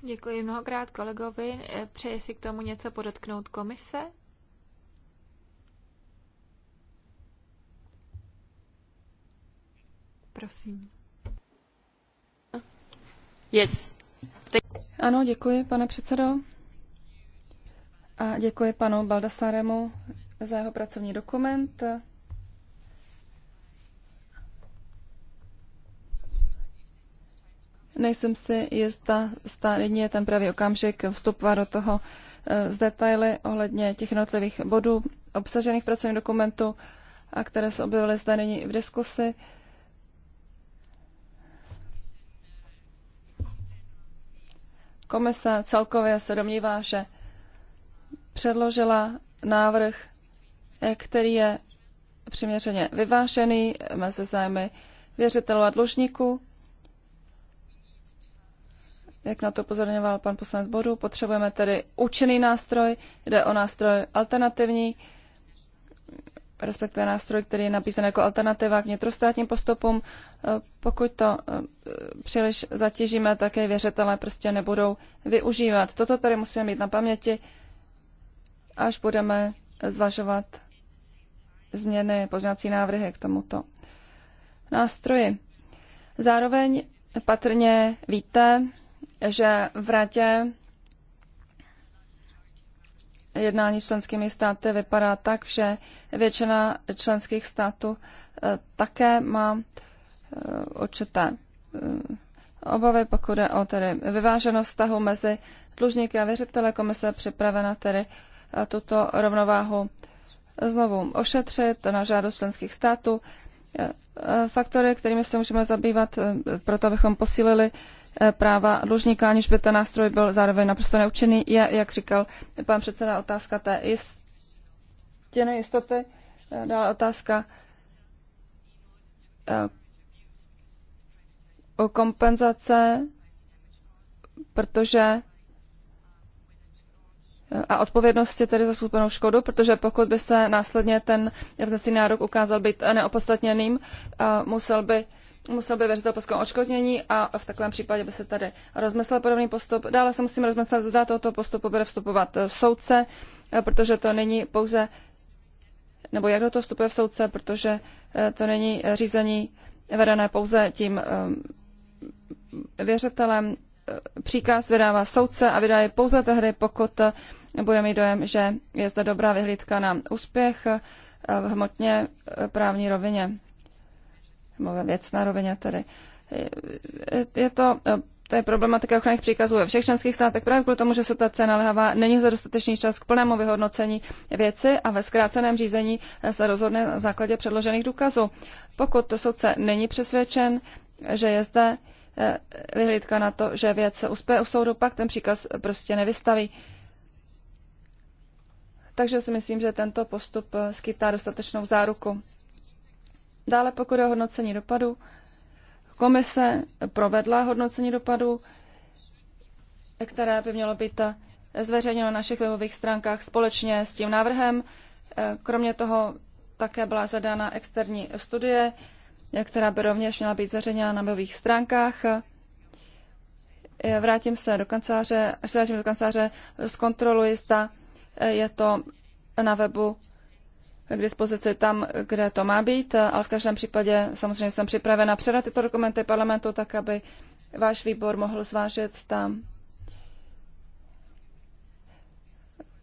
Děkuji mnohokrát kolegovi. Eh, přeje si k tomu něco podotknout komise? Prosím. Yes. Ano, děkuji, pane předsedo. A děkuji panu Baldasaremu za jeho pracovní dokument. Nejsem si jistá, zda nyní je ten pravý okamžik vstupovat do toho eh, z detaily ohledně těch jednotlivých bodů obsažených v pracovním dokumentu a které se objevily zde nyní v diskusi. Komise celkově se domnívá, že předložila návrh, eh, který je přiměřeně vyvážený mezi zájmy věřitelů a dlužníků. Jak na to pozorňoval pan poslanec Bodu, potřebujeme tedy účinný nástroj, jde o nástroj alternativní, respektive nástroj, který je napísan jako alternativa k vnitrostátním postupům. Eh, pokud to eh, příliš zatížíme, také věřitelé prostě nebudou využívat. Toto tady musíme mít na paměti až budeme zvažovat změny, pozměňovací návrhy k tomuto nástroji. Zároveň patrně víte, že v Radě jednání členskými státy vypadá tak, že většina členských států eh, také má eh, určité eh, obavy, pokud je o tedy vyváženost vztahu mezi dlužníky a věřitele. Komise je připravena tedy tuto rovnováhu znovu ošetřit na žádost členských států. E, e, Faktory, kterými se můžeme zabývat, e, proto abychom posílili práva dlužníka, aniž by ten nástroj byl zároveň naprosto neúčinný, je, jak říkal pan předseda, otázka té jistěné jistoty. Dále otázka o kompenzace, protože a odpovědnost je tedy za způsobenou škodu, protože pokud by se následně ten vznesený nárok ukázal být neopodstatněným, musel by musel by věřitel poskovat odškodnění a v takovém případě by se tady rozmyslel podobný postup. Dále se musím rozmyslet, zda tohoto postupu bude vstupovat v soudce, eh, protože to není pouze, nebo jak do toho vstupuje v soudce, protože eh, to není řízení vedené pouze tím eh, věřitelem, příkaz vydává soudce a vydá je pouze tehdy, pokud bude mít dojem, že je zde dobrá vyhlídka na úspěch v hmotně právní rovině, nebo ve věcné rovině tedy. Je to, to je problematika ochranných příkazů ve všech členských státech právě kvůli tomu, že se ta cena lehává, není za dostatečný čas k plnému vyhodnocení věci a ve zkráceném řízení se rozhodne na základě předložených důkazů. Pokud to soudce není přesvědčen, že je zde Eh, vyhlídka na to, že věc se uspěje u soudu, pak ten příkaz prostě nevystaví. Takže si myslím, že tento postup eh, skytá dostatečnou záruku. Dále pokud je o hodnocení dopadu, komise provedla hodnocení dopadu, které by mělo být eh, zveřejněno na našich webových stránkách společně s tím návrhem. Kromě toho také byla zadána externí studie, která by rovněž měla být zveřejněna na webových stránkách. E, vrátím se do kanceláře, až se vrátím do kanceláře, zkontroluji, zda e, je to na webu k dispozici tam, kde to má být, ale v každém případě samozřejmě jsem připravena předat tyto dokumenty parlamentu tak, aby váš výbor mohl zvážit tam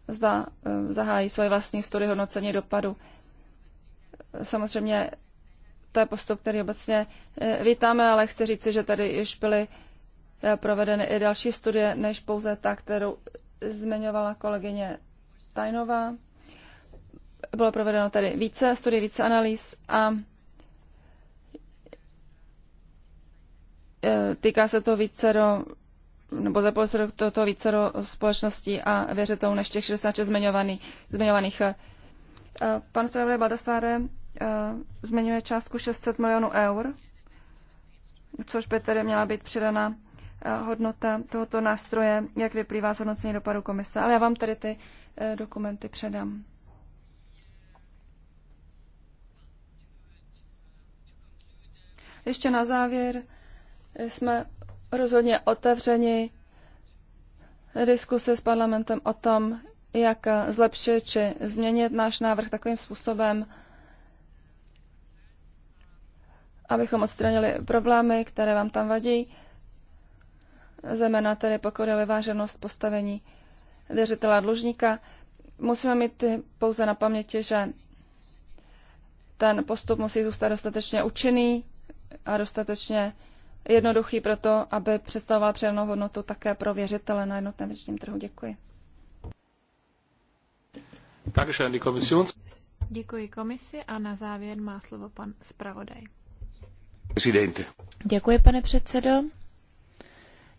zda e, zahájí svoje vlastní studie hodnocení dopadu. Samozřejmě to je postup, který obecně eh, vítáme, ale chci říci, že tady již byly eh, provedeny i další studie, než pouze ta, kterou zmiňovala kolegyně Tajnová. Bylo provedeno tady více studií, více analýz a eh, týká se to více do nebo zapojil se do toho více do společností a věřitelů než těch 66 zmiňovaných. zmiňovaných. Pan zpravodaj Baldastáre Eh, zmiňuje částku 600 milionů eur, což by tedy měla být přidaná eh, hodnota tohoto nástroje, jak vyplývá z hodnocení dopadu komise. Ale já vám tady ty eh, dokumenty předám. Ještě na závěr jsme rozhodně otevřeni diskuse s parlamentem o tom, jak zlepšit či změnit náš návrh takovým způsobem, abychom odstranili problémy, které vám tam vadí, zejména tedy pokud je vyváženost postavení věřitela dlužníka. Musíme mít pouze na paměti, že ten postup musí zůstat dostatečně účinný a dostatečně jednoduchý pro to, aby představoval přednou hodnotu také pro věřitele na jednotném vnitřním trhu. Děkuji. Děkuji komisi a na závěr má slovo pan zpravodaj. Děkuji, pane předsedo.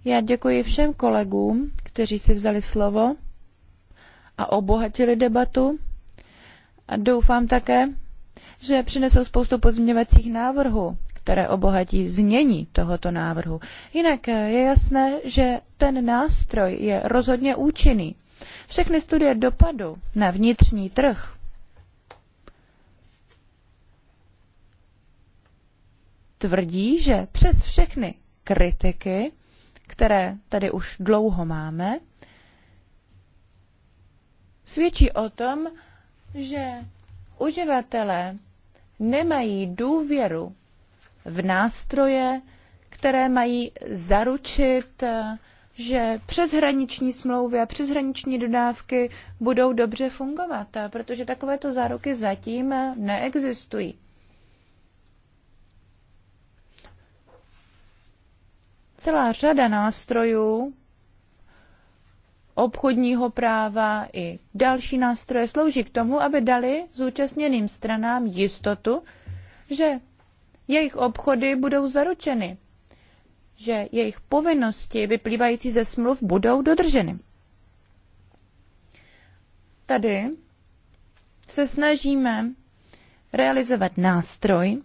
Já děkuji všem kolegům, kteří si vzali slovo a obohatili debatu. A doufám také, že přinesou spoustu pozměňovacích návrhů, které obohatí znění tohoto návrhu. Jinak je jasné, že ten nástroj je rozhodně účinný. Všechny studie dopadu na vnitřní trh tvrdí, že přes všechny kritiky, které tady už dlouho máme, svědčí o tom, že uživatelé nemají důvěru v nástroje, které mají zaručit, že přeshraniční smlouvy a přeshraniční dodávky budou dobře fungovat, protože takovéto záruky zatím neexistují. celá řada nástrojů obchodního práva i další nástroje slouží k tomu, aby dali zúčastněným stranám jistotu, že jejich obchody budou zaručeny, že jejich povinnosti vyplývající ze smluv budou dodrženy. Tady se snažíme realizovat nástroj,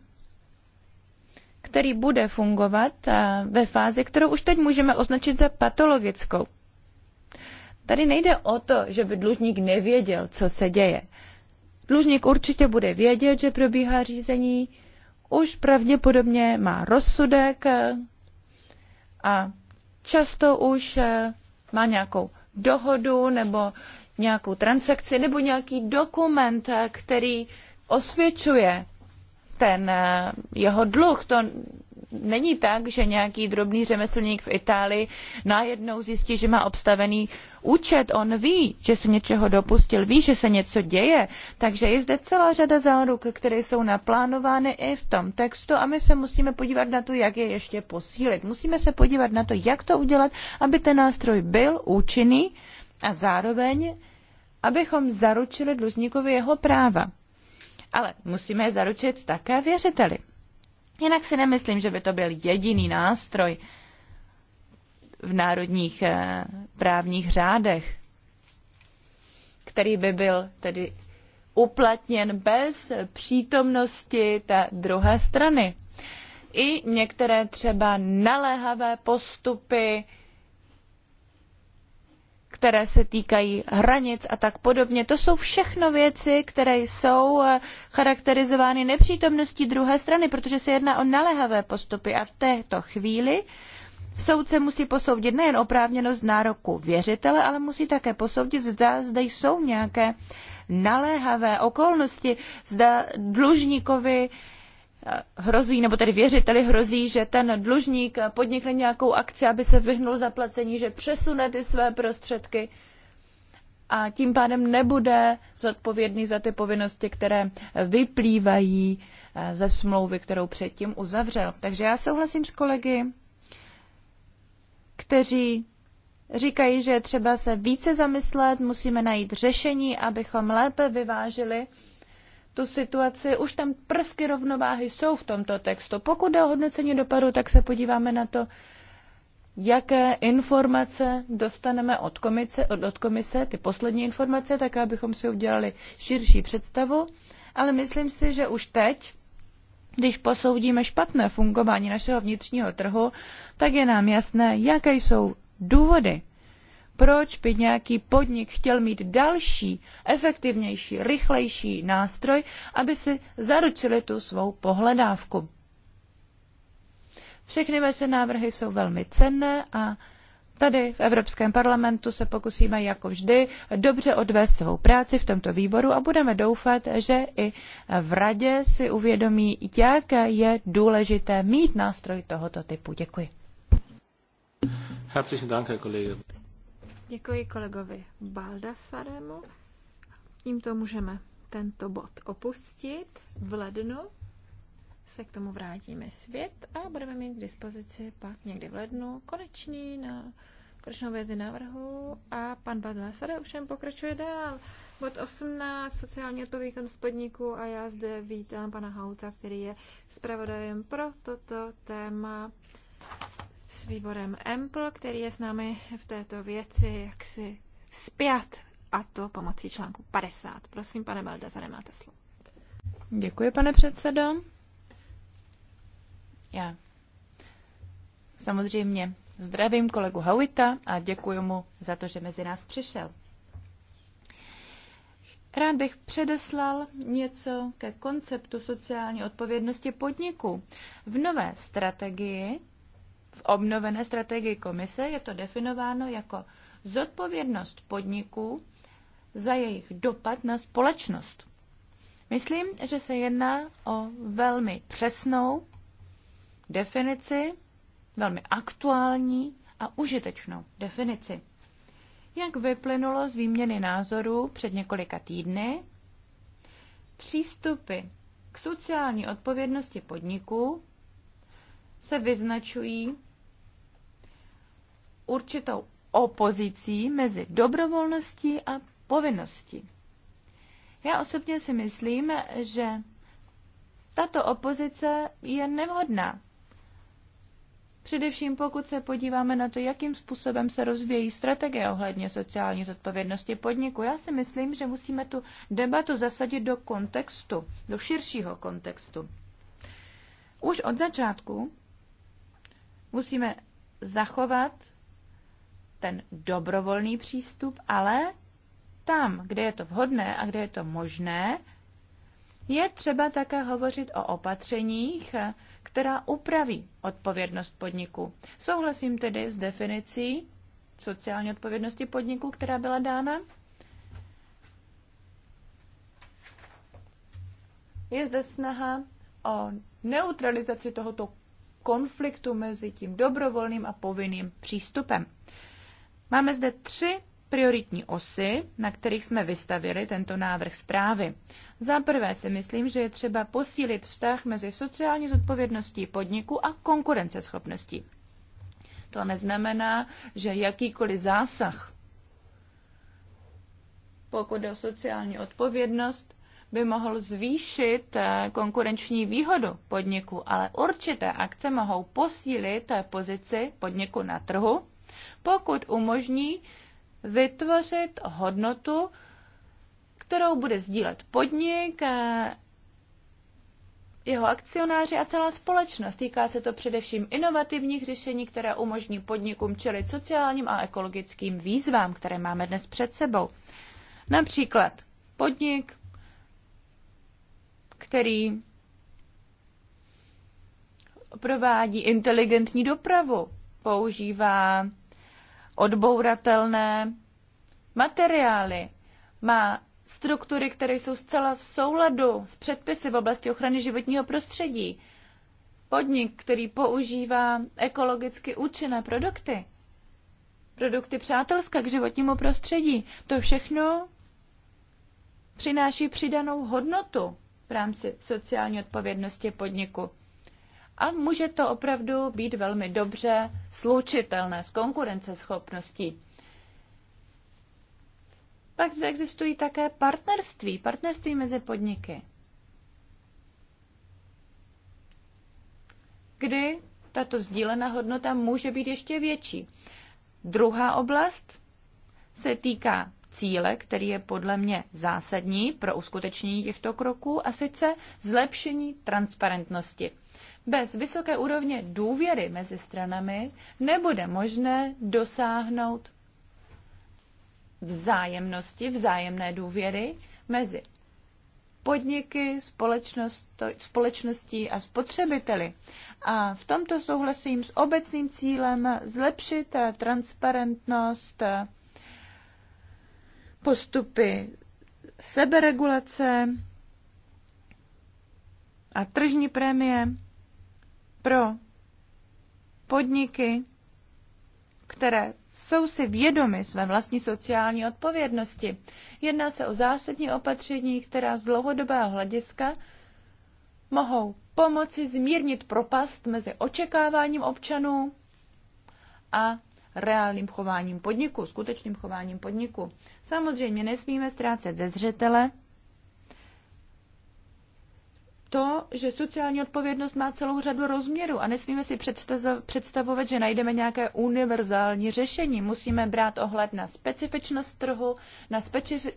který bude fungovat eh, ve fázi, kterou už teď můžeme označit za patologickou. Tady nejde o to, že by dlužník nevěděl, co se děje. Dlužník určitě bude vědět, že probíhá řízení, už pravděpodobně má rozsudek eh, a často už eh, má nějakou dohodu nebo nějakou transakci nebo nějaký dokument, který osvědčuje ten eh, jeho dluh. To není tak, že nějaký drobný řemeslník v Itálii najednou zjistí, že má obstavený účet. On ví, že se něčeho dopustil, ví, že se něco děje. Takže je zde celá řada záruk, které jsou naplánovány i v tom textu a my se musíme podívat na to, jak je ještě posílit. Musíme se podívat na to, jak to udělat, aby ten nástroj byl účinný a zároveň abychom zaručili dlužníkovi jeho práva ale musíme je zaručit také věřiteli. Jinak si nemyslím, že by to byl jediný nástroj v národních eh, právních řádech, který by byl tedy uplatněn bez přítomnosti té druhé strany. I některé třeba naléhavé postupy které se týkají hranic a tak podobně. To jsou všechno věci, které jsou eh, charakterizovány nepřítomností druhé strany, protože se jedná o naléhavé postupy a v této chvíli Soudce musí posoudit nejen oprávněnost nároku věřitele, ale musí také posoudit, zda zde jsou nějaké naléhavé okolnosti, zda dlužníkovi hrozí, nebo tedy věřiteli hrozí, že ten dlužník podnikne nějakou akci, aby se vyhnul zaplacení, že přesune ty své prostředky a tím pádem nebude zodpovědný za ty povinnosti, které vyplývají eh, ze smlouvy, kterou předtím uzavřel. Takže já souhlasím s kolegy, kteří říkají, že třeba se více zamyslet, musíme najít řešení, abychom lépe vyvážili tu situaci. Už tam prvky rovnováhy jsou v tomto textu. Pokud jde o hodnocení dopadu, tak se podíváme na to, jaké informace dostaneme od komise, od, od komise ty poslední informace, tak abychom si udělali širší představu. Ale myslím si, že už teď, když posoudíme špatné fungování našeho vnitřního trhu, tak je nám jasné, jaké jsou důvody proč by nějaký podnik chtěl mít další, efektivnější, rychlejší nástroj, aby si zaručili tu svou pohledávku. Všechny vaše návrhy jsou velmi cenné a tady v Evropském parlamentu se pokusíme jako vždy dobře odvést svou práci v tomto výboru a budeme doufat, že i v radě si uvědomí, jak je důležité mít nástroj tohoto typu. Děkuji. Herzlichen Dank, Herr Kollege. Děkuji kolegovi Baldasaremu. Tímto můžeme tento bod opustit. V lednu se k tomu vrátíme svět a budeme mít k dispozici pak někdy v lednu konečný na konečnou vězi návrhu a pan Baldasare ovšem pokračuje dál. Bod 18, sociální odpovědnost podniků a já zde vítám pana Hauta, který je zpravodajem pro toto téma s výborem EMPL, který je s námi v této věci jaksi zpět a to pomocí článku 50. Prosím, pane Meldazare, máte slovo. Děkuji, pane předsedo. Já samozřejmě zdravím kolegu Hauita a děkuji mu za to, že mezi nás přišel. Rád bych předeslal něco ke konceptu sociální odpovědnosti podniku. V nové strategii v obnovené strategii komise je to definováno jako zodpovědnost podniků za jejich dopad na společnost. Myslím, že se jedná o velmi přesnou definici, velmi aktuální a užitečnou definici. Jak vyplynulo z výměny názorů před několika týdny, přístupy k sociální odpovědnosti podniků se vyznačují určitou opozicí mezi dobrovolností a povinností. Já osobně si myslím, že tato opozice je nevhodná. Především pokud se podíváme na to, jakým způsobem se rozvíjí strategie ohledně sociální zodpovědnosti podniku, já si myslím, že musíme tu debatu zasadit do kontextu, do širšího kontextu. Už od začátku musíme zachovat ten dobrovolný přístup, ale tam, kde je to vhodné a kde je to možné, je třeba také hovořit o opatřeních, která upraví odpovědnost podniku. Souhlasím tedy s definicí sociální odpovědnosti podniku, která byla dána. Je zde snaha o neutralizaci tohoto konfliktu mezi tím dobrovolným a povinným přístupem. Máme zde tři prioritní osy, na kterých jsme vystavili tento návrh zprávy. Za prvé si myslím, že je třeba posílit vztah mezi sociální zodpovědností podniku a konkurenceschopností. To neznamená, že jakýkoliv zásah, pokud o sociální odpovědnost, by mohl zvýšit eh, konkurenční výhodu podniku, ale určité akce mohou posílit eh, pozici podniku na trhu pokud umožní vytvořit hodnotu, kterou bude sdílet podnik, eh, jeho akcionáři a celá společnost. Týká se to především inovativních řešení, které umožní podnikům čelit sociálním a ekologickým výzvám, které máme dnes před sebou. Například podnik, který provádí inteligentní dopravu, používá odbouratelné materiály. Má struktury, které jsou zcela v souladu s předpisy v oblasti ochrany životního prostředí. Podnik, který používá ekologicky účinné produkty, produkty přátelské k životnímu prostředí, to všechno přináší přidanou hodnotu v rámci sociální odpovědnosti podniku a může to opravdu být velmi dobře slučitelné s konkurenceschopností. Pak zde existují také partnerství, partnerství mezi podniky. Kdy tato sdílená hodnota může být ještě větší. Druhá oblast se týká cíle, který je podle mě zásadní pro uskutečnění těchto kroků, a sice zlepšení transparentnosti. Bez vysoké úrovně důvěry mezi stranami nebude možné dosáhnout vzájemnosti, vzájemné důvěry mezi podniky, společností a spotřebiteli. A v tomto souhlasím s obecným cílem zlepšit transparentnost eh, postupy seberegulace a tržní prémie pro podniky, které jsou si vědomy své vlastní sociální odpovědnosti. Jedná se o zásadní opatření, která z dlouhodobého hlediska mohou pomoci zmírnit propast mezi očekáváním občanů a reálným chováním podniku, skutečným chováním podniku. Samozřejmě nesmíme ztrácet ze zřetele, to, že sociální odpovědnost má celou řadu rozměrů a nesmíme si představovat, že najdeme nějaké univerzální řešení. Musíme brát ohled na specifičnost trhu, na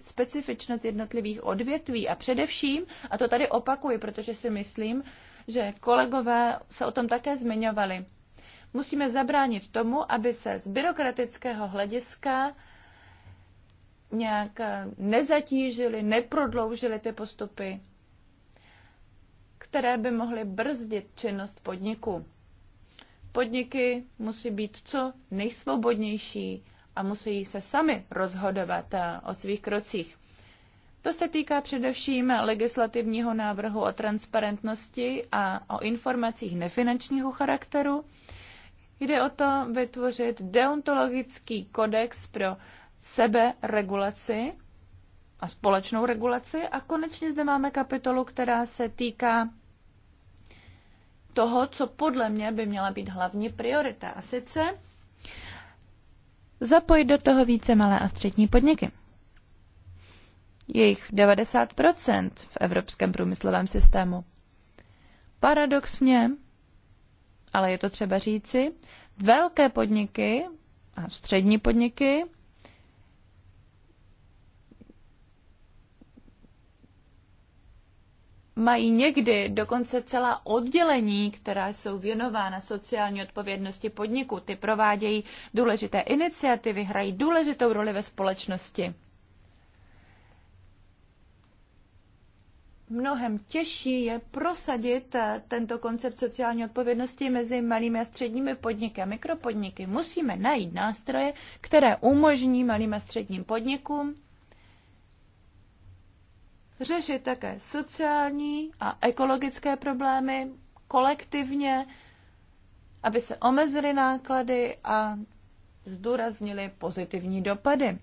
specifičnost jednotlivých odvětví a především, a to tady opakuji, protože si myslím, že kolegové se o tom také zmiňovali, musíme zabránit tomu, aby se z byrokratického hlediska nějak nezatížili, neprodloužili ty postupy které by mohly brzdit činnost podniku. Podniky musí být co nejsvobodnější a musí se sami rozhodovat eh, o svých krocích. To se týká především legislativního návrhu o transparentnosti a o informacích nefinančního charakteru. Jde o to vytvořit deontologický kodex pro seberegulaci a společnou regulaci. A konečně zde máme kapitolu, která se týká toho, co podle mě by měla být hlavní priorita. A sice zapojit do toho více malé a střední podniky. Jejich 90 v evropském průmyslovém systému. Paradoxně, ale je to třeba říci, velké podniky a střední podniky mají někdy dokonce celá oddělení, která jsou věnována sociální odpovědnosti podniku. Ty provádějí důležité iniciativy, hrají důležitou roli ve společnosti. Mnohem těžší je prosadit eh, tento koncept sociální odpovědnosti mezi malými a středními podniky a mikropodniky. Musíme najít nástroje, které umožní malým a středním podnikům řešit také sociální a ekologické problémy kolektivně, aby se omezily náklady a zdůraznili pozitivní dopady.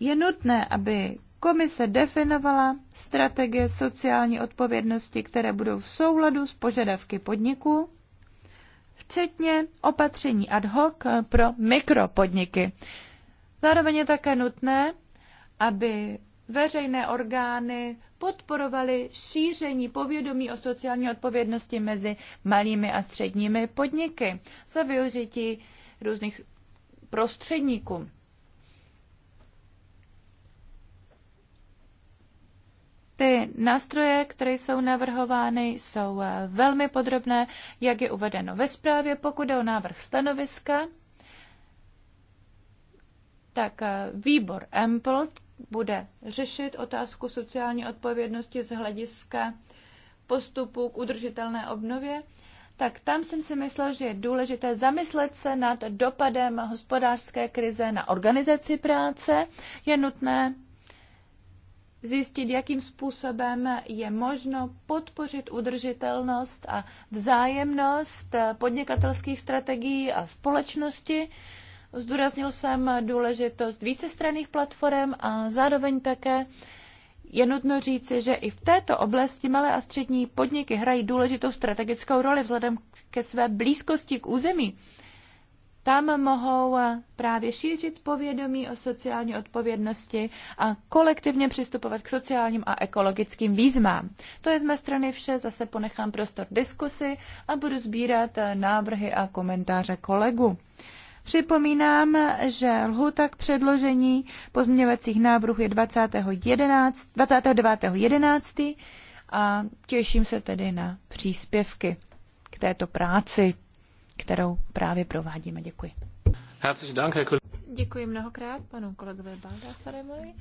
Je nutné, aby komise definovala strategie sociální odpovědnosti, které budou v souladu s požadavky podniků, včetně opatření ad hoc pro mikropodniky. Zároveň je také nutné, aby veřejné orgány podporovaly šíření povědomí o sociální odpovědnosti mezi malými a středními podniky za využití různých prostředníků. Ty nástroje, které jsou navrhovány, jsou eh, velmi podrobné, jak je uvedeno ve zprávě. Pokud je o návrh stanoviska, tak eh, výbor EMPL bude řešit otázku sociální odpovědnosti z hlediska postupu k udržitelné obnově, tak tam jsem si myslel, že je důležité zamyslet se nad dopadem hospodářské krize na organizaci práce. Je nutné zjistit, jakým způsobem je možno podpořit udržitelnost a vzájemnost podnikatelských strategií a společnosti Zdůraznil jsem důležitost vícestranných platform a zároveň také je nutno říci, že i v této oblasti malé a střední podniky hrají důležitou strategickou roli vzhledem ke své blízkosti k území. Tam mohou právě šířit povědomí o sociální odpovědnosti a kolektivně přistupovat k sociálním a ekologickým výzvám. To je z mé strany vše, zase ponechám prostor diskusy a budu sbírat návrhy a komentáře kolegu. Připomínám, že lhuta k předložení pozměňovacích návrhů je 29.11. a těším se tedy na příspěvky k této práci, kterou právě provádíme. Děkuji. Děkuji mnohokrát panu kolegovi Baldasarimovi.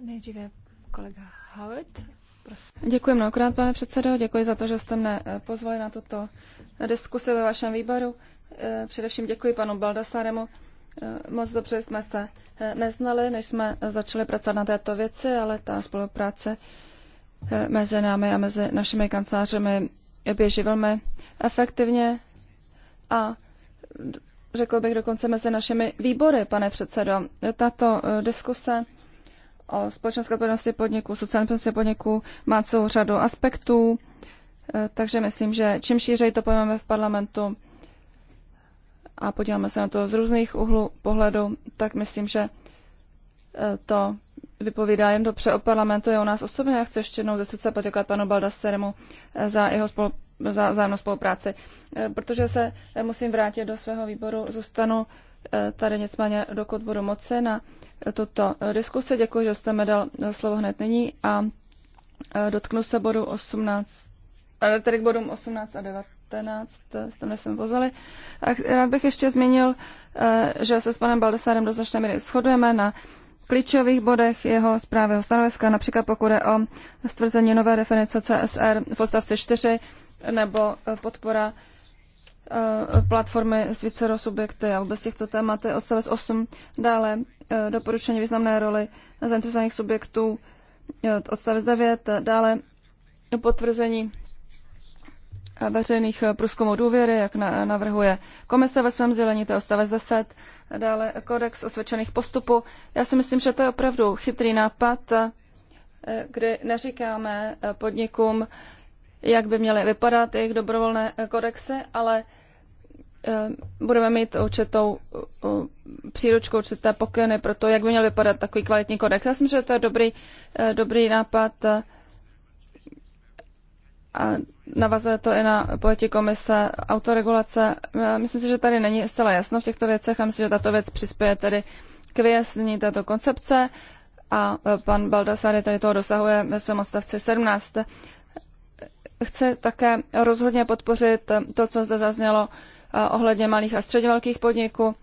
Nejdříve kolega Howard. Prosím. Děkuji mnohokrát, pane předsedo. Děkuji za to, že jste mne eh, pozvali na tuto diskusi ve vašem výboru. Eh, především děkuji panu Baldasaremu. Eh, moc dobře jsme se eh, neznali, než jsme začali pracovat na této věci, ale ta spolupráce mezi námi a mezi našimi kancelářemi běží velmi efektivně a řekl bych dokonce mezi našimi výbory, pane předsedo. Tato diskuse o společenské odpovědnosti podniků, sociální odpovědnosti podniků má celou řadu aspektů, takže myslím, že čím šířej to pojmeme v parlamentu, a podíváme se na to z různých úhlů pohledu, tak myslím, že eh, to vypovídá jen dobře o parlamentu je u nás osobně. Já chci ještě jednou ze srdce poděkovat panu Baldasteremu eh, za jeho spolu, za vzájemnou spolupráci. Eh, protože se musím vrátit do svého výboru, zůstanu tady nicméně, dokud budu moci na tuto diskusi. Děkuji, že jste mi dal slovo hned nyní a dotknu se bodu 18, tedy k bodům 18 a 19. 19, tam jsme vozili. A rád bych ještě zmínil, že se s panem Baldesárem do značné míry shodujeme na klíčových bodech jeho zprávy o stanoviska, například pokud je o stvrzení nové definice CSR v odstavci 4 nebo podpora platformy s více subjekty a vůbec těchto témat je odstavec 8. Dále doporučení významné roli zainteresovaných subjektů odstavec 9. Dále potvrzení veřejných eh, průzkumů důvěry, jak navrhuje komise ve svém zelení, to je ostavec 10, dále kodex osvědčených postupů. Já si myslím, že to je opravdu chytrý nápad, eh, kdy neříkáme eh, podnikům, jak by měly vypadat jejich dobrovolné kodexy, ale budeme mít určitou příručku, určité pokyny pro to, jak by měl vypadat takový kvalitní kodex. Já si myslím, že to je dobrý, dobrý nápad a Navazuje to i na pojetí komise autoregulace. Myslím si, že tady není zcela jasno v těchto věcech a myslím, že tato věc přispěje tedy k vyjasnění této koncepce a pan Baldassari tady toho dosahuje ve svém odstavci 17. Chci také rozhodně podpořit to, co zde zaznělo eh, ohledně malých a středně velkých podniků.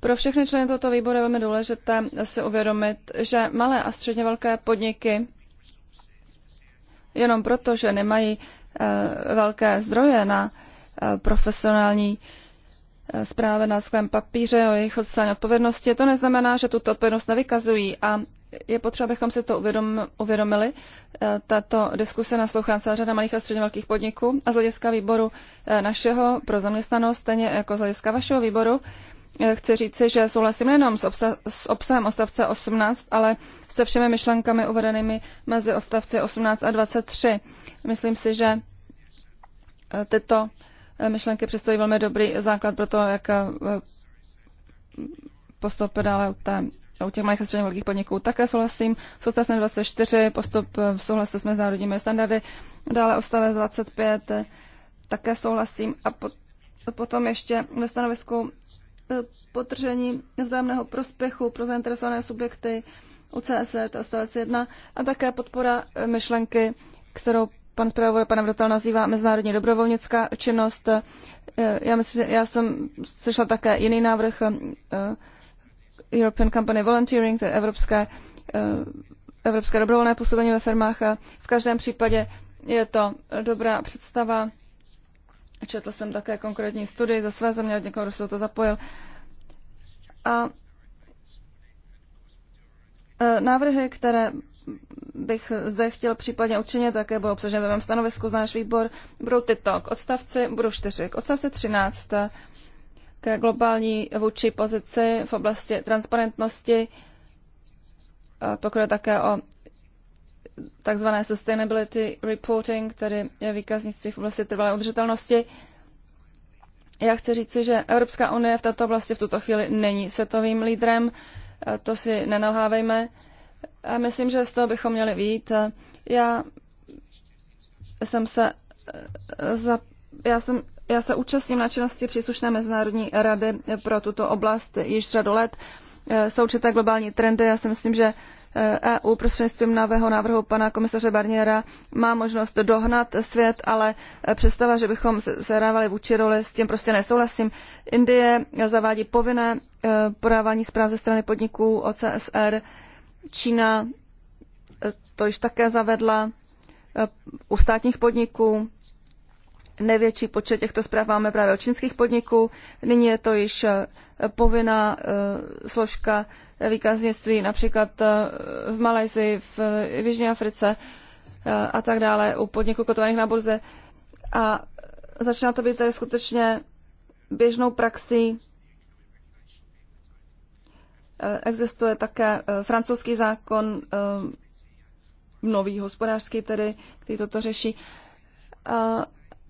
Pro všechny členy tohoto výboru je velmi důležité si uvědomit, že malé a středně velké podniky jenom proto, že nemají eh, velké zdroje na eh, profesionální eh, zprávy na svém papíře o jejich sociální odpovědnosti. To neznamená, že tuto odpovědnost nevykazují a je potřeba, abychom si to uvědom, uvědomili. Tato diskuse naslouchá celá řada malých a středně velkých podniků a z hlediska výboru našeho pro zaměstnanost, stejně jako z hlediska vašeho výboru, Eh, chci říci, že souhlasím nejenom s, obsa- s obsahem ostavce 18, ale se všemi myšlenkami uvedenými mezi ostavce 18 a 23. Myslím si, že eh, tyto eh, myšlenky představují velmi dobrý základ pro to, jak postoupit dále u, té, u těch malých a středních velkých podniků. Také souhlasím s ostavcem 24, postup v souhlasu s mezinárodními standardy, dále ostavec 25, také souhlasím a po, potom ještě ve stanovisku potržení vzájemného prospěchu pro zainteresované subjekty u e, to to odstavec 1, a také podpora eh, myšlenky, kterou pan zpravodaj pan Vrotel nazývá mezinárodní dobrovolnická činnost. Eh, já, myslím, já jsem slyšela také jiný návrh eh, European Company Volunteering, to je evropské, evropské dobrovolné působení ve firmách. V každém případě je to dobrá představa Četl jsem také konkrétní studii ze své země od někoho, kdo se do zapojil. A e, návrhy, které bych zde chtěl případně učinit, také bylo obsaženo ve mém stanovisku za náš výbor, budou tyto k odstavci, budou čtyři, k odstavci 13, e, ke globální vůči pozici v oblasti transparentnosti, e, pokud je také o takzvané sustainability reporting, tedy výkaznictví v oblasti trvalé udržitelnosti. Já chci říci, že Evropská unie v této oblasti v tuto chvíli není světovým lídrem, e, to si nenalhávejme. A myslím, že z toho bychom měli vít. E, já jsem se e, za, já jsem já se účastním na činnosti příslušné Mezinárodní rady pro tuto oblast již řadu let. Jsou určité globální trendy. Já si myslím, že EU e prostřednictvím nového návrhu pana komisaře Barniera má možnost dohnat svět, ale e, představa, že bychom sehrávali vůči roli, s tím prostě nesouhlasím. Indie zavádí povinné e, podávání zpráv ze strany podniků o CSR. Čína to již také zavedla u státních podniků. Největší počet těchto zpráv máme právě od čínských podniků. Nyní je to již eh, povinná eh, složka výkaznictví například eh, v Malajzii, v Jižní Africe a tak dále u podniků kotovaných na burze. A začíná to být tady skutečně běžnou praxí. Existuje také francouzský zákon, nový hospodářský tedy, který toto řeší.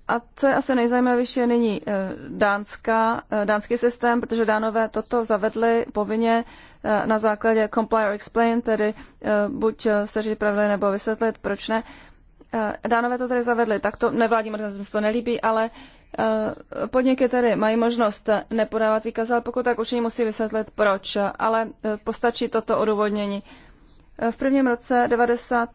A co je asi nejzajímavější, není nyní eh, dánská, eh, dánský systém, protože dánové toto zavedli povinně eh, na základě comply or explain, tedy buď se říct pravidly nebo vysvětlit, proč ne. Dánové to tedy zavedli, tak to nevládním organizacím se to nelíbí, ale podniky tedy mají možnost nepodávat výkaz, ale pokud tak určitě musí vysvětlit, proč. Ale postačí toto odůvodnění. V prvním roce 90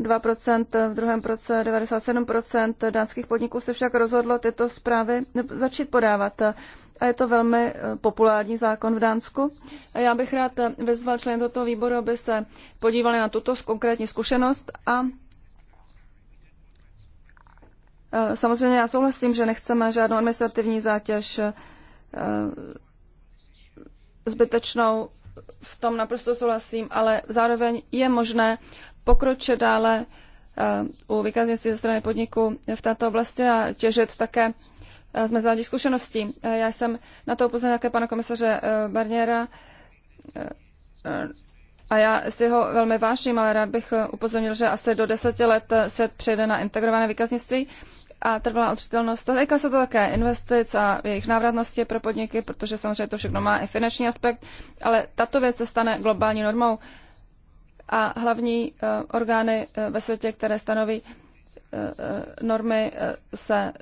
2%, v druhém roce 97% dánských podniků se však rozhodlo tyto zprávy začít podávat. A je to velmi eh, populární zákon v Dánsku. A já bych rád eh, vyzval členy tohoto výboru, aby se podívali na tuto konkrétní zkušenost a eh, Samozřejmě já souhlasím, že nechceme žádnou administrativní zátěž zbytečnou, v tom naprosto souhlasím, ale zároveň je možné pokročit dále eh, u výkaznictví ze strany podniku v této oblasti a těžit také eh, z mezinárodních zkušeností. Eh, já jsem na to upozornil, také pana komisaře Barniera a já si ho velmi vážím, ale rád bych upozornil, že asi do deseti let svět přejde na integrované výkaznictví a trvalá udržitelnost. Týká se to také investic a jejich návratnosti pro podniky, protože samozřejmě to všechno má i finanční aspekt, ale tato věc se stane globální normou a hlavní eh, orgány eh, ve světě, které stanoví eh, normy, se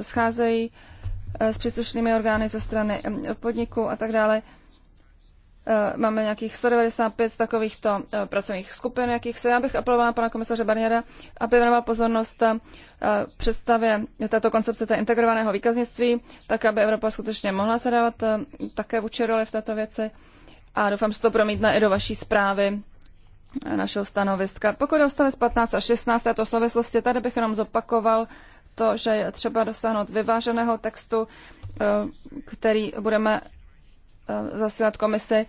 scházejí s příslušnými orgány ze strany podniků a tak dále. Máme nějakých 195 takovýchto pracovních skupin, jakých se. Já bych apelovala na pana komisaře Barniera, aby věnoval pozornost představě této koncepce té integrovaného výkaznictví, tak aby Evropa skutečně mohla zadávat také vůči roli v této věci. A doufám, že to promítne i do vaší zprávy našeho stanoviska. Pokud je odstavec 15 a 16 této souvislosti, tady bych jenom zopakoval to, že je třeba dosáhnout vyváženého textu, eh, který budeme eh, zasílat komisi.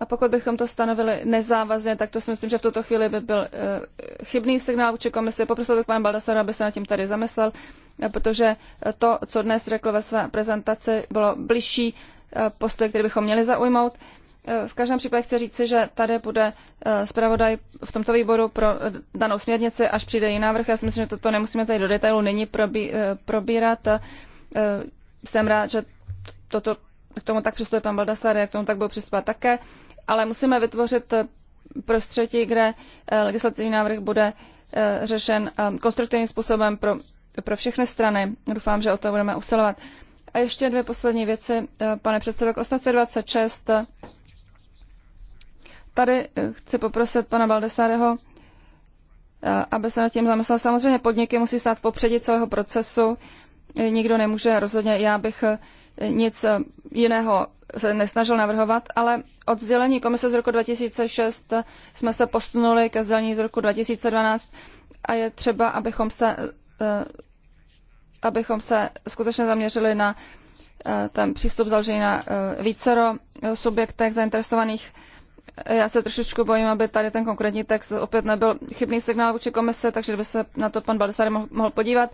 A pokud bychom to stanovili nezávazně, tak to si myslím, že v tuto chvíli by byl eh, chybný signál vůči komisi. Poprosil bych pana Baldasaru, aby se nad tím tady zamyslel, protože to, co dnes řekl ve své prezentaci, bylo bližší postoj, který bychom měli zaujmout. Eh, v každém případě chci říci, že tady bude eh, zpravodaj v tomto výboru pro eh, danou směrnici, až přijde jiný návrh. Já si myslím, že toto nemusíme tady do detailu nyní probí, probírat. Jsem rád, že toto, k tomu tak přistupuje pan jak k tomu tak byl přistupovat také, ale musíme vytvořit prostředí, kde legislativní návrh bude řešen konstruktivním způsobem pro, pro všechny strany. Doufám, že o to budeme usilovat. A ještě dvě poslední věci, pane předsedo, k 826. Tady eh, chci poprosit pana Baldesáreho, eh, aby se nad tím zamyslel. Samozřejmě podniky musí stát v popředí celého procesu. Eh, nikdo nemůže, rozhodně já bych nic jiného se nesnažil navrhovat, ale od sdělení komise z roku 2006 jsme se posunuli ke sdělení z roku 2012 a je třeba, abychom se, abychom se skutečně zaměřili na ten přístup založený na vícero subjektech zainteresovaných já se trošičku bojím, aby tady ten konkrétní text opět nebyl chybný signál vůči komise, takže by se na to pan Baldessar mohl, mohl podívat.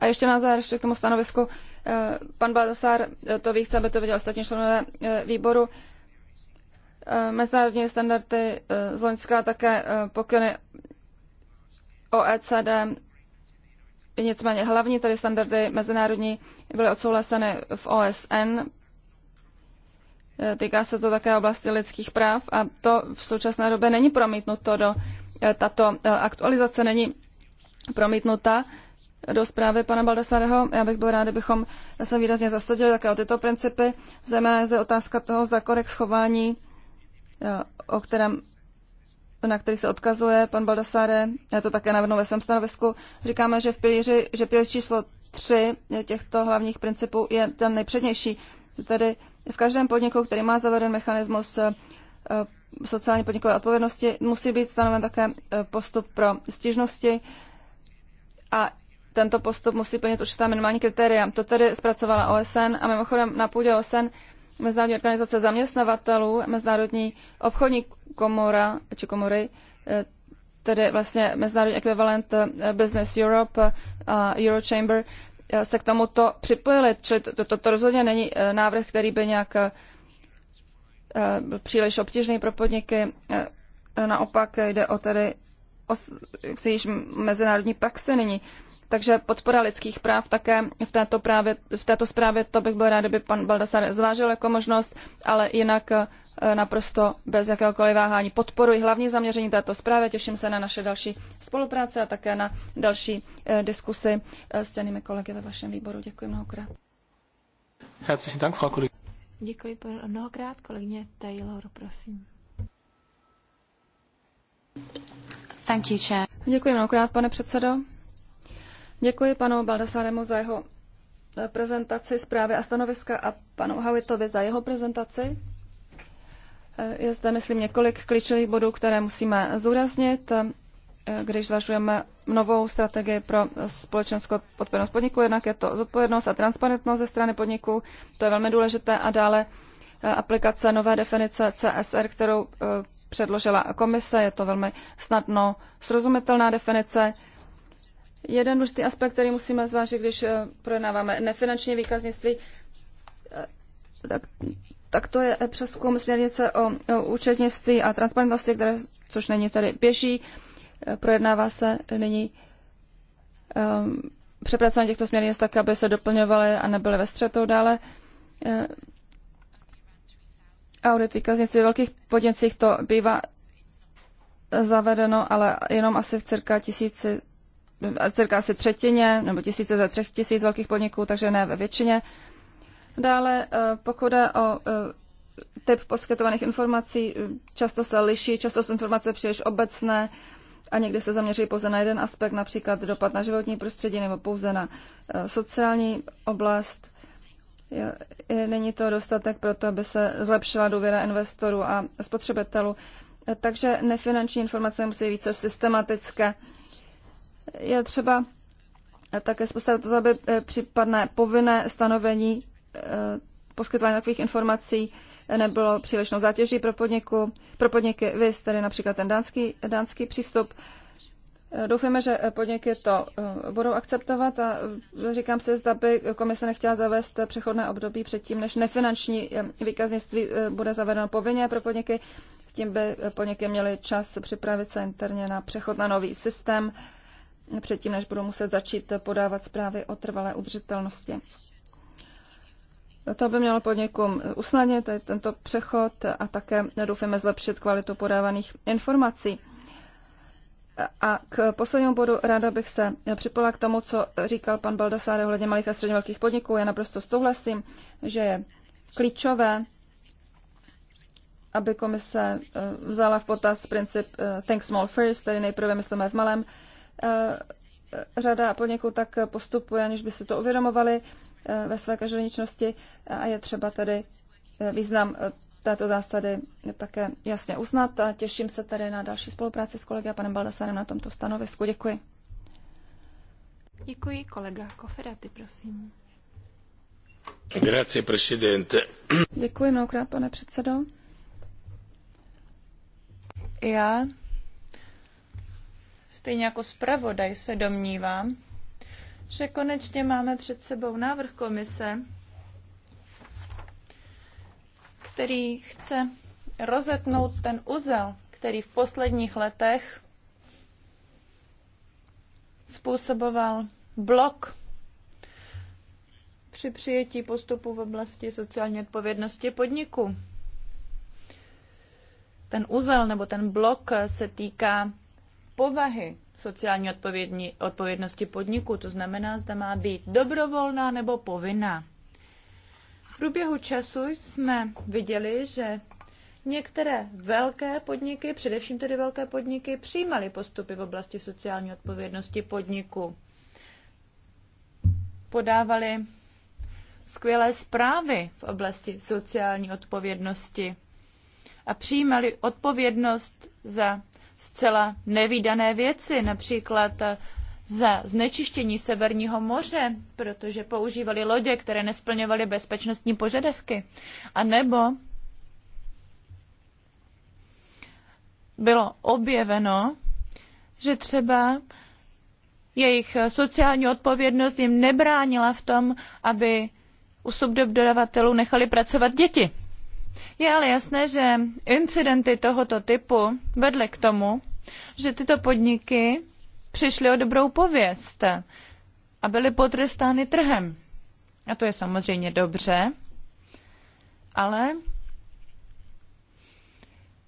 A ještě na závěr, ještě k tomu stanovisku. Eh, pan Baldessar eh, to ví, chce, aby to viděl ostatní členové eh, výboru. Mezinárodní standardy z Loňska také pokyny OECD. Nicméně hlavní tady standardy mezinárodní byly odsouhlaseny v OSN Eh, týká se to také oblasti lidských práv a to v současné době není promítnuto do eh, tato eh, aktualizace není promítnuta do zprávy pana Baldasareho. Já bych byl rád, kdybychom se výrazně zasadili také o tyto principy. Zejména je zde otázka toho, zda korek schování, o kterém na který se odkazuje pan Baldassare, já to také navrhnu ve svém stanovisku, říkáme, že v pilíři, že pilíř číslo tři těchto hlavních principů je ten nejpřednější. Tedy v každém podniku, který má zaveden mechanismus eh, eh, sociální podnikové odpovědnosti, musí být stanoven také eh, postup pro stížnosti a tento postup musí plnit určitá minimální kritéria. To tedy zpracovala OSN a mimochodem na půdě OSN Mezinárodní organizace zaměstnavatelů, Mezinárodní obchodní komora či komory, tedy vlastně mezinárodní ekvivalent Business Europe a Eurochamber, se k tomuto připojili. Čili toto to, to rozhodně není eh, návrh, který by nějak eh, příliš obtížný pro podniky. Eh, naopak jde o tedy o, jak se již mezinárodní praxe nyní. Takže podpora lidských práv také v této, právě, v této zprávě, to bych byl rád, kdyby pan Baldasar zvážil jako možnost, ale jinak eh, naprosto bez jakéhokoliv váhání podporuji hlavní zaměření této zprávy. Těším se na naše další spolupráce a také na další eh, diskusy eh, s těmi kolegy ve vašem výboru. Děkuji mnohokrát. Herzlichen Dank, Frau Kollegin. Děkuji mnohokrát, kolegyně Taylor, prosím. Thank you, chair. Děkuji mnohokrát, pane předsedo. Děkuji panu Baldasaremu za jeho eh, prezentaci zprávy a stanoviska a panu Hawitovi za jeho prezentaci. Eh, je zde, myslím, několik klíčových bodů, které musíme zdůraznit, eh, když zvažujeme novou strategii pro společenskou odpovědnost podniku. Jednak je to zodpovědnost a transparentnost ze strany podniku, to je velmi důležité. A dále aplikace nové definice CSR, kterou předložila komise, je to velmi snadno srozumitelná definice Jeden důležitý aspekt, který musíme zvážit, když eh, projednáváme nefinanční výkaznictví, eh, tak, tak to je eh, přeskum směrnice o, o účetnictví a transparentnosti, které, což není tady běží. Projednává se nyní um, přepracování těchto směrnic tak, aby se doplňovaly a nebyly ve střetu dále. Audit výkaznictví v velkých podnicích to bývá zavedeno, ale jenom asi v cirka tisíci cirka asi třetině nebo tisíce ze třech tisíc velkých podniků, takže ne ve většině. Dále, eh, pokud jde o eh, typ poskytovaných informací, eh, často se liší, často jsou informace příliš obecné a někdy se zaměřují pouze na jeden aspekt, například dopad na životní prostředí nebo pouze na sociální oblast. Není to dostatek pro to, aby se zlepšila důvěra investorů a spotřebitelů. Takže nefinanční informace musí být více systematické je třeba také spostavit to, aby eh, případné povinné stanovení eh, poskytování takových informací eh, nebylo přílišnou zátěží pro, podniku, pro podniky VIS, tedy například ten dánský, dánský přístup. Doufáme, že podniky to budou akceptovat a říkám si, zda by komise nechtěla zavést přechodné období předtím, než nefinanční výkaznictví bude zavedeno povinně pro podniky. Tím by podniky měly čas připravit se interně na přechod na nový systém předtím, než budou muset začít podávat zprávy o trvalé udržitelnosti. To by mělo podnikům usnadnit tento přechod a také doufáme zlepšit kvalitu podávaných informací. A k poslednímu bodu ráda bych se připojila k tomu, co říkal pan Baldasár ohledně malých a středně velkých podniků. Já naprosto souhlasím, že je klíčové, aby komise eh, vzala v potaz princip eh, Think Small First, tedy nejprve myslíme v malém, Eh, řada poněkud tak postupuje, aniž by si to uvědomovali eh, ve své každodenní a je třeba tedy eh, význam této zásady také jasně uznat a těším se tady na další spolupráci s kolegy a panem Baldasarem na tomto stanovisku. Děkuji. Děkuji, kolega Koferaty, prosím. Grazie, presidente. Děkuji mnohokrát, pane předsedo. Já stejně jako zpravodaj se domnívám, že konečně máme před sebou návrh komise, který chce rozetnout ten uzel, který v posledních letech způsoboval blok při přijetí postupu v oblasti sociální odpovědnosti podniku. Ten uzel nebo ten blok se týká povahy sociální odpovědní, odpovědnosti podniku, to znamená, zda má být dobrovolná nebo povinná. V průběhu času jsme viděli, že některé velké podniky, především tedy velké podniky, přijímaly postupy v oblasti sociální odpovědnosti podniku. Podávali skvělé zprávy v oblasti sociální odpovědnosti a přijímali odpovědnost za zcela nevýdané věci, například eh, za znečištění Severního moře, protože používali lodě, které nesplňovaly bezpečnostní požadavky, a nebo bylo objeveno, že třeba jejich sociální odpovědnost jim nebránila v tom, aby u subdodavatelů nechali pracovat děti. Je ale jasné, že incidenty tohoto typu vedly k tomu, že tyto podniky přišly o dobrou pověst a byly potrestány trhem. A to je samozřejmě dobře, ale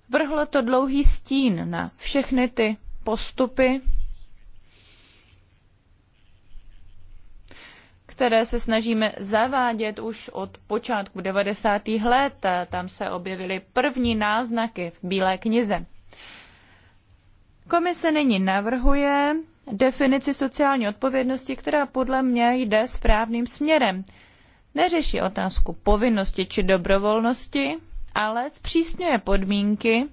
vrhlo to dlouhý stín na všechny ty postupy, které se snažíme zavádět už od počátku 90. let. Tam se objevily první náznaky v Bílé knize. Komise nyní navrhuje definici sociální odpovědnosti, která podle mě jde správným směrem. Neřeší otázku povinnosti či dobrovolnosti, ale zpřísňuje podmínky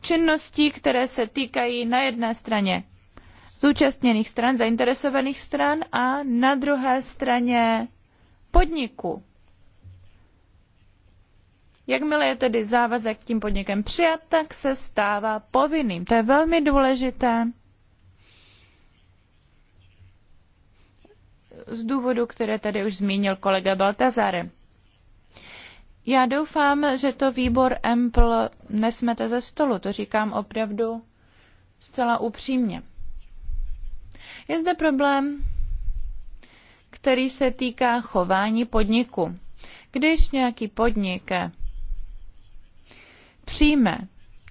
činností, které se týkají na jedné straně zúčastněných stran, zainteresovaných stran a na druhé straně podniku. Jakmile je tedy závazek tím podnikem přijat, tak se stává povinným. To je velmi důležité. Z důvodu, které tady už zmínil kolega Baltazar. Já doufám, že to výbor EMPL nesmete ze stolu, to říkám opravdu zcela upřímně. Je zde problém, který se týká chování podniku. Když nějaký podnik přijme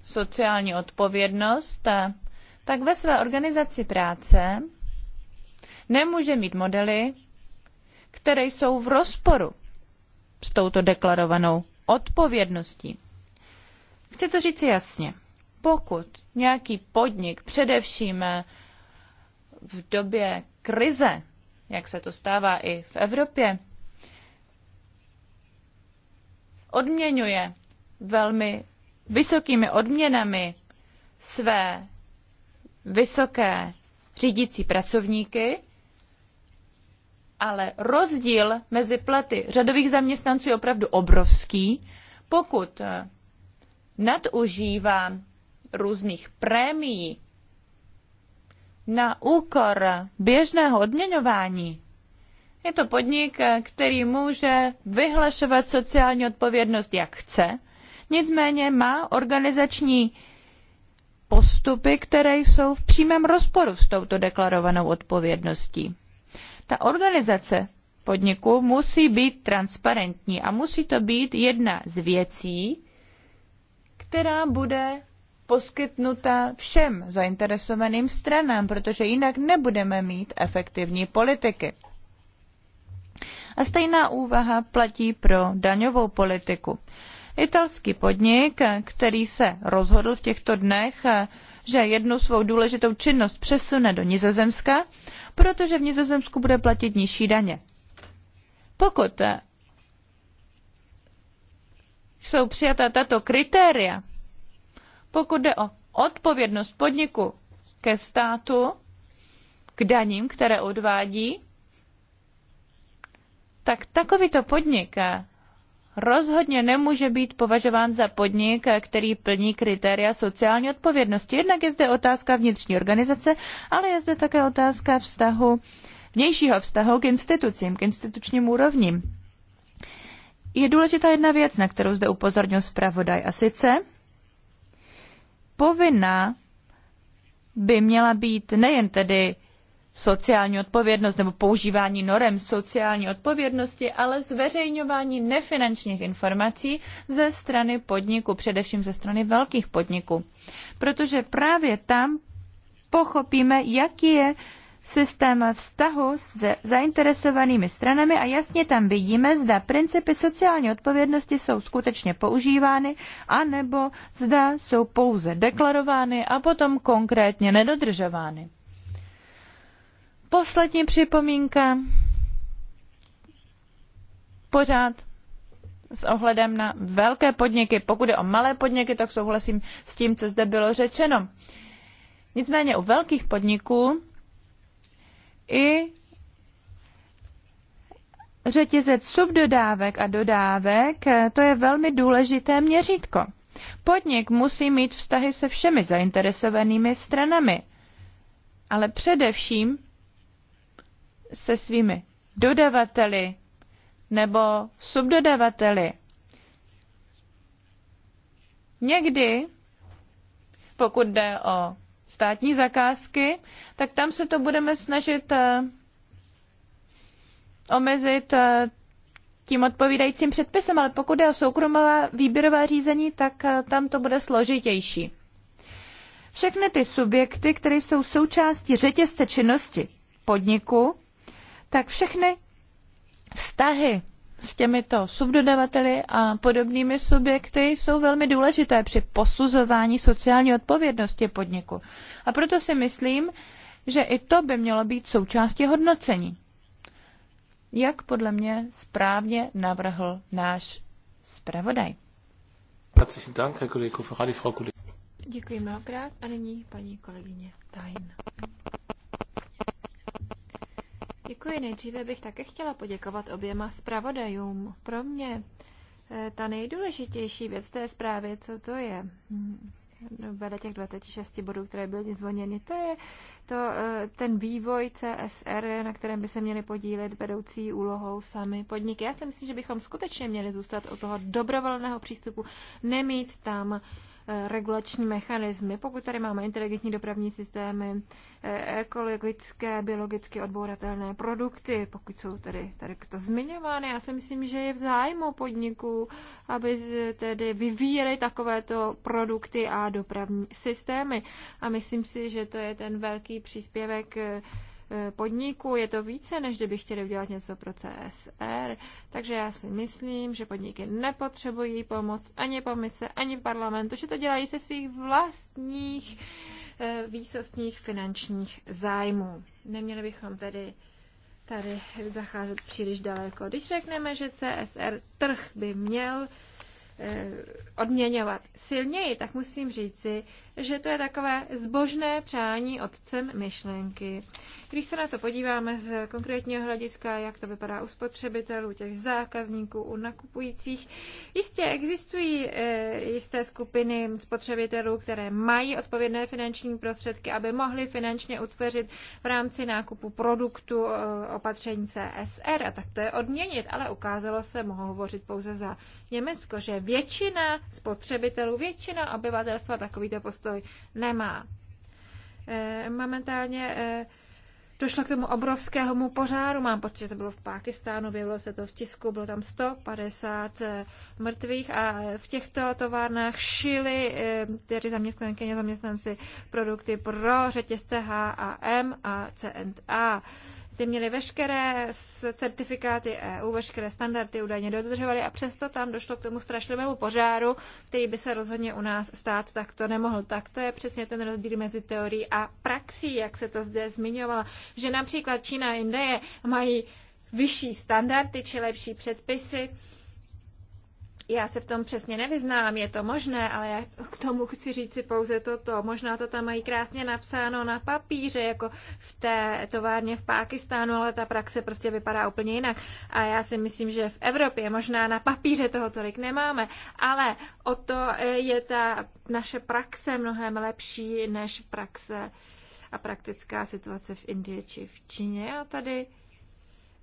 sociální odpovědnost, tak ve své organizaci práce nemůže mít modely, které jsou v rozporu s touto deklarovanou odpovědností. Chci to říci jasně. Pokud nějaký podnik, především v době krize, jak se to stává i v Evropě, odměňuje velmi vysokými odměnami své vysoké řídící pracovníky, ale rozdíl mezi platy řadových zaměstnanců je opravdu obrovský. Pokud eh, nadužívá různých prémií na úkor běžného odměňování, je to podnik, který může vyhlašovat sociální odpovědnost, jak chce, nicméně má organizační postupy, které jsou v přímém rozporu s touto deklarovanou odpovědností. Ta organizace podniku musí být transparentní a musí to být jedna z věcí, která bude poskytnuta všem zainteresovaným stranám, protože jinak nebudeme mít efektivní politiky. A stejná úvaha platí pro daňovou politiku. Italský podnik, který se rozhodl v těchto dnech, že jednu svou důležitou činnost přesune do Nizozemska, protože v Nizozemsku bude platit nižší daně. Pokud jsou přijata tato kritéria, pokud jde o odpovědnost podniku ke státu, k daním, které odvádí, tak takovýto podnik rozhodně nemůže být považován za podnik, který plní kritéria sociální odpovědnosti. Jednak je zde otázka vnitřní organizace, ale je zde také otázka vztahu, vnějšího vztahu k institucím, k institučním úrovním. Je důležitá jedna věc, na kterou zde upozornil zpravodaj, a sice, povinná by měla být nejen tedy sociální odpovědnost nebo používání norem sociální odpovědnosti, ale zveřejňování nefinančních informací ze strany podniku, především ze strany velkých podniků. Protože právě tam pochopíme, jaký je systém vztahu s zainteresovanými stranami a jasně tam vidíme, zda principy sociální odpovědnosti jsou skutečně používány, anebo zda jsou pouze deklarovány a potom konkrétně nedodržovány. Poslední připomínka. Pořád s ohledem na velké podniky. Pokud je o malé podniky, tak souhlasím s tím, co zde bylo řečeno. Nicméně u velkých podniků i řetězec subdodávek a dodávek, eh, to je velmi důležité měřítko. Podnik musí mít vztahy se všemi zainteresovanými stranami, ale především se svými dodavateli nebo subdodavateli. Někdy, pokud jde o státní zakázky, tak tam se to budeme snažit eh, omezit eh, tím odpovídajícím předpisem, ale pokud je o soukromá výběrová řízení, tak eh, tam to bude složitější. Všechny ty subjekty, které jsou součástí řetězce činnosti podniku, tak všechny vztahy s těmito subdodavateli a podobnými subjekty jsou velmi důležité při posuzování sociální odpovědnosti podniku. A proto si myslím, že i to by mělo být součástí hodnocení. Jak podle mě správně navrhl náš zpravodaj. Děkuji mnohokrát a nyní paní kolegyně Tajn. Děkuji. Nejdříve bych také chtěla poděkovat oběma zpravodajům. Pro mě eh, ta nejdůležitější věc té zprávy, co to je, hm, vedle těch 26 bodů, které byly zvoněny, to je to, eh, ten vývoj CSR, na kterém by se měly podílet vedoucí úlohou sami podniky. Já si myslím, že bychom skutečně měli zůstat od toho dobrovolného přístupu, nemít tam uh, Eh, regulační mechanismy. Pokud tady máme inteligentní dopravní systémy, eh, ekologické, biologicky odbouratelné produkty, pokud jsou tady, tady to zmiňovány, já si myslím, že je v zájmu podniků, aby tedy vyvíjeli takovéto produkty a dopravní systémy. A myslím si, že to je ten velký příspěvek eh, Eh, podniku Je to více, než kdyby chtěli udělat něco pro CSR. Takže já si myslím, že podniky nepotřebují pomoc ani pomise, ani parlamentu, že to dělají se svých vlastních eh, výsostních finančních zájmů. Neměli bychom tedy tady zacházet příliš daleko. Když řekneme, že CSR trh by měl eh, odměňovat silněji, tak musím říci, že to je takové zbožné přání otcem myšlenky. Když se na to podíváme z konkrétního hlediska, jak to vypadá u spotřebitelů, těch zákazníků, u nakupujících, jistě existují e, jisté skupiny spotřebitelů, které mají odpovědné finanční prostředky, aby mohli finančně utvořit v rámci nákupu produktu e, opatření CSR a tak to je odměnit, ale ukázalo se, mohu hovořit pouze za Německo, že většina spotřebitelů, většina obyvatelstva takovýto postup postoj nemá. Eh, momentálně eh, došlo k tomu obrovskému požáru, mám pocit, že to bylo v Pákistánu, bylo se to v tisku, bylo tam 150 eh, mrtvých a v těchto továrnách šily tedy a zaměstnanci produkty pro řetězce H&M a C&A ty měly veškeré certifikáty EU, veškeré standardy údajně dodržovaly a přesto tam došlo k tomu strašlivému požáru, který by se rozhodně u nás stát takto nemohl. Tak to je přesně ten rozdíl mezi teorií a praxí, jak se to zde zmiňovalo, že například Čína a Indie mají vyšší standardy či lepší předpisy, já se v tom přesně nevyznám, je to možné, ale já k tomu chci říct si pouze toto. Možná to tam mají krásně napsáno na papíře, jako v té továrně v Pákistánu, ale ta praxe prostě vypadá úplně jinak. A já si myslím, že v Evropě možná na papíře toho tolik nemáme, ale o to eh, je ta naše praxe mnohem lepší než praxe a praktická situace v Indii či v Číně. A tady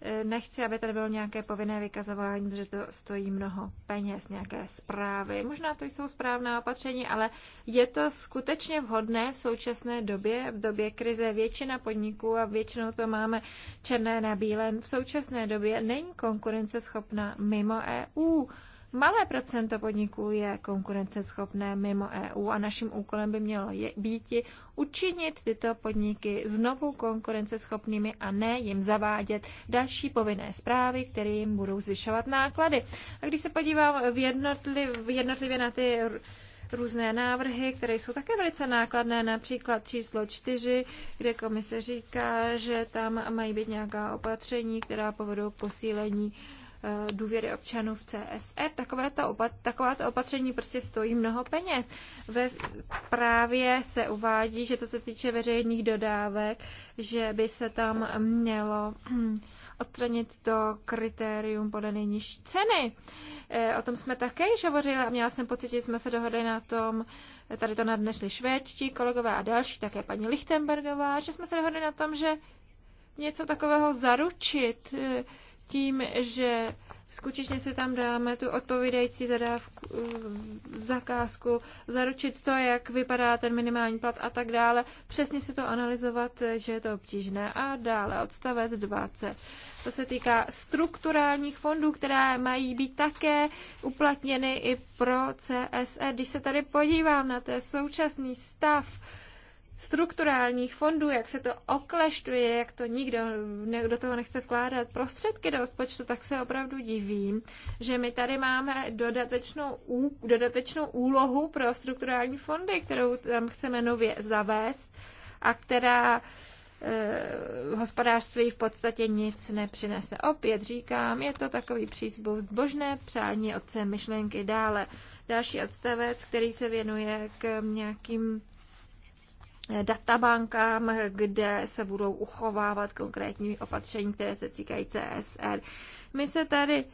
E, nechci, aby tady bylo nějaké povinné vykazování, protože to stojí mnoho peněz, nějaké zprávy. Možná to jsou správná opatření, ale je to skutečně vhodné v současné době, v době krize většina podniků a většinou to máme černé na bílém. V současné době není konkurenceschopná mimo EU malé procento podniků je konkurenceschopné mimo EU a naším úkolem by mělo je, být učinit tyto podniky znovu konkurenceschopnými a ne jim zavádět další povinné zprávy, které jim budou zvyšovat náklady. A když se podívám v jednotliv, jednotlivě na ty různé návrhy, které jsou také velice nákladné, například číslo čtyři, kde komise říká, že tam mají být nějaká opatření, která povedou k posílení uh, Eh, důvěry občanů v CSR. Takovéto opat, to opatření prostě stojí mnoho peněz. Ve právě se uvádí, že to se týče veřejných dodávek, že by se tam mělo hm, odstranit to kritérium podle nejnižší ceny. Eh, o tom jsme také již hovořili a měla jsem pocit, že jsme se dohodli na tom, eh, tady to nadnešli švédští kolegové a další, také paní Lichtenbergová, že jsme se dohodli na tom, že něco takového zaručit, tím, že skutečně si tam dáme tu odpovídající zadávku, zakázku, zaručit to, jak vypadá ten minimální plat a tak dále, přesně si to analyzovat, že je to obtížné a dále odstavec 20. To se týká strukturálních fondů, které mají být také uplatněny i pro CSE. Když se tady podívám na ten současný stav, strukturálních fondů, jak se to okleštuje, jak to nikdo do toho nechce vkládat prostředky do rozpočtu, tak se opravdu divím, že my tady máme dodatečnou, ú, dodatečnou úlohu pro strukturální fondy, kterou tam chceme nově zavést a která eh, hospodářství v podstatě nic nepřinese. Opět říkám, je to takový přízbou zbožné přání otce myšlenky dále. Další odstavec, který se věnuje k nějakým Eh, databankám, kde se budou uchovávat konkrétní opatření, které se týkají CSR. My se tady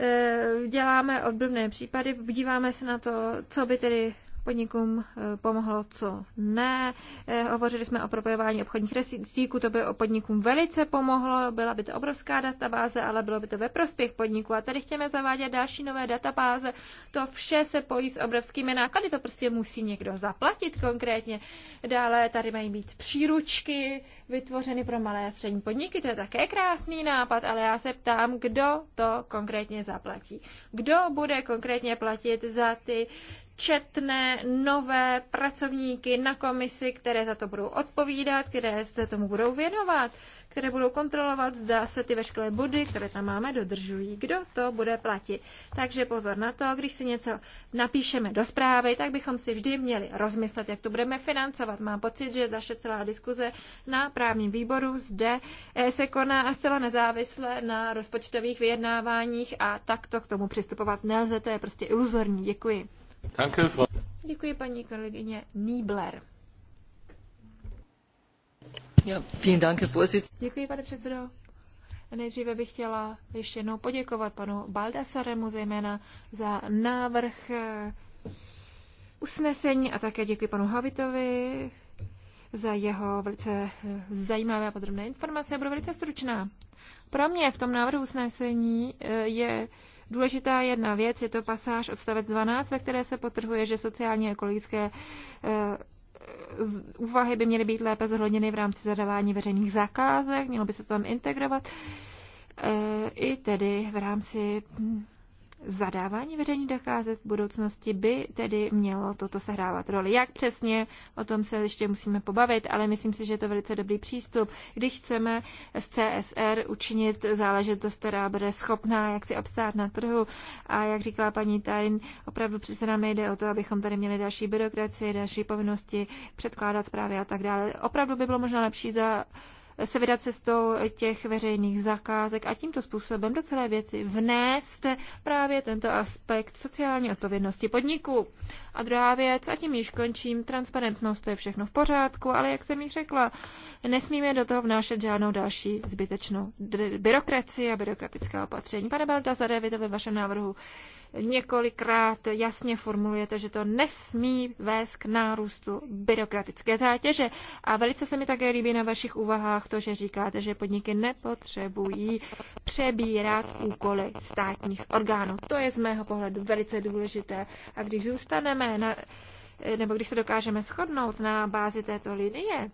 eh, děláme obdobné případy, díváme se na to, co by tedy podnikům eh, pomohlo, co ne. Eh, hovořili jsme o propojování obchodních rejstříků, to by podnikům velice pomohlo, byla by to obrovská databáze, ale bylo by to ve prospěch podniků. A tady chceme zavádět další nové databáze. To vše se pojí s obrovskými náklady, to prostě musí někdo zaplatit konkrétně. Dále tady mají být příručky vytvořeny pro malé a střední podniky, to je také krásný nápad, ale já se ptám, kdo to konkrétně zaplatí. Kdo bude konkrétně platit za ty četné nové pracovníky na komisi, které za to budou odpovídat, které se tomu budou věnovat, které budou kontrolovat, zda se ty veškeré body, které tam máme, dodržují. Kdo to bude platit? Takže pozor na to, když si něco napíšeme do zprávy, tak bychom si vždy měli rozmyslet, jak to budeme financovat. Mám pocit, že naše celá diskuze na právním výboru zde eh, se koná zcela nezávisle na rozpočtových vyjednáváních a takto k tomu přistupovat nelze, to je prostě iluzorní. Děkuji. Děkuji paní kolegyně Niebler. Ja, vielen Dank, Děkuji, pane předsedo. Nejdříve bych chtěla ještě jednou poděkovat panu Baldasaremu zejména za návrh eh, usnesení a také děkuji panu Havitovi za jeho velice eh, zajímavé a podrobné informace. Budu velice stručná. Pro mě v tom návrhu usnesení eh, je Důležitá jedna věc je to pasáž odstavec 12, ve které se potrhuje, že sociálně ekologické eh, úvahy by měly být lépe zohledněny v rámci zadávání veřejných zakázek, mělo by se to tam integrovat eh, i tedy v rámci hm, zadávání veřejných docházek v budoucnosti by tedy mělo toto sehrávat roli. Jak přesně, o tom se ještě musíme pobavit, ale myslím si, že je to velice dobrý přístup, když chceme z CSR učinit záležitost, která bude schopná jak si obstát na trhu. A jak říkala paní Tarin, opravdu přece nám nejde o to, abychom tady měli další byrokracii, další povinnosti předkládat zprávy a tak dále. Opravdu by bylo možná lepší za se vydat cestou těch veřejných zakázek a tímto způsobem do celé věci vnést právě tento aspekt sociální odpovědnosti podniků. A druhá věc, a tím již končím, transparentnost, to je všechno v pořádku, ale jak jsem již řekla, nesmíme do toho vnášet žádnou další zbytečnou byrokracii a byrokratická opatření. Pane Baldazare, vy to ve vašem návrhu několikrát jasně formulujete, že to nesmí vést k nárůstu byrokratické zátěže. A velice se mi také líbí na vašich úvahách to, že říkáte, že podniky nepotřebují přebírat úkoly státních orgánů. To je z mého pohledu velice důležité. A když zůstaneme dokážeme, na, nebo když se dokážeme shodnout na bázi této linie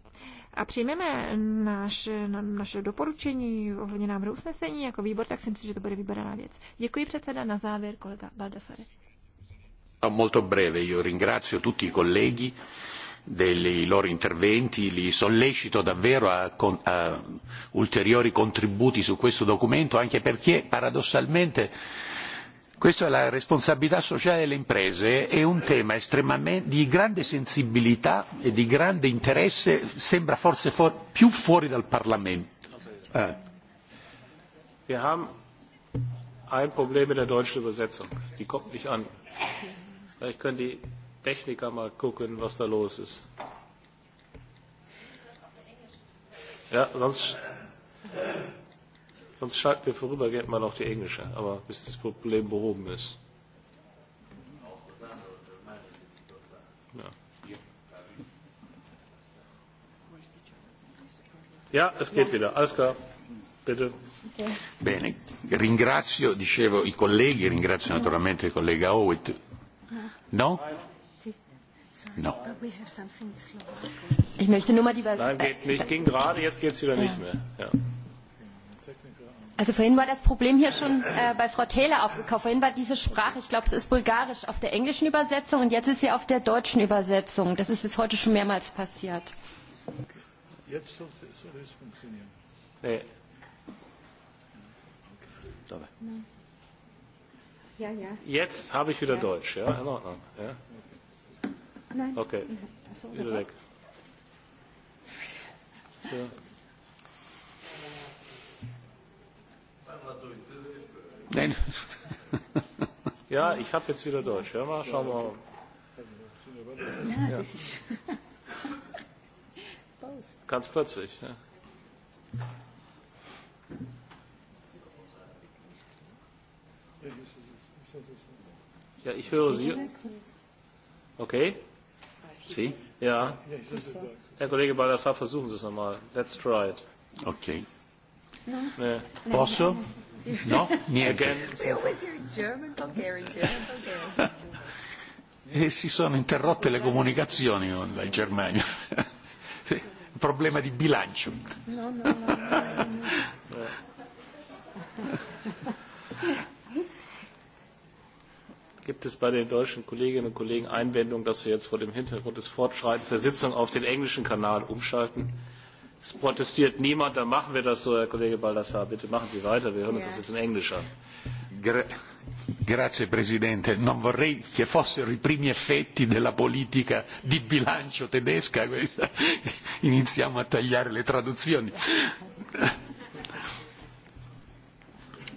a přijmeme naš, na, naše doporučení ohledně návrhu usnesení jako výbor, tak si myslím, že to bude vybraná věc. Děkuji předseda, na závěr kolega Baldassare. No, molto breve, io ringrazio tutti i colleghi dei loro interventi, li sollecito davvero a, con, a ulteriori contributi su questo documento, anche perché paradossalmente Questo è la responsabilità sociale delle imprese, è un tema estremamente di grande sensibilità e di grande interesse, sembra forse for- più fuori dal Parlamento. Eh. ein Problem mit der deutschen Übersetzung. Die kommt nicht an. Vielleicht können die Techniker mal gucken, was da los ist. Ja, sonst Sonst schalten wir vorübergehend mal noch die englische, aber bis das Problem behoben ist. Ja. es geht wieder. Alles klar. Bitte. Okay. Bene, ringrazio, dicevo, i colleghi, ringrazio naturalmente il collega Howitt. No? No. Ich möchte nur mal die Nein, geht äh, nicht. Ging gerade, jetzt geht es wieder nicht mehr. Ja. Also vorhin war das Problem hier schon äh, bei Frau Taylor aufgekauft. Vorhin war diese Sprache, ich glaube, es ist Bulgarisch auf der englischen Übersetzung und jetzt ist sie auf der deutschen Übersetzung. Das ist jetzt heute schon mehrmals passiert. Okay. Jetzt soll es funktionieren. Nee. Okay. Ja, ja. Jetzt habe ich wieder ja. Deutsch, ja? In Ordnung. Ja? Nein. Okay. Wieder weg. Ja. Nein. <laughs> ja, ich habe jetzt wieder Deutsch. Hör mal, schau mal. Ja, <laughs> Ganz plötzlich. Ja. Ja, ich höre Sie. Okay. Sie? Ja. Herr Kollege Baldassar, versuchen Sie es nochmal. Let's try it. Okay. No. Ne. Eh, no. Posso? No? Niente. German, Bulgarian, German, Bulgarian. <laughs> e si sono interrotte le comunicazioni con la Germania. <laughs> sì, problema di bilancio. No, no, no, eh. Gibt es bei den deutschen Kolleginnen und Kollegen Einwendungen, dass wir jetzt vor dem Hintergrund des Fortschreitens der Sitzung auf den englischen Kanal umschalten? Mhm. Es protestiert niemand, dann machen wir das so, Herr Kollege Baldassar. Bitte machen Sie weiter, wir hören uns das jetzt in Englisch an. Gra Grazie Presidente, non vorrei che fossero i primi effetti della politica di bilancio tedesca questa. Iniziamo a tagliare le traduzioni.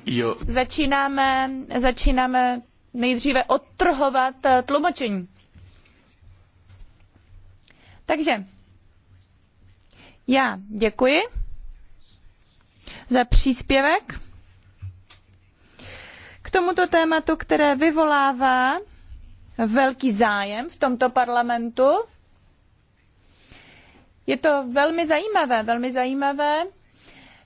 Io... Začínáme, začínáme nejdříve odtrhovat eh, tlumočení. Takže já děkuji za příspěvek k tomuto tématu, které vyvolává velký zájem v tomto parlamentu. Je to velmi zajímavé, velmi zajímavé,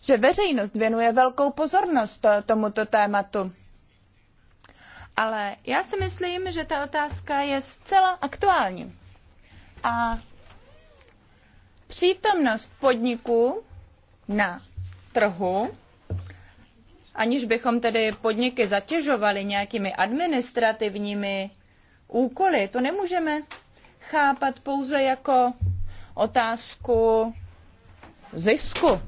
že veřejnost věnuje velkou pozornost tomuto tématu. Ale já si myslím, že ta otázka je zcela aktuální. A přítomnost podniků na trhu, aniž bychom tedy podniky zatěžovali nějakými administrativními úkoly, to nemůžeme chápat pouze jako otázku zisku.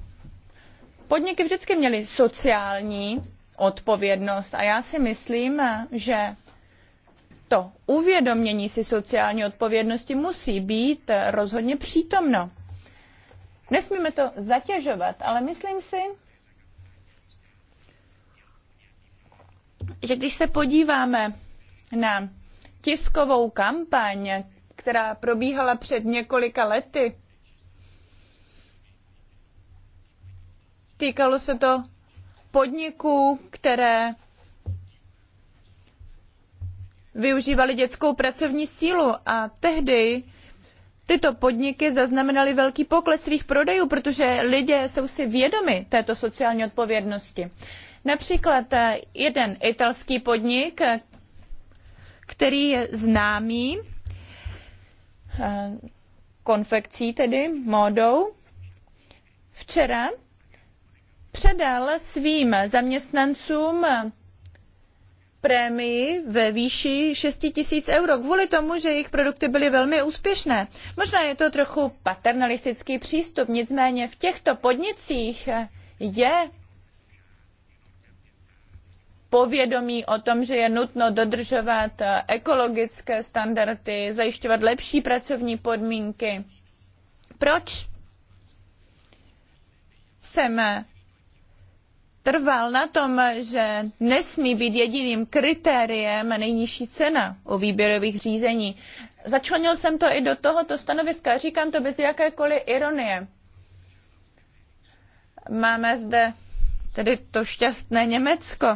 Podniky vždycky měly sociální odpovědnost a já si myslím, že to uvědomění si sociální odpovědnosti musí být rozhodně přítomno. Nesmíme to zatěžovat, ale myslím si, že když se podíváme na tiskovou kampaň, která probíhala před několika lety, týkalo se to podniků, které využívali dětskou pracovní sílu a tehdy tyto podniky zaznamenaly velký pokles svých prodejů, protože lidé jsou si vědomi této sociální odpovědnosti. Například eh, jeden italský podnik, eh, který je známý eh, konfekcí, tedy módou, včera předal svým zaměstnancům prémii ve výši 6 tisíc euro kvůli tomu, že jejich produkty byly velmi úspěšné. Možná je to trochu paternalistický přístup, nicméně v těchto podnicích je povědomí o tom, že je nutno dodržovat ekologické standardy, zajišťovat lepší pracovní podmínky. Proč jsem trval na tom, že nesmí být jediným kritériem nejnižší cena u výběrových řízení. Začlenil jsem to i do tohoto stanoviska, říkám to bez jakékoliv ironie. Máme zde tedy to šťastné Německo.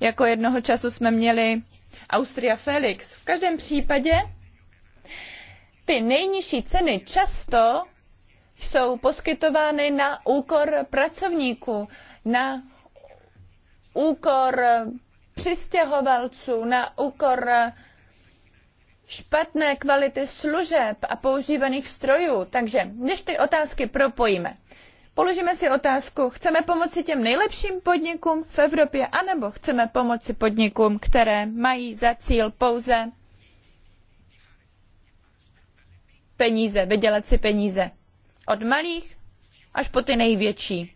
Jako jednoho času jsme měli Austria Felix. V každém případě ty nejnižší ceny často jsou poskytovány na úkor pracovníků, na úkor přistěhovalců, na úkor špatné kvality služeb a používaných strojů. Takže když ty otázky propojíme, položíme si otázku, chceme pomoci těm nejlepším podnikům v Evropě, anebo chceme pomoci podnikům, které mají za cíl pouze peníze, vydělat si peníze. Od malých až po ty největší.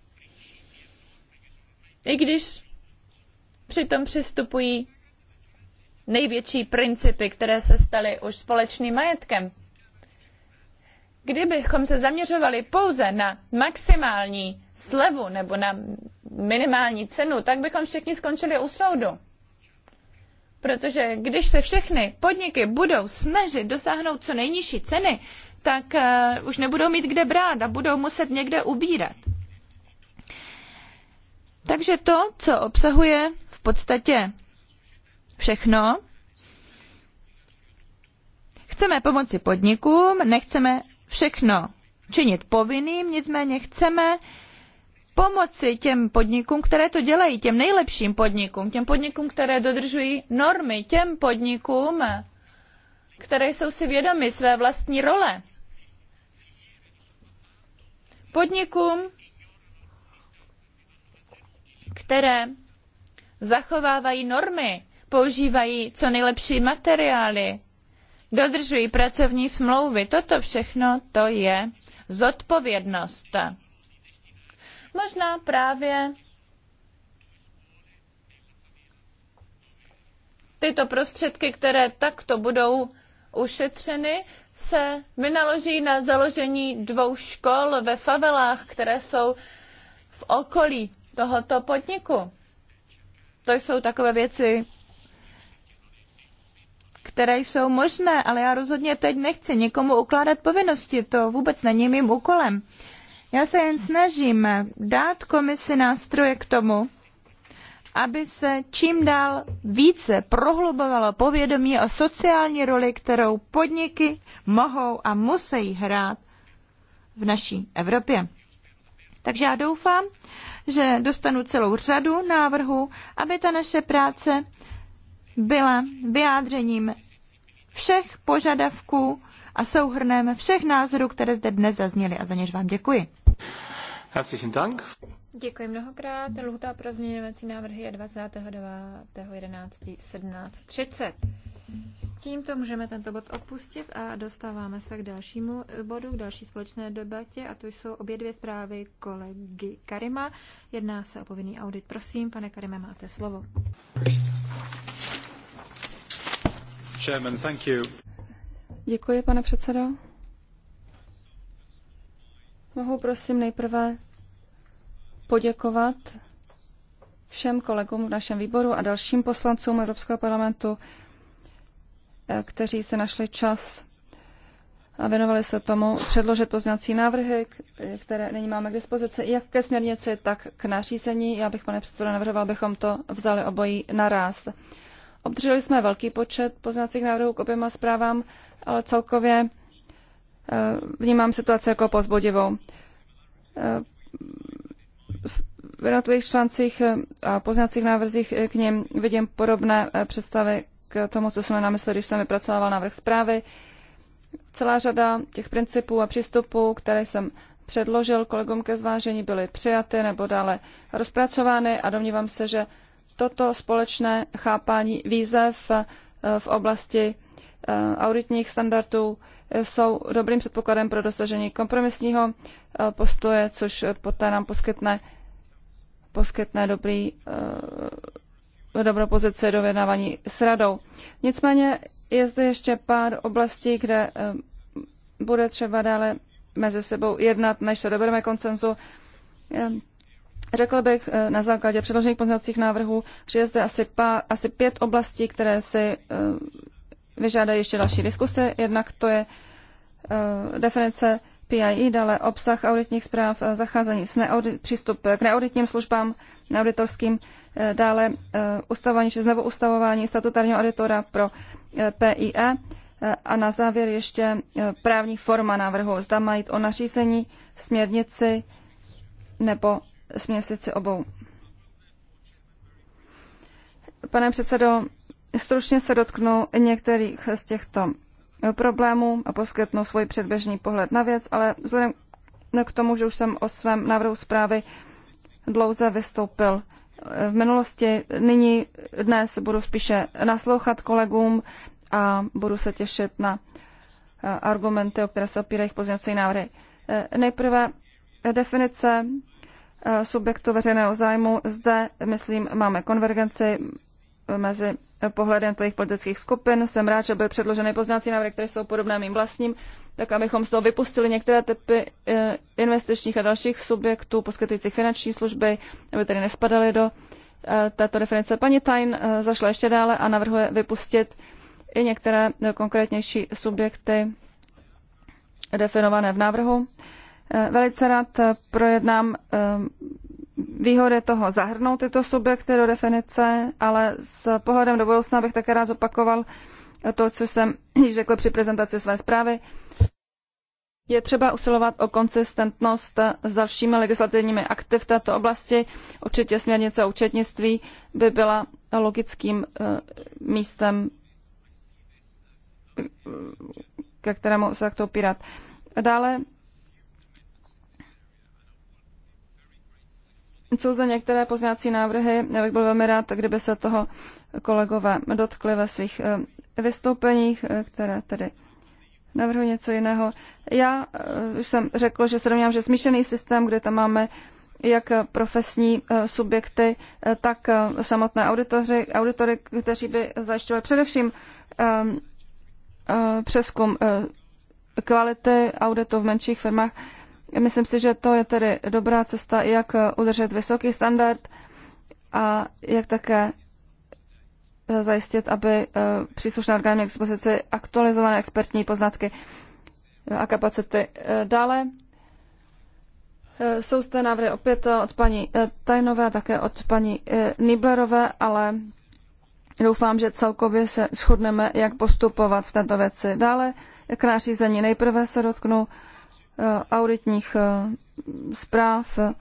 I když Přitom přistupují největší principy, které se staly už společným majetkem. Kdybychom se zaměřovali pouze na maximální slevu nebo na minimální cenu, tak bychom všichni skončili u soudu. Protože když se všechny podniky budou snažit dosáhnout co nejnižší ceny, tak uh, už nebudou mít kde brát a budou muset někde ubírat. Takže to, co obsahuje v podstatě všechno. Chceme pomoci podnikům, nechceme všechno činit povinným, nicméně chceme pomoci těm podnikům, které to dělají, těm nejlepším podnikům, těm podnikům, které dodržují normy, těm podnikům, které jsou si vědomi své vlastní role. Podnikům, které zachovávají normy, používají co nejlepší materiály, dodržují pracovní smlouvy. Toto všechno to je zodpovědnost. Možná právě tyto prostředky, které takto budou ušetřeny, se vynaloží na založení dvou škol ve favelách, které jsou v okolí tohoto podniku. To jsou takové věci, které jsou možné, ale já rozhodně teď nechci někomu ukládat povinnosti, to vůbec není mým úkolem. Já se jen snažím dát komisi nástroje k tomu, aby se čím dál více prohlubovalo povědomí o sociální roli, kterou podniky mohou a musí hrát v naší Evropě. Takže já doufám, že dostanu celou řadu návrhů, aby ta naše práce byla vyjádřením všech požadavků a souhrnem všech názorů, které zde dnes zazněly a za něž vám děkuji. Herzlichen Dank. Děkuji mnohokrát. Lhuta pro změňovací návrhy je 29.11.17.30. Tímto můžeme tento bod opustit a dostáváme se k dalšímu bodu, k další společné debatě a to jsou obě dvě zprávy kolegy Karima. Jedná se o povinný audit. Prosím, pane Karime, máte slovo. Chairman, thank you. Děkuji, pane předsedo. Mohu prosím nejprve poděkovat všem kolegům v našem výboru a dalším poslancům Evropského parlamentu, Eh, kteří se našli čas a věnovali se tomu předložit pozněcí návrhy, které nyní máme k dispozici, jak ke směrnici, tak k nařízení. Já bych, pane předsedo, navrhoval, abychom to vzali obojí naraz. Obdrželi jsme velký počet pozněcích návrhů k oběma zprávám, ale celkově eh, vnímám situaci jako pozbudivou. Eh, v jednotlivých článcích a poznacích návrzích k ním vidím podobné představy k tomu, co jsme na mysli, když jsem vypracovával návrh zprávy. Celá řada těch principů a přístupů, které jsem předložil kolegům ke zvážení, byly přijaty nebo dále rozpracovány a domnívám se, že toto společné chápání výzev eh, v oblasti eh, auditních standardů eh, jsou dobrým předpokladem pro dosažení kompromisního postoje, což poté nám poskytne, poskytne dobrý dobrou pozici do vyjednávání s radou. Nicméně je zde ještě pár oblastí, kde eh, bude třeba dále mezi sebou jednat, než se dobereme koncenzu. Eh, Řekl bych eh, na základě předložených poznacích návrhů, že je zde asi, pá, asi pět oblastí, které si vyžádají ještě další diskuse. Jednak to je definice PII, dále obsah auditních zpráv, zacházení s neaudit, přístup k neauditním službám, auditorským, eh, dále eh, ustavování či znovu ustavování statutárního auditora pro eh, PIE a na závěr ještě právní forma návrhu. Zda mají o nařízení, směrnici nebo směsici obou. Pane předsedo, stručně se dotknu některých z těchto problémů a poskytnu svůj předběžný pohled na věc, ale vzhledem k tomu, že už jsem o svém návrhu zprávy dlouze vystoupil v minulosti. Nyní dnes budu spíše naslouchat kolegům a budu se těšit na eh, argumenty, o které se opírají jejich pozměňovací návrhy. Eh, nejprve definice eh, subjektu veřejného zájmu. Zde, myslím, máme konvergenci mezi pohledem těch politických skupin. Jsem rád, že byly předloženy poznací návrhy, které jsou podobné mým vlastním, tak abychom z toho vypustili některé typy eh, investičních a dalších subjektů poskytujících finanční služby, aby tedy nespadaly do eh, této definice. Paní Tajn eh, zašla ještě dále a navrhuje vypustit i některé konkrétnější subjekty definované v návrhu. Velice rád projednám výhody toho zahrnout tyto subjekty do definice, ale s pohledem do budoucna bych také rád zopakoval to, co jsem <clears throat> již řekl při prezentaci své zprávy. Je třeba usilovat o konsistentnost s dalšími legislativními akty v této oblasti. Určitě směrnice o účetnictví by byla logickým eh, místem, ke kterému se takto opírat. Dále Jsou zde některé pozněcí návrhy, já bych byl velmi rád, kdyby se toho kolegové dotkli ve svých eh, vystoupeních, eh, které tedy navrhu něco jiného. Já eh, už jsem řekl, že se domnívám, že smíšený systém, kde tam máme jak profesní subjekty, tak samotné auditoři, auditory, kteří by zajišťovali především ehm, přeskum kvality auditu v menších firmách, Myslím si, že to je tedy dobrá cesta, jak udržet vysoký standard a jak také eh, zajistit, aby eh, příslušné orgány měly k dispozici aktualizované expertní poznatky eh, a kapacity. Dále jsou zde návrhy opět od paní Tajnové a také od paní Niblerové, ale doufám, že celkově se shodneme, jak postupovat v této věci. Dále k nářízení nejprve se dotknu Eh, auditních eh, zpráv. Eh,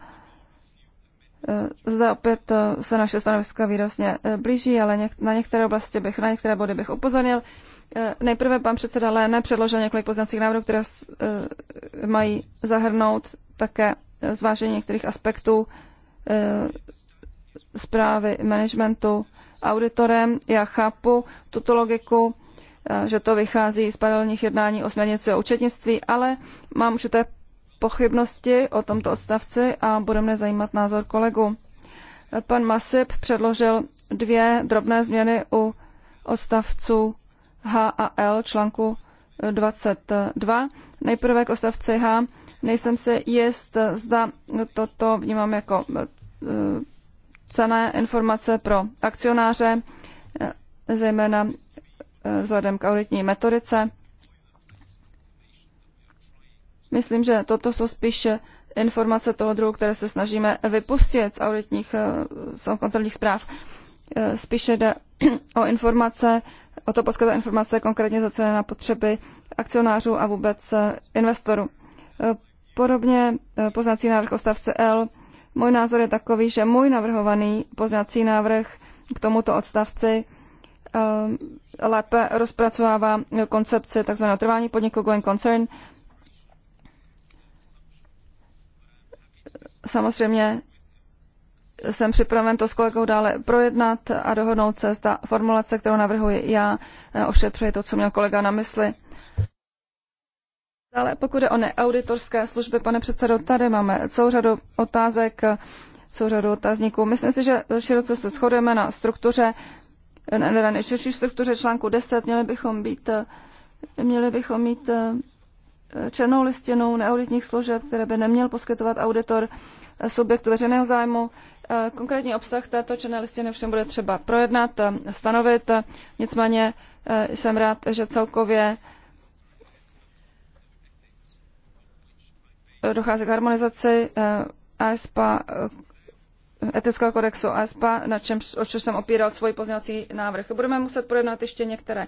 zde opět se naše stanoviska výrazně blíží, ale na některé oblasti bych, na některé body bych upozornil. Nejprve pan předseda Léne předložil několik poznacích návrhů, které mají zahrnout také zvážení některých aspektů zprávy managementu auditorem. Já chápu tuto logiku, Eh, že to vychází z paralelních jednání o směrnici o účetnictví, ale mám určité pochybnosti o tomto odstavci a bude mne zajímat názor kolegu. Eh, pan Masip předložil dvě drobné změny u odstavců H a L článku 22. Nejprve k odstavci H. Nejsem si jist, zda toto vnímám jako eh, cené informace pro akcionáře, zejména Eh, vzhledem k auditní metodice. Myslím, že toto jsou spíše informace toho druhu, které se snažíme vypustit z auditních eh, z kontrolních zpráv. Eh, spíše jde <clears throat> o informace, o to poskytovat informace konkrétně celé na potřeby akcionářů a vůbec investorů. Podobně poznací návrh odstavce L. Můj názor je takový, že můj navrhovaný poznací návrh k tomuto odstavci Eh, lépe rozpracovává koncepci tzv. trvání podniku going concern. Samozřejmě jsem připraven to s kolegou dále projednat a dohodnout se, zda formulace, kterou navrhuji já, eh, ošetřuje to, co měl kolega na mysli. Dále, pokud je o neauditorské služby, pane předsedo, tady máme celou řadu otázek, eh, celou řadu otázníků. Myslím si, že široce se shodujeme na struktuře na nejširší struktuře článku 10, měli bychom být, měli bychom mít černou listinu neauditních služeb, které by neměl poskytovat auditor subjektu veřejného zájmu. Konkrétní obsah této černé listiny všem bude třeba projednat, stanovit. Nicméně jsem rád, že celkově dochází k harmonizaci ASPA etického kodexu ASPA, na čem, o čem jsem opíral svůj pozměňovací návrh. Budeme muset projednat ještě některé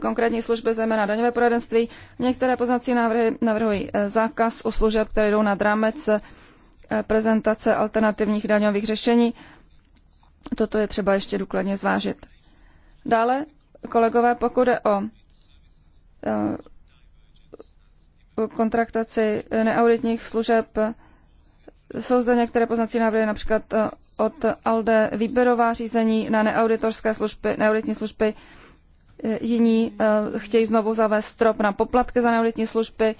konkrétní služby, zejména daňové poradenství. Některé pozměňovací návrhy navrhují eh, zákaz u služeb, které jdou nad rámec eh, prezentace alternativních daňových řešení. Toto je třeba ještě důkladně zvážit. Dále, kolegové, pokud je o eh, kontraktaci neauditních služeb, jsou zde některé poznací návrhy, například eh, od ALDE výběrová řízení na neauditorské služby, neauditní služby. Eh, jiní eh, chtějí znovu zavést strop na poplatky za neauditní služby.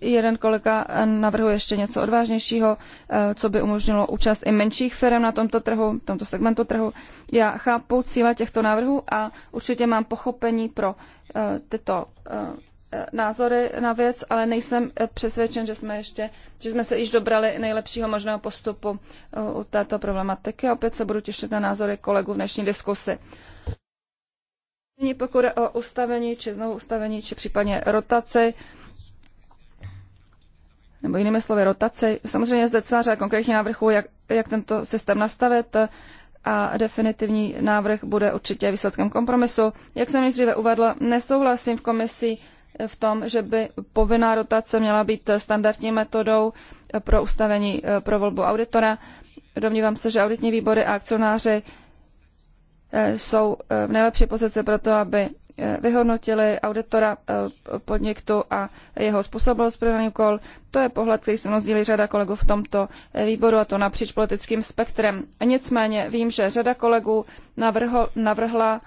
Jeden kolega navrhuje ještě něco odvážnějšího, co by umožnilo účast i menších firm na tomto trhu, tomto segmentu trhu. Já chápu cíle těchto návrhů a určitě mám pochopení pro tyto Eh, názory na věc, ale nejsem eh, přesvědčen, že jsme ještě, že jsme se již dobrali nejlepšího možného postupu eh, u této problematiky. Opět se budu těšit na názory kolegů v dnešní diskusi. pokud o ustavení, či znovu ustavení, či případně rotaci, nebo jinými slovy rotaci. Samozřejmě je zde celá řada konkrétních návrhů, jak, jak tento systém nastavit a definitivní návrh bude určitě výsledkem kompromisu. Jak jsem již dříve uvedla, nesouhlasím v komisi v tom, že by povinná rotace měla být standardní metodou pro ustavení eh, pro volbu auditora. Domnívám se, že auditní výbory a akcionáři eh, jsou eh, v nejlepší pozici pro to, aby vyhodnotili auditora podniktu a jeho způsobilost pro daný úkol. To je pohled, který se mnou sdílí řada kolegů v tomto výboru a to napříč politickým spektrem. Nicméně vím, že řada kolegů navrhl, navrhla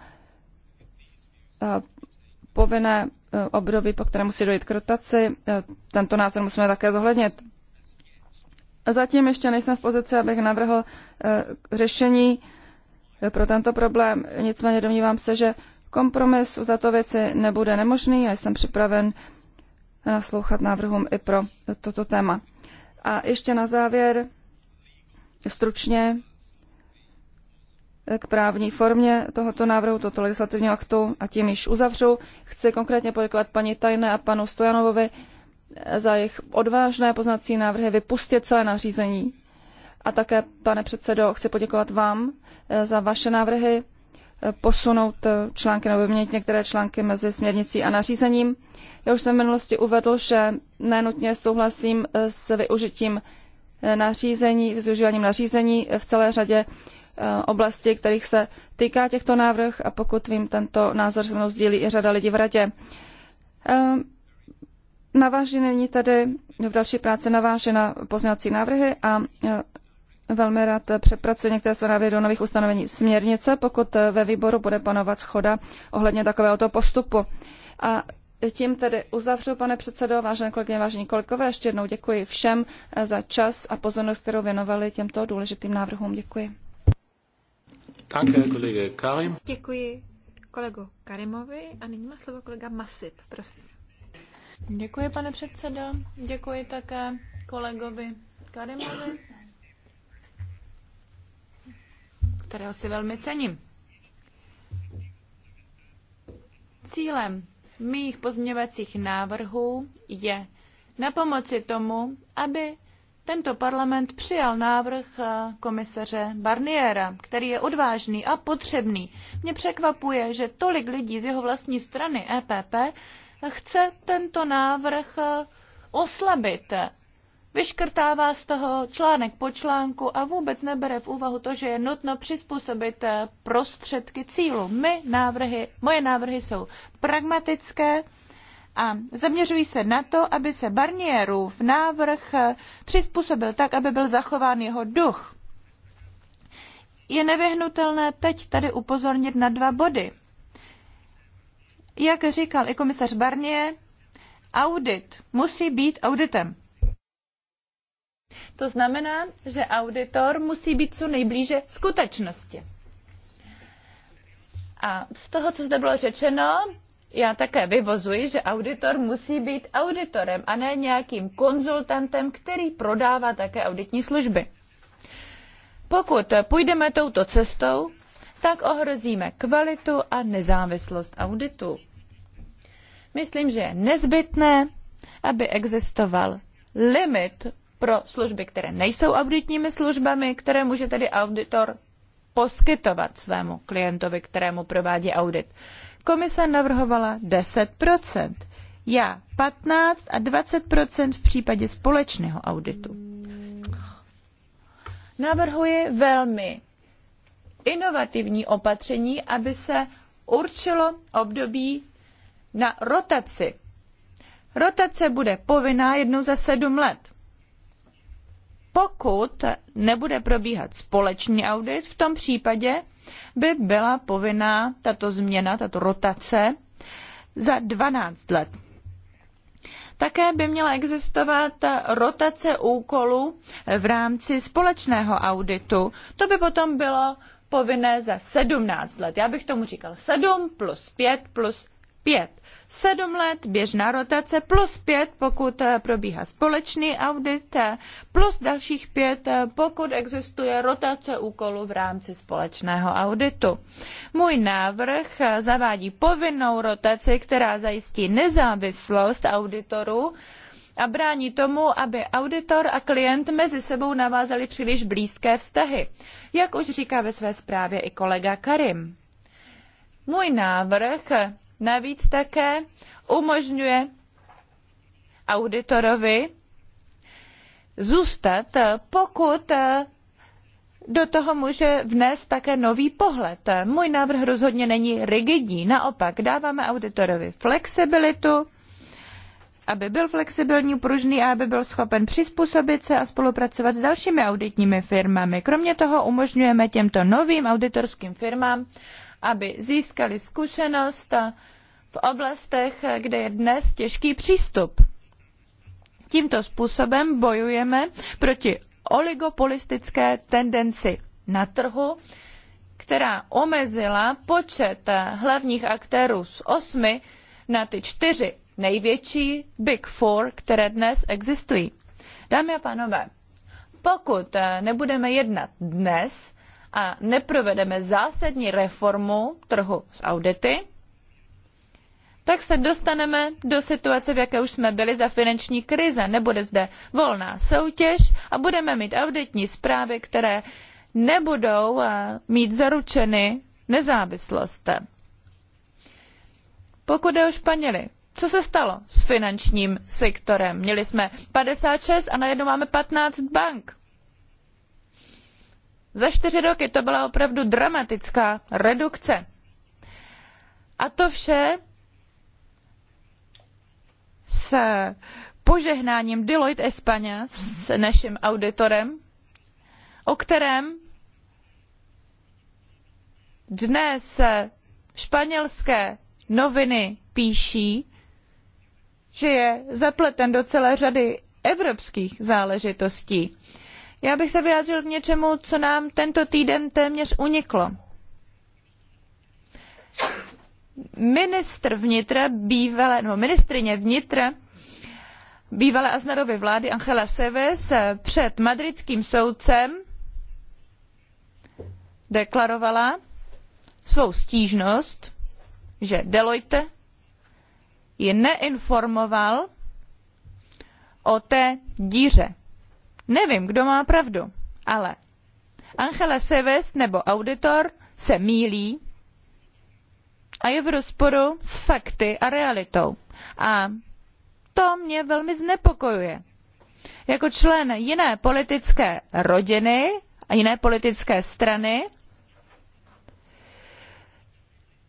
povinné Eh, období, po kterém musí dojít k rotaci. Eh, tento názor musíme také zohlednit. Zatím ještě nejsem v pozici, abych navrhl eh, řešení pro tento problém. Nicméně domnívám se, že kompromis u této věci nebude nemožný a jsem připraven naslouchat návrhům i pro toto téma. A ještě na závěr stručně k právní formě tohoto návrhu, tohoto legislativního aktu a tím již uzavřu. Chci konkrétně poděkovat paní Tajné a panu Stojanovovi eh, za jejich odvážné poznací návrhy vypustit celé nařízení. A také, pane předsedo, chci poděkovat vám eh, za vaše návrhy eh, posunout články nebo vyměnit některé články mezi směrnicí a nařízením. Já už jsem v minulosti uvedl, že nenutně souhlasím s využitím nařízení, s využíváním nařízení v celé řadě Eh, oblasti, kterých se týká těchto návrh a pokud vím, tento názor se mnou sdílí i řada lidí v radě. Ehm, Naváží není tedy v další práci naváže na pozměňovací návrhy a eh, velmi rád přepracuje některé své návrhy do nových ustanovení směrnice, pokud eh, ve výboru bude panovat schoda ohledně takového toho postupu. A tím tedy uzavřu, pane předsedo, vážené kolegyně, vážení kolegové. Ještě jednou děkuji všem za čas a pozornost, kterou věnovali těmto důležitým návrhům. Děkuji. Danke, eh, kolege Karim. Děkuji kolegu Karimovi a nyní má slovo kolega Masip, prosím. Děkuji, pane předsedo. Děkuji také kolegovi Karimovi, kterého si velmi cením. Cílem mých pozměňovacích návrhů je na pomoci tomu, aby tento parlament přijal návrh eh, komisaře Barniera, který je odvážný a potřebný. Mě překvapuje, že tolik lidí z jeho vlastní strany EPP chce tento návrh eh, oslabit. Vyškrtává z toho článek po článku a vůbec nebere v úvahu to, že je nutno přizpůsobit eh, prostředky cílu. My návrhy, moje návrhy jsou pragmatické, a zaměřují se na to, aby se Barnierův návrh přizpůsobil tak, aby byl zachován jeho duch. Je nevyhnutelné teď tady upozornit na dva body. Jak říkal i komisař Barnier, audit musí být auditem. To znamená, že auditor musí být co nejblíže skutečnosti. A z toho, co zde bylo řečeno, já také vyvozuji, že auditor musí být auditorem a ne nějakým konzultantem, který prodává také auditní služby. Pokud půjdeme touto cestou, tak ohrozíme kvalitu a nezávislost auditu. Myslím, že je nezbytné, aby existoval limit pro služby, které nejsou auditními službami, které může tedy auditor poskytovat svému klientovi, kterému provádí audit. Komise navrhovala 10%, já 15 a 20% v případě společného auditu. Navrhuji velmi inovativní opatření, aby se určilo období na rotaci. Rotace bude povinná jednou za sedm let. Pokud nebude probíhat společný audit, v tom případě by byla povinná tato změna, tato rotace za 12 let. Také by měla existovat rotace úkolů v rámci společného auditu. To by potom bylo povinné za 17 let. Já bych tomu říkal 7 plus 5 plus pět. Sedm let běžná rotace plus pět, pokud eh, probíhá společný audit, eh, plus dalších pět, eh, pokud existuje rotace úkolů v rámci společného auditu. Můj návrh zavádí povinnou rotaci, která zajistí nezávislost auditorů a brání tomu, aby auditor a klient mezi sebou navázali příliš blízké vztahy, jak už říká ve své zprávě i kolega Karim. Můj návrh Navíc také umožňuje auditorovi zůstat, pokud do toho může vnést také nový pohled. Můj návrh rozhodně není rigidní, naopak dáváme auditorovi flexibilitu, aby byl flexibilní, pružný a aby byl schopen přizpůsobit se a spolupracovat s dalšími auditními firmami. Kromě toho umožňujeme těmto novým auditorským firmám, aby získali zkušenost v oblastech, kde je dnes těžký přístup. Tímto způsobem bojujeme proti oligopolistické tendenci na trhu, která omezila počet hlavních aktérů z osmi na ty čtyři největší Big Four, které dnes existují. Dámy a pánové, pokud eh, nebudeme jednat dnes a neprovedeme zásadní reformu trhu s audity, tak se dostaneme do situace, v jaké už jsme byli za finanční krize. Nebude zde volná soutěž a budeme mít auditní zprávy, které nebudou eh, mít zaručeny nezávislost. Pokud je o Španěly, co se stalo s finančním sektorem? Měli jsme 56 a najednou máme 15 bank. Za čtyři roky to byla opravdu dramatická redukce. A to vše s požehnáním Deloitte Espana s naším auditorem, o kterém dnes španělské noviny píší, že je zapleten do celé řady evropských záležitostí. Já bych se vyjádřil k něčemu, co nám tento týden téměř uniklo. Ministr vnitra bývalé, no ministrině vnitra bývalé Aznarovy vlády Angela Seves před madridským soudcem deklarovala svou stížnost, že Deloitte ji neinformoval o té díře. Nevím, kdo má pravdu, ale Angela Seves nebo auditor se mílí a je v rozporu s fakty a realitou. A to mě velmi znepokojuje. Jako člen jiné politické rodiny a jiné politické strany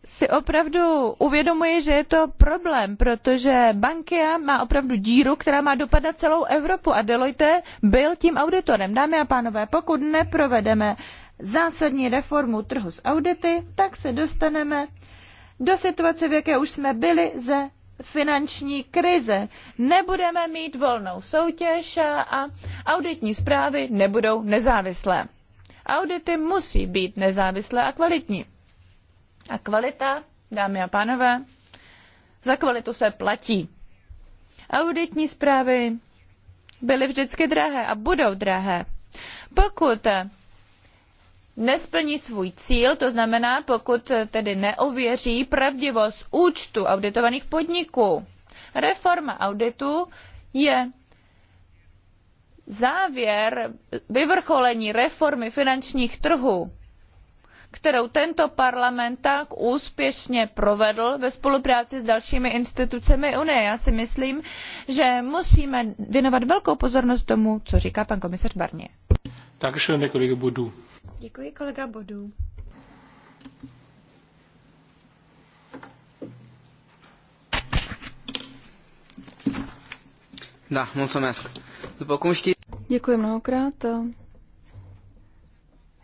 si opravdu uvědomuji, že je to problém, protože Bankia má opravdu díru, která má dopad na celou Evropu a Deloitte byl tím auditorem. Dámy a pánové, pokud neprovedeme zásadní reformu trhu s audity, tak se dostaneme do situace, v jaké už jsme byli ze finanční krize. Nebudeme mít volnou soutěž a auditní zprávy nebudou nezávislé. Audity musí být nezávislé a kvalitní. A kvalita, dámy a pánové, za kvalitu se platí. Auditní zprávy byly vždycky drahé a budou drahé. Pokud nesplní svůj cíl, to znamená, pokud tedy neověří pravdivost účtu auditovaných podniků. Reforma auditu je závěr vyvrcholení reformy finančních trhů kterou tento parlament tak úspěšně provedl ve spolupráci s dalšími institucemi Unie. Já si myslím, že musíme věnovat velkou pozornost tomu, co říká pan komisař Barnier. Takže kolega Bodu. Děkuji, kolega Bodu. Da, mulțumesc. După cum știți... Děkuji mnohokrát.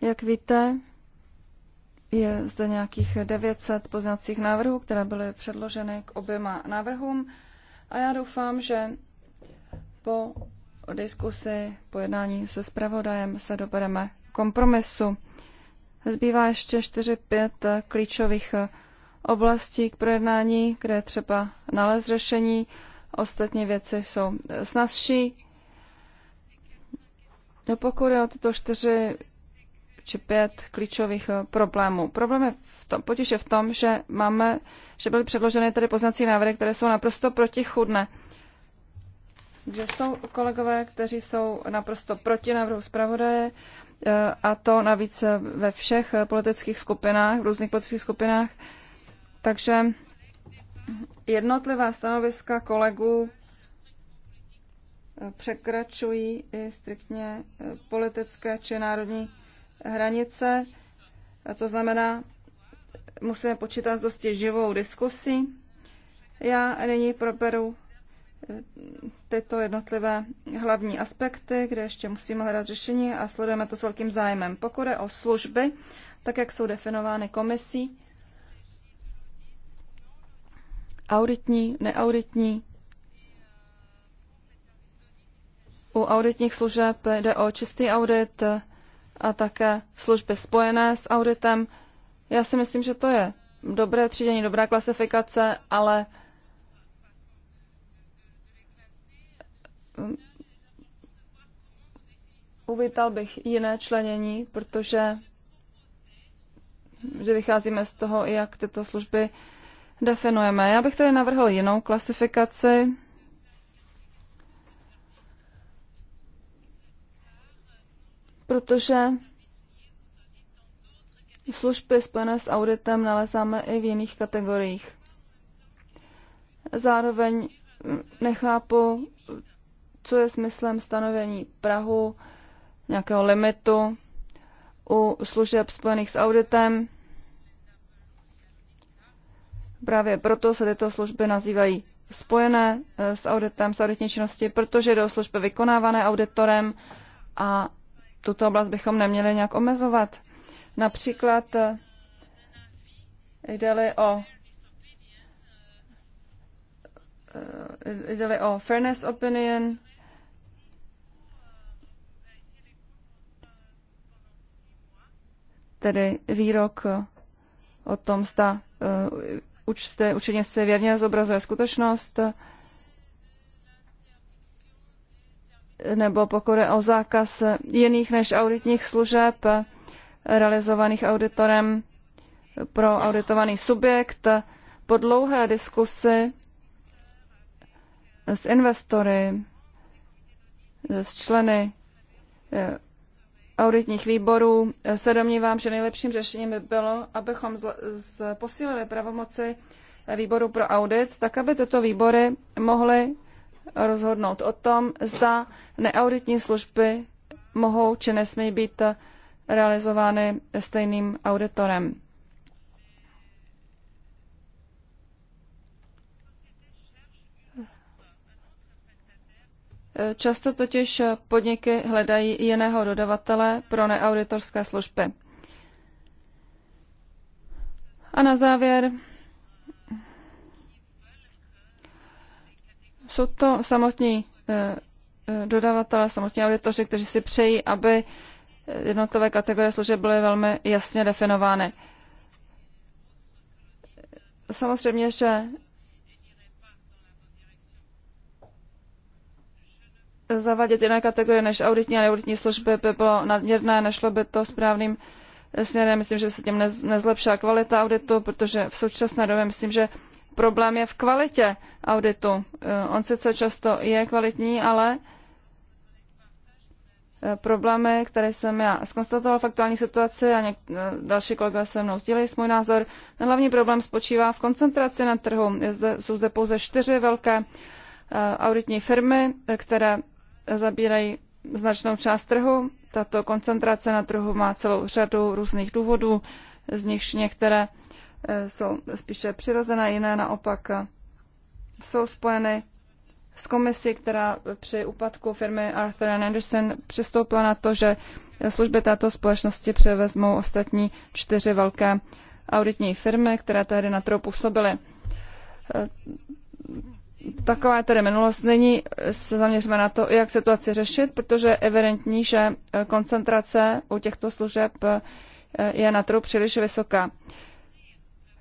Jak víte, je zde nějakých 900 poznacích návrhů, které byly předloženy k oběma návrhům a já doufám, že po diskusi, po jednání se zpravodajem se dobereme kompromisu. Zbývá ještě 4-5 klíčových oblastí k projednání, kde je třeba nalézt řešení. Ostatní věci jsou snazší. No, pokud je o tyto čtyři či pět klíčových eh, problémů. Problém je v tom, potíž je v tom, že máme, že byly předloženy tady poznací návrhy, které jsou naprosto protichudné. Že jsou kolegové, kteří jsou naprosto proti návrhu zpravodaje, eh, a to navíc eh, ve všech politických skupinách, v různých politických skupinách. Takže jednotlivá stanoviska kolegů překračují i striktně politické či národní hranice. A to znamená, musíme počítat s dosti živou diskusí. Já nyní proberu eh, tyto jednotlivé hlavní aspekty, kde ještě musíme hledat řešení a sledujeme to s velkým zájmem. Pokud je o služby, tak jak jsou definovány komisí, auditní, neauditní, u auditních služeb jde o čistý audit, a také služby spojené s auditem. Já si myslím, že to je dobré třídění, dobrá klasifikace, ale uvítal bych jiné členění, protože že vycházíme z toho, jak tyto služby definujeme. Já bych tady navrhl jinou klasifikaci. protože služby spojené s auditem nalezáme i v jiných kategoriích. Zároveň nechápu, co je smyslem stanovení Prahu, nějakého limitu u služeb spojených s auditem. Právě proto se tyto služby nazývají spojené eh, s auditem, s auditní činností, protože jde o služby vykonávané auditorem a tuto oblast bychom neměli nějak omezovat. Například eh, jde-li o eh, jde o fairness opinion, tedy výrok o tom, zda uh, učte, učeně se věrně zobrazuje skutečnost, nebo pokud je o zákaz jiných než auditních služeb realizovaných auditorem pro auditovaný subjekt. Po dlouhé diskusi s investory, s členy eh, auditních výborů eh, se domnívám, že nejlepším řešením by bylo, abychom zle, z, posílili pravomoci výboru pro audit, tak aby tyto výbory mohly rozhodnout o tom, zda neauditní služby mohou či nesmí být realizovány stejným auditorem. Často totiž podniky hledají jiného dodavatele pro neauditorské služby. A na závěr jsou to samotní eh, eh, dodavatelé, samotní auditoři, kteří si přejí, aby jednotlivé kategorie služeb byly velmi jasně definovány. Samozřejmě, že zavádět jiné kategorie než auditní a neauditní služby by bylo nadměrné, nešlo by to správným eh, směrem. Myslím, že se tím nezlepšila kvalita auditu, protože v současné době myslím, že problém je v kvalitě auditu. Eh, on sice často je kvalitní, ale eh, problémy, které jsem já skonstatoval v aktuální situaci a něk- eh, další kolegové se mnou sdílejí můj názor. Ten hlavní problém spočívá v koncentraci na trhu. Je zde, jsou zde pouze čtyři velké auditní firmy, které zabírají značnou část trhu. Tato koncentrace na trhu má celou řadu různých důvodů, z nichž některé E, jsou spíše přirozené, jiné naopak e, jsou spojeny s komisí, která při úpadku firmy Arthur Anderson přistoupila na to, že služby této společnosti převezmou ostatní čtyři velké auditní firmy, které tehdy na trhu působily. E, taková je tedy minulost. Nyní se zaměříme na to, jak situaci řešit, protože je evidentní, že koncentrace u těchto služeb je na trhu příliš vysoká.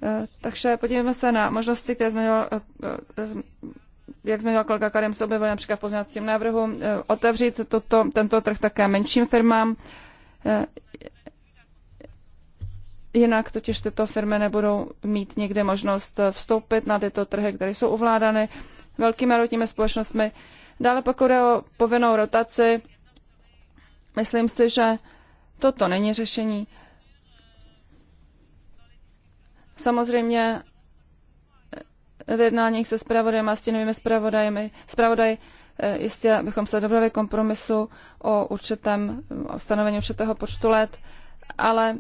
Eh, takže podívejme se na možnosti, které zmiňoval, eh, eh, jak zmiňoval kolega Karim, se objevily například v pozměňovacím návrhu, otevřít toto, tento trh také menším firmám. Jinak totiž tyto firmy nebudou mít někde možnost vstoupit na tyto trhy, které jsou ovládány velkými rodními společnostmi. Dále pokud je o povinnou rotaci, myslím si, že toto není řešení. Samozřejmě v jednáních se zpravodajem a těmi zpravodajmi. zpravodaj eh, jistě bychom se dobrali kompromisu o určitém o stanovení určitého počtu let, ale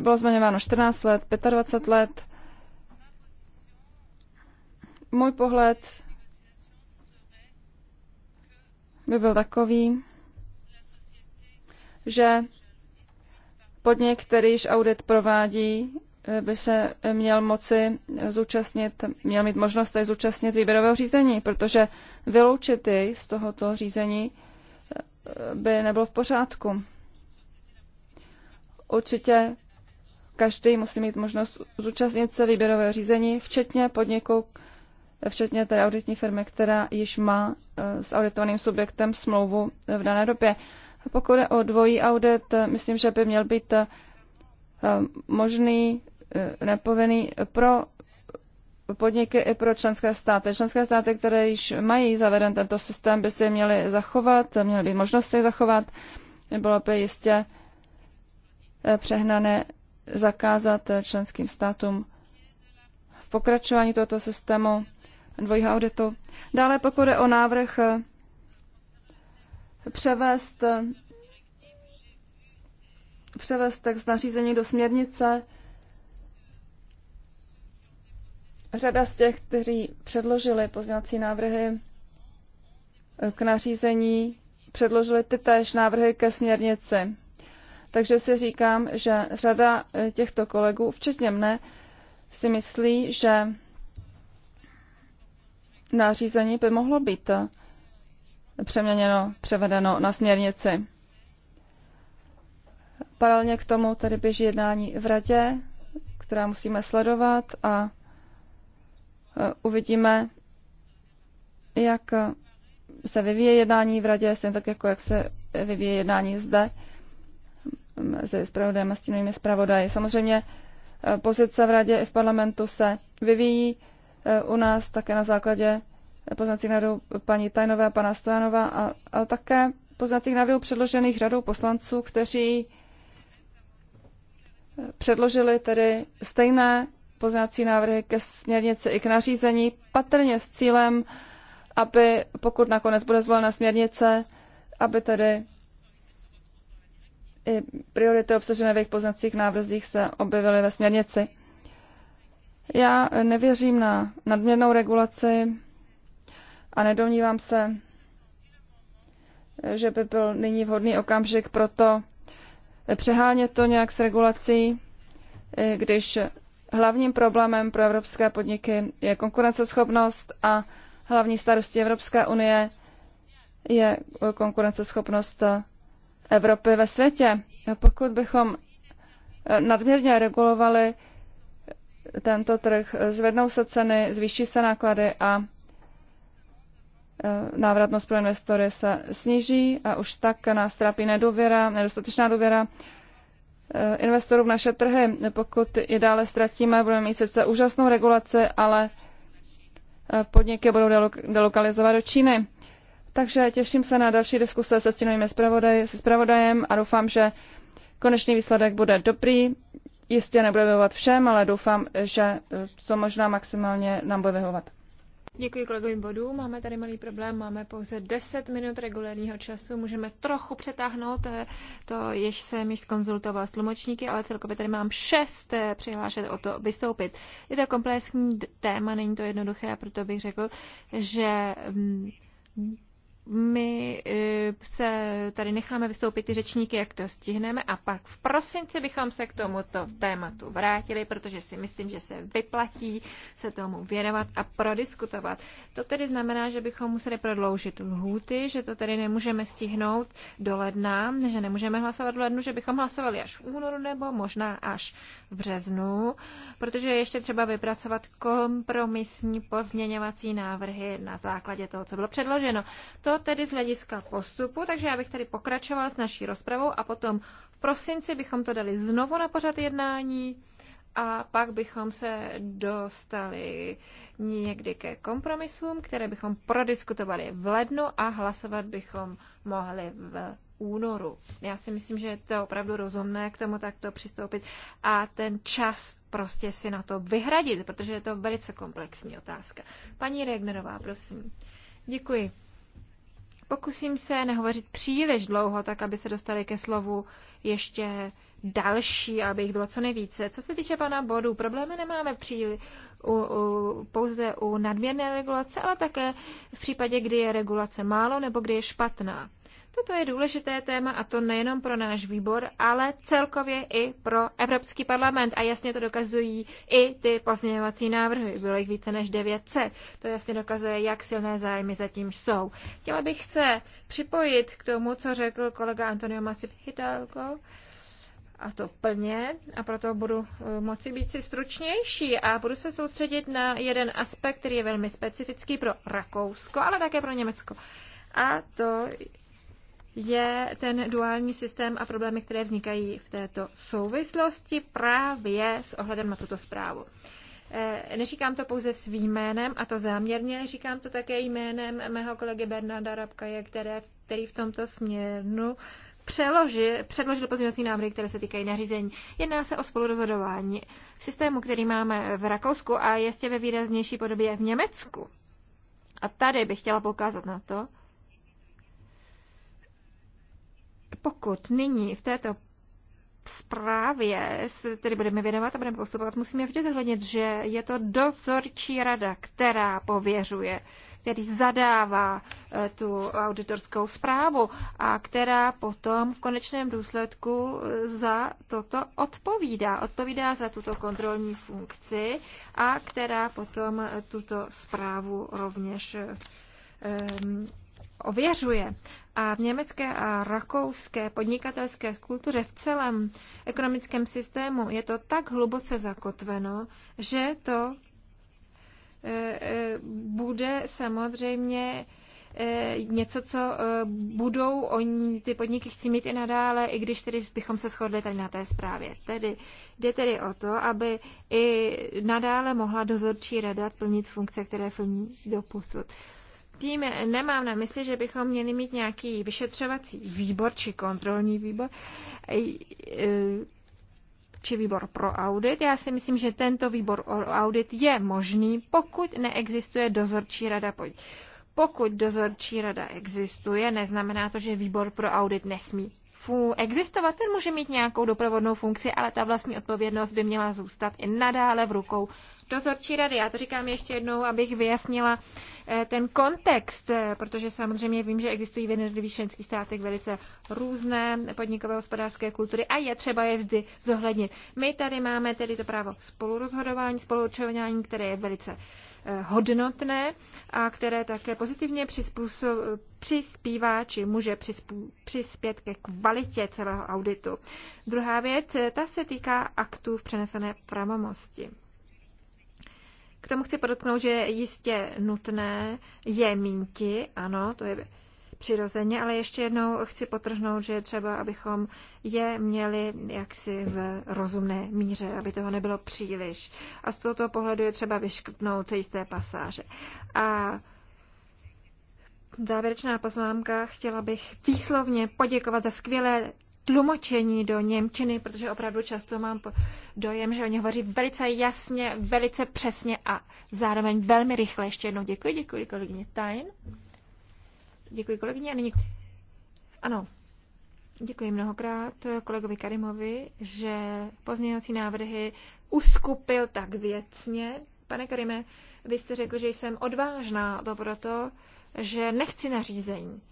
bylo zmiňováno 14 let, 25 let. Můj pohled by byl takový, že podnik, který již audit provádí, by se měl moci zúčastnit, měl mít možnost tady zúčastnit výběrového řízení, protože vyloučit jej z tohoto řízení eh, by nebylo v pořádku. Určitě každý musí mít možnost zúčastnit se výběrového řízení, včetně podniku, včetně té auditní firmy, která již má eh, s auditovaným subjektem smlouvu v dané době. Pokud je o dvojí audit, eh, myslím, že by měl být možný Eh, napovený pro podniky i pro členské státy. Členské státy, které již mají zaveden tento systém, by si je měly zachovat, měly být možnost je zachovat. Bylo by jistě eh, přehnané zakázat eh, členským státům v pokračování tohoto systému dvojího auditu. Dále pokud je o návrh převést, převést text nařízení do směrnice, Řada z těch, kteří předložili pozměňovací návrhy k nařízení, předložili ty též návrhy ke směrnici. Takže si říkám, že řada eh, těchto kolegů, včetně mne, si myslí, že nařízení by mohlo být eh, přeměněno, převedeno na směrnici. Paralelně k tomu tady běží jednání v radě, která musíme sledovat a Eh, uvidíme, jak eh, se vyvíje jednání v radě, stejně tak jako jak se eh, vyvíje jednání zde mezi mm, zpravodajem a stínovými zpravodaji. Samozřejmě pozice v radě i v parlamentu se vyvíjí u nás také na základě poznacích návrhů paní Tajnové a pana Stojanova a, a také poznacích návrhů předložených řadou poslanců, kteří předložili tedy stejné pozměňovací návrhy ke směrnici i k nařízení, patrně s cílem, aby pokud nakonec bude zvolena směrnice, aby tedy i priority obsažené v jejich poznacích návrzích se objevily ve směrnici. Já nevěřím na nadměrnou regulaci a nedomnívám se, že by byl nyní vhodný okamžik pro to přehánět to nějak s regulací, když Hlavním problémem pro evropské podniky je konkurenceschopnost a hlavní starostí Evropské unie je konkurenceschopnost Evropy ve světě. Pokud bychom eh, nadměrně regulovali tento trh, zvednou se ceny, zvýší se náklady a eh, návratnost pro investory se sníží a už tak nás trápí nedůvěra, nedostatečná důvěra Eh, investorů v naše trhy. Pokud je dále ztratíme, budeme mít sice úžasnou regulaci, ale eh, podniky budou delokalizovat do Číny. Takže těším se na další diskuse se stínovými zpravodaj, se zpravodajem a doufám, že konečný výsledek bude dobrý. Jistě nebude vyhovat všem, ale doufám, že eh, co možná maximálně nám bude vyhovat. Děkuji kolegovým bodům. Máme tady malý problém, máme pouze 10 minut regulárního času. Můžeme trochu přetáhnout, eh, to jež jsem již konzultoval s tlumočníky, ale celkově tady mám 6 eh, přihlášet o to vystoupit. Je to komplexní téma, není to jednoduché, a proto bych řekl, že mm, my e, se tady necháme vystoupit ty řečníky, jak to stihneme a pak v prosinci bychom se k tomuto tématu vrátili, protože si myslím, že se vyplatí se tomu věnovat a prodiskutovat. To tedy znamená, že bychom museli prodloužit lhůty, že to tedy nemůžeme stihnout do ledna, že nemůžeme hlasovat v lednu, že bychom hlasovali až v únoru nebo možná až v březnu, protože ještě třeba vypracovat kompromisní pozměňovací návrhy na základě toho, co bylo předloženo. To tedy z hlediska postupu, takže já bych tady pokračoval s naší rozpravou a potom v prosinci bychom to dali znovu na pořad jednání a pak bychom se dostali někdy ke kompromisům, které bychom prodiskutovali v lednu a hlasovat bychom mohli v únoru. Já si myslím, že je to opravdu rozumné k tomu takto přistoupit a ten čas prostě si na to vyhradit, protože je to velice komplexní otázka. Paní Regnerová, prosím. Děkuji. Pokusím se nehovořit příliš dlouho, tak aby se dostali ke slovu ještě další, aby jich bylo co nejvíce. Co se týče pana bodu, problémy nemáme příliš u, u, pouze u nadměrné regulace, ale také v případě, kdy je regulace málo nebo kdy je špatná. Toto je důležité téma a to nejenom pro náš výbor, ale celkově i pro Evropský parlament a jasně to dokazují i ty pozměňovací návrhy. Bylo jich více než 900. To jasně dokazuje, jak silné zájmy zatím jsou. Chtěla bych se připojit k tomu, co řekl kolega Antonio Masip Hidalgo a to plně a proto budu eh, moci být si stručnější a budu se soustředit na jeden aspekt, který je velmi specifický pro Rakousko, ale také pro Německo. A to je ten duální systém a problémy, které vznikají v této souvislosti právě s ohledem na tuto zprávu. Eh, neříkám to pouze svým jménem, a to záměrně, říkám to také jménem mého kolegy Bernarda Rabkaje, které, který v tomto směru přeložil, předložil pozměňovací návrhy, které se týkají nařízení. Jedná se o spolurozhodování systému, který máme v Rakousku a ještě ve výraznější podobě v Německu. A tady bych chtěla poukázat na to, pokud nyní v této zprávě se tedy budeme věnovat a budeme postupovat, musíme vždy zohlednit, že je to dozorčí rada, která pověřuje uh, který zadává eh, tu auditorskou zprávu a která potom v konečném důsledku eh, za toto odpovídá. Odpovídá za tuto kontrolní funkci a která potom eh, tuto zprávu rovněž um, ověřuje. A v německé a rakouské podnikatelské kultuře v celém ekonomickém systému je to tak hluboce zakotveno, že to Eh, eh, bude samozřejmě eh, něco, co budou oni, ty podniky chci mít i nadále, i když tedy bychom se shodli tady na té zprávě. Tedy jde tedy o to, aby i nadále mohla dozorčí rada plnit funkce, které plní posud. Tím nemám na mysli, že bychom měli mít nějaký vyšetřovací výbor či kontrolní výbor či výbor pro audit. Já si myslím, že tento výbor pro audit je možný, pokud neexistuje dozorčí rada. Pokud dozorčí rada existuje, neznamená to, že výbor pro audit nesmí existovat, ten může mít nějakou doprovodnou funkci, ale ta vlastní odpovědnost by měla zůstat i nadále v rukou dozorčí rady. Já to říkám ještě jednou, abych vyjasnila eh, ten kontext, eh, protože samozřejmě vím, že existují v jednotlivých členských státech velice různé podnikové hospodářské kultury a je třeba je vždy zohlednit. My tady máme tedy to právo spolurozhodování, spolurozhodování, které je velice hodnotné a které také pozitivně přispívá či může přispět ke kvalitě celého auditu. Druhá věc, ta se týká aktů v přenesené pravomosti. K tomu chci podotknout, že je jistě nutné je mínti, ano, to je přirozeně, ale ještě jednou chci potrhnout, že třeba, abychom je měli jaksi v rozumné míře, aby toho nebylo příliš. A z tohoto pohledu je třeba vyškrtnout jisté pasáže. A závěrečná poznámka, chtěla bych výslovně poděkovat za skvělé tlumočení do Němčiny, protože opravdu často mám dojem, že oni hovoří velice jasně, velice přesně a zároveň velmi rychle. Ještě jednou děkuji, děkuji kolegyně Tajn. Děkuji kolegyně a nyní... Ano, Děkuji mnohokrát kolegovi Karimovi, že pozměňovací návrhy uskupil tak věcně. Pane Karime, vy jste řekl, že jsem odvážná, to proto, že nechci nařízení.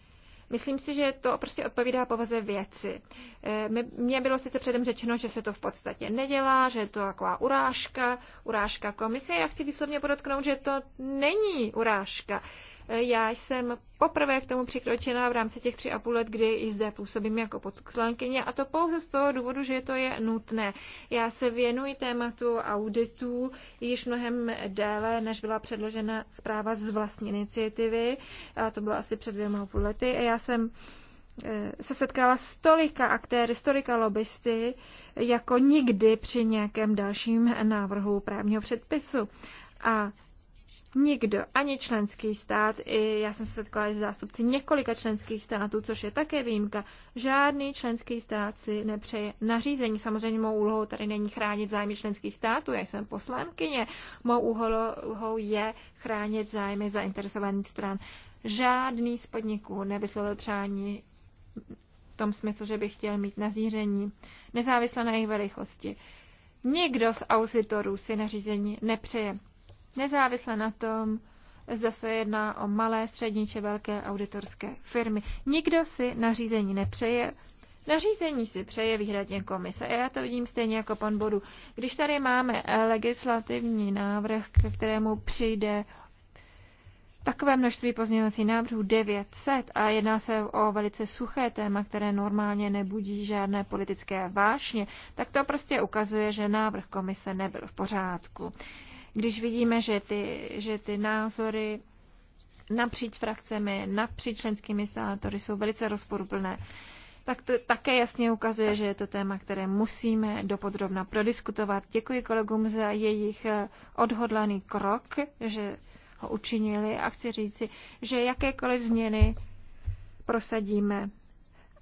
Myslím si, že to prostě odpovídá povaze věci. E, mně bylo sice předem řečeno, že se to v podstatě nedělá, že je to taková urážka, urážka komise. Já chci výslovně podotknout, že to není urážka. Já jsem poprvé k tomu přikročena v rámci těch tři a půl let, kdy zde působím jako podklankyně a to pouze z toho důvodu, že to je nutné. Já se věnuji tématu auditů již mnohem déle, než byla předložena zpráva z vlastní iniciativy. A to bylo asi před dvěma a půl lety. A já jsem eh, se setkala s tolika aktéry, s tolika lobbysty, jako nikdy při nějakém dalším návrhu právního předpisu. A nikdo, ani členský stát, i já jsem se setkala s zástupci několika členských států, což je také výjimka, žádný členský stát si nepřeje nařízení. Samozřejmě mou úlohou tady není chránit zájmy členských států, já jsem poslankyně, mou úlohou je chránit zájmy zainteresovaných stran. Žádný z podniků nevyslovil přání v tom smyslu, že by chtěl mít nařízení nezávisle na jejich velikosti. Nikdo z auditorů si nařízení nepřeje nezávisle na tom, zda se jedná o malé, střední či velké auditorské firmy. Nikdo si nařízení nepřeje. Nařízení si přeje výhradně komise. A já to vidím stejně jako pan Bodu. Když tady máme legislativní návrh, ke kterému přijde takové množství pozměňovacích návrhů 900 a jedná se o velice suché téma, které normálně nebudí žádné politické vášně, tak to prostě ukazuje, že návrh komise nebyl v pořádku když vidíme, že ty, že ty názory napříč frakcemi, napříč členskými státory jsou velice rozporuplné, tak to také jasně ukazuje, že je to téma, které musíme dopodrobna prodiskutovat. Děkuji kolegům za jejich eh, odhodlaný krok, že ho učinili a chci říci, že jakékoliv změny prosadíme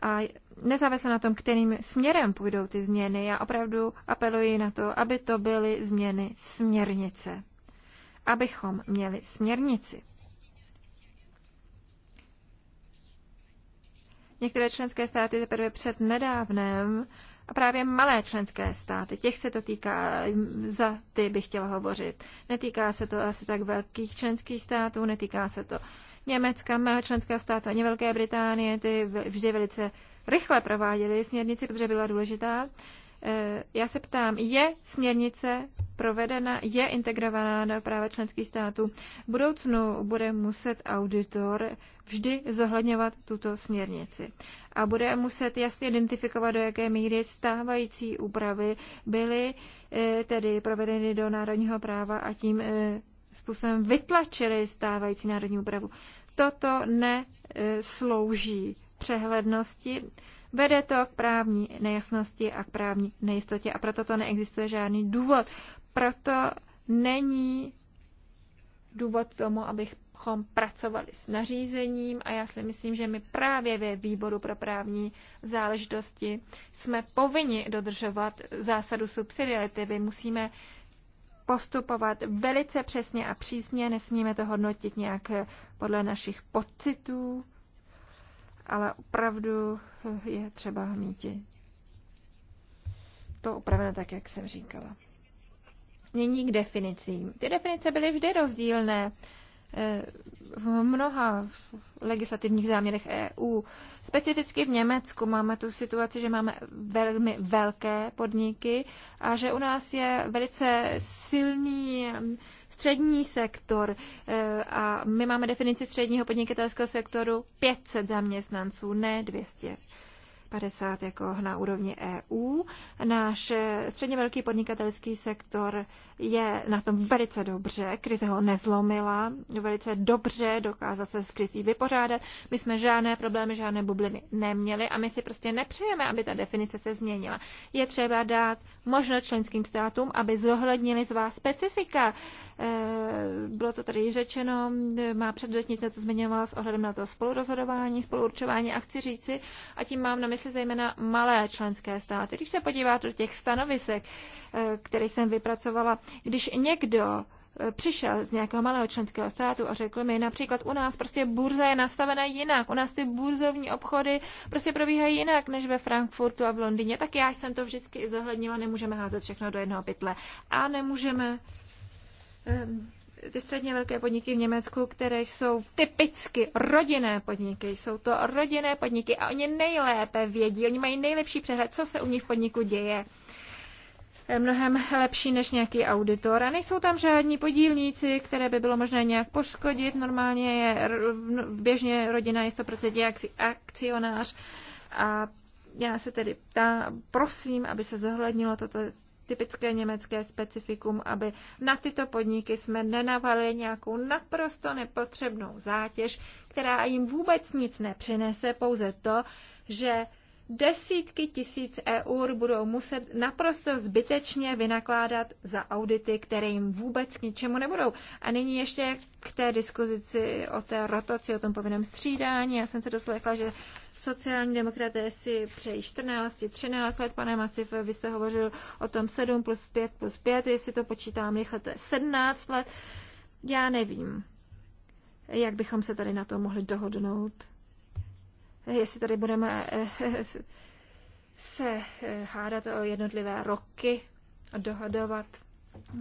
a nezávisle na tom, kterým směrem půjdou ty změny, já opravdu apeluji na to, aby to byly změny směrnice. Abychom měli směrnici. Některé členské státy teprve před nedávnem a právě malé členské státy, těch se to týká, za ty bych chtěla hovořit. Netýká se to asi tak velkých členských států, netýká se to uh, Německa, mého členského státu, ani Velké Británie, ty vždy velice rychle prováděly směrnici, protože byla důležitá. Eh, já se ptám, je směrnice provedena, je integrovaná do práva členských států? V budoucnu bude muset auditor vždy zohledňovat tuto směrnici a bude muset jasně identifikovat, do jaké míry stávající úpravy byly eh, tedy provedeny do národního práva a tím eh, způsobem vytlačili stávající národní úpravu. Toto neslouží e, přehlednosti, vede to k právní nejasnosti a k právní nejistotě a proto to neexistuje žádný důvod. Proto není důvod tomu, abychom pracovali s nařízením a já si myslím, že my právě ve výboru pro právní záležitosti jsme povinni dodržovat zásadu subsidiarity. My musíme postupovat velice přesně a přísně, nesmíme to hodnotit nějak eh, podle našich pocitů, ale opravdu eh, je třeba mít to upravené tak, jak jsem říkala. Nyní k definicím. Ty definice byly vždy rozdílné. Eh, v mnoha legislativních záměrech EU. Specificky v Německu máme tu situaci, že máme velmi velké podniky a že u nás je velice silný mm, střední sektor eh, a my máme definici středního podnikatelského sektoru 500 zaměstnanců, ne 200. 50 jako na úrovni EU. Náš eh, středně velký podnikatelský sektor je na tom velice dobře, krize ho nezlomila, velice dobře dokázal se s krizí vypořádat. My jsme žádné problémy, žádné bubliny neměli a my si prostě nepřejeme, aby ta definice se změnila. Je třeba dát možnost členským státům, aby zohlednili vás specifika. Eh, bylo to tady řečeno, má předřečnice to zmiňovala s ohledem na to spolurozhodování, spolurčování a chci říci, a tím mám na mysli se zejména malé členské státy. Když se podíváte do těch stanovisek, eh, které jsem vypracovala, když někdo eh, přišel z nějakého malého členského státu a řekl mi například u nás prostě burza je nastavena jinak, u nás ty burzovní obchody prostě probíhají jinak než ve Frankfurtu a v Londýně, tak já jsem to vždycky i zohlednila, nemůžeme házet všechno do jednoho pytle a nemůžeme um, ty středně velké podniky v Německu, které jsou typicky rodinné podniky. Jsou to rodinné podniky a oni nejlépe vědí, oni mají nejlepší přehled, co se u nich v podniku děje Je mnohem lepší než nějaký auditor. A nejsou tam žádní podílníci, které by bylo možné nějak poškodit. Normálně je no, běžně rodina je 100% akcionář. A já se tedy ptá, prosím, aby se zohlednilo toto typické německé specifikum, aby na tyto podniky jsme nenavali nějakou naprosto nepotřebnou zátěž, která jim vůbec nic nepřinese, pouze to, že desítky tisíc eur budou muset naprosto zbytečně vynakládat za audity, které jim vůbec k ničemu nebudou. A nyní ještě k té diskuzici o té rotaci, o tom povinném střídání. Já jsem se doslechla, že Sociální demokraté si přejí 14, 13 let, pane Masiv, vy jste hovořil o tom 7 plus 5 plus 5, jestli to počítám rychle, to je 17 let. Já nevím, jak bychom se tady na to mohli dohodnout. Jestli tady budeme eh, eh, se eh, hádat o jednotlivé roky a dohodovat,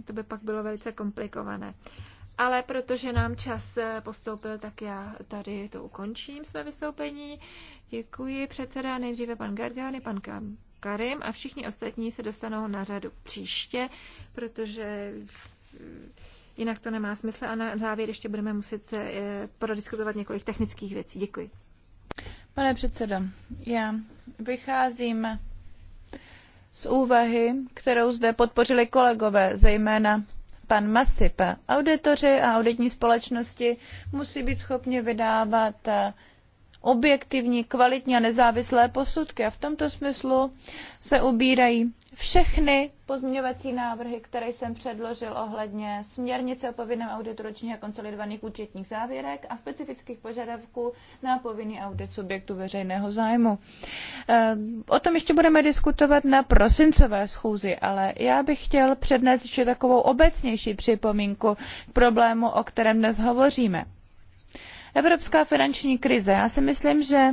to by pak bylo velice komplikované ale protože nám čas eh, postoupil, tak já tady to ukončím své vystoupení. Děkuji předseda, nejdříve pan Gargány, pan Kam. Karim a všichni ostatní se dostanou na řadu příště, protože eh, jinak to nemá smysl a na závěr ještě budeme muset eh, prodiskutovat několik technických věcí. Děkuji. Pane předsedo, já vycházím z úvahy, kterou zde podpořili kolegové, zejména pan Masip. Auditoři a auditní společnosti musí být schopni vydávat eh, objektivní, kvalitní a nezávislé posudky. A v tomto smyslu se ubírají všechny pozměňovací návrhy, které jsem předložil ohledně směrnice o povinném auditu ročních a konsolidovaných účetních závěrek a specifických požadavků na povinný audit subjektu veřejného zájmu. Eh, o tom ještě budeme diskutovat na prosincové schůzi, ale já bych chtěl přednést ještě takovou obecnější připomínku k problému, o kterém dnes hovoříme. Evropská finanční krize. Já si myslím, že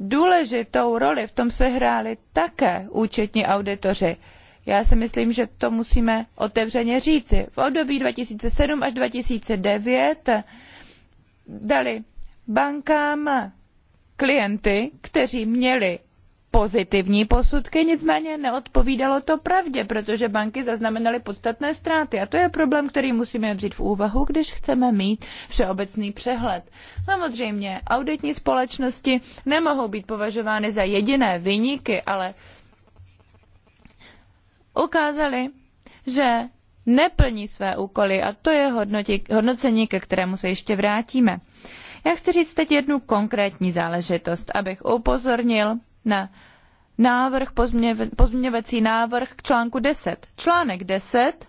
důležitou roli v tom sehráli také účetní auditoři. Já si myslím, že to musíme otevřeně říci. V období 2007 až 2009 dali bankám klienty, kteří měli pozitivní posudky, nicméně neodpovídalo to pravdě, protože banky zaznamenaly podstatné ztráty. A to je problém, který musíme vzít v úvahu, když chceme mít všeobecný přehled. Samozřejmě, auditní společnosti nemohou být považovány za jediné vyniky, ale ukázali, že neplní své úkoly a to je hodnotí, hodnocení, ke kterému se ještě vrátíme. Já chci říct teď jednu konkrétní záležitost, abych upozornil na návrh, pozměňovací návrh k článku 10. Článek 10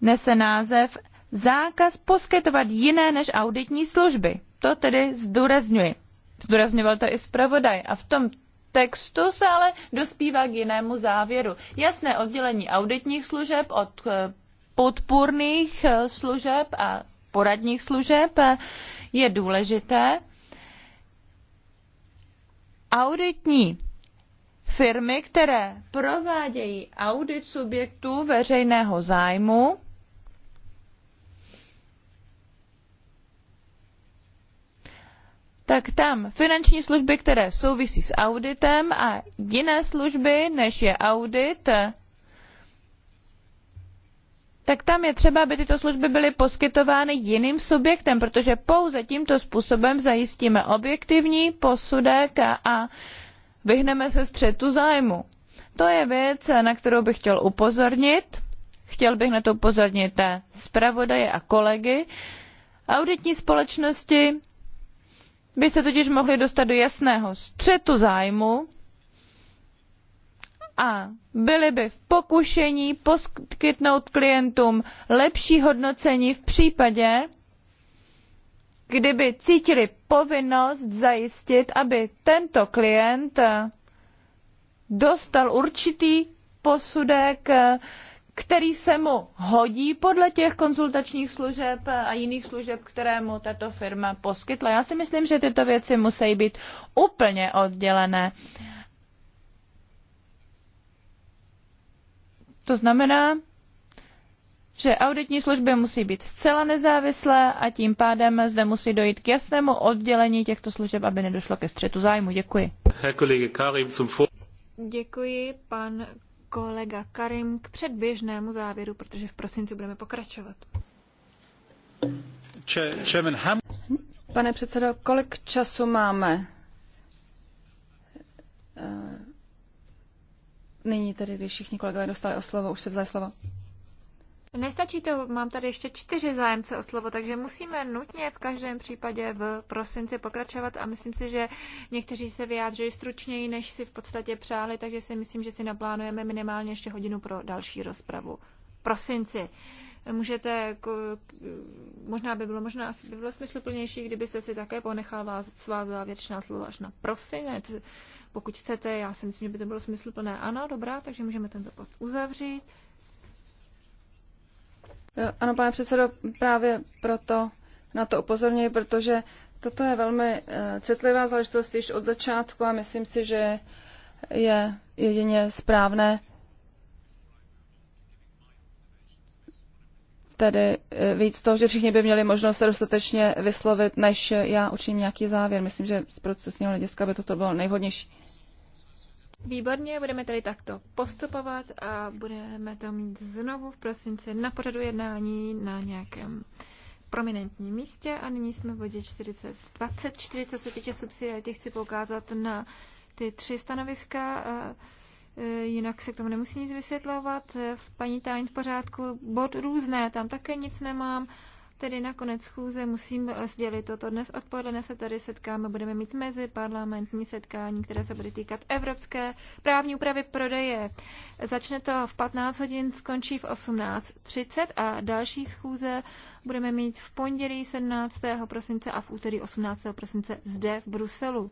nese název Zákaz poskytovat jiné než auditní služby. To tedy zdůrazňuji. Zdůrazňoval to i zpravodaj. A v tom textu se ale dospívá k jinému závěru. Jasné oddělení auditních služeb od eh, podpůrných eh, služeb a poradních služeb eh, je důležité auditní firmy, které provádějí audit subjektů veřejného zájmu, tak tam finanční služby, které souvisí s auditem a jiné služby, než je audit, tak tam je třeba, aby tyto služby byly poskytovány jiným subjektem, protože pouze tímto způsobem zajistíme objektivní posudek a vyhneme se střetu zájmu. To je věc, na kterou bych chtěl upozornit. Chtěl bych na to upozornit zpravodaje a kolegy. Auditní společnosti by se totiž mohly dostat do jasného střetu zájmu, a byli by v pokušení poskytnout klientům lepší hodnocení v případě, kdyby cítili povinnost zajistit, aby tento klient eh, dostal určitý posudek, eh, který se mu hodí podle těch konzultačních služeb eh, a jiných služeb, které mu tato firma poskytla. Já si myslím, že tyto věci musí být úplně oddělené. Uh, To znamená, že auditní služby musí být zcela nezávislé a tím pádem zde musí dojít k jasnému oddělení těchto služeb, aby nedošlo ke střetu zájmu. Děkuji. Děkuji, pan kolega Karim, k předběžnému závěru, protože v prosinci budeme pokračovat. Pane předsedo, kolik času máme? Eh, Nyní tedy, když všichni kolegové dostali o slovo, už se vzali slovo. Nestačí to, mám tady ještě čtyři zájemce o slovo, takže musíme nutně v každém případě v prosinci pokračovat a myslím si, že někteří se vyjádřili stručněji, než si v podstatě přáli, takže si myslím, že si naplánujeme minimálně ještě hodinu pro další rozpravu. Prosinci. Můžete, jako, možná by bylo, možná by bylo smysluplnější, kdybyste si také ponechal vás, svá závěrečná slova až na prosinec pokud chcete, já si myslím, že by to bylo smysluplné. Ano, dobrá, takže můžeme tento post uzavřít. E, ano, pane předsedo, právě proto na to upozorňuji, protože toto je velmi e, citlivá záležitost již od začátku a myslím si, že je jedině správné tedy e, víc to, že všichni by měli možnost se dostatečně vyslovit, než já učiním nějaký závěr. Myslím, že z procesního hlediska by toto bylo nejvhodnější. Výborně, budeme tady takto postupovat a budeme to mít znovu v prosinci na pořadu jednání na nějakém prominentním místě a nyní jsme v bodě 40, 24, co se týče subsidiarity, chci poukázat na ty tři stanoviska Eh, jinak se k tomu nemusí nic vysvětlovat. Eh, v paní Tajn v pořádku, bod různé, tam také nic nemám. Tedy na konec schůze musím eh, sdělit toto. Dnes odpoledne se tady setkáme, budeme mít mezi parlamentní setkání, které se bude týkat evropské právní úpravy prodeje. Začne to v 15 hodin, skončí v 18.30 a další schůze budeme mít v pondělí 17. prosince a v úterý 18. prosince zde v Bruselu.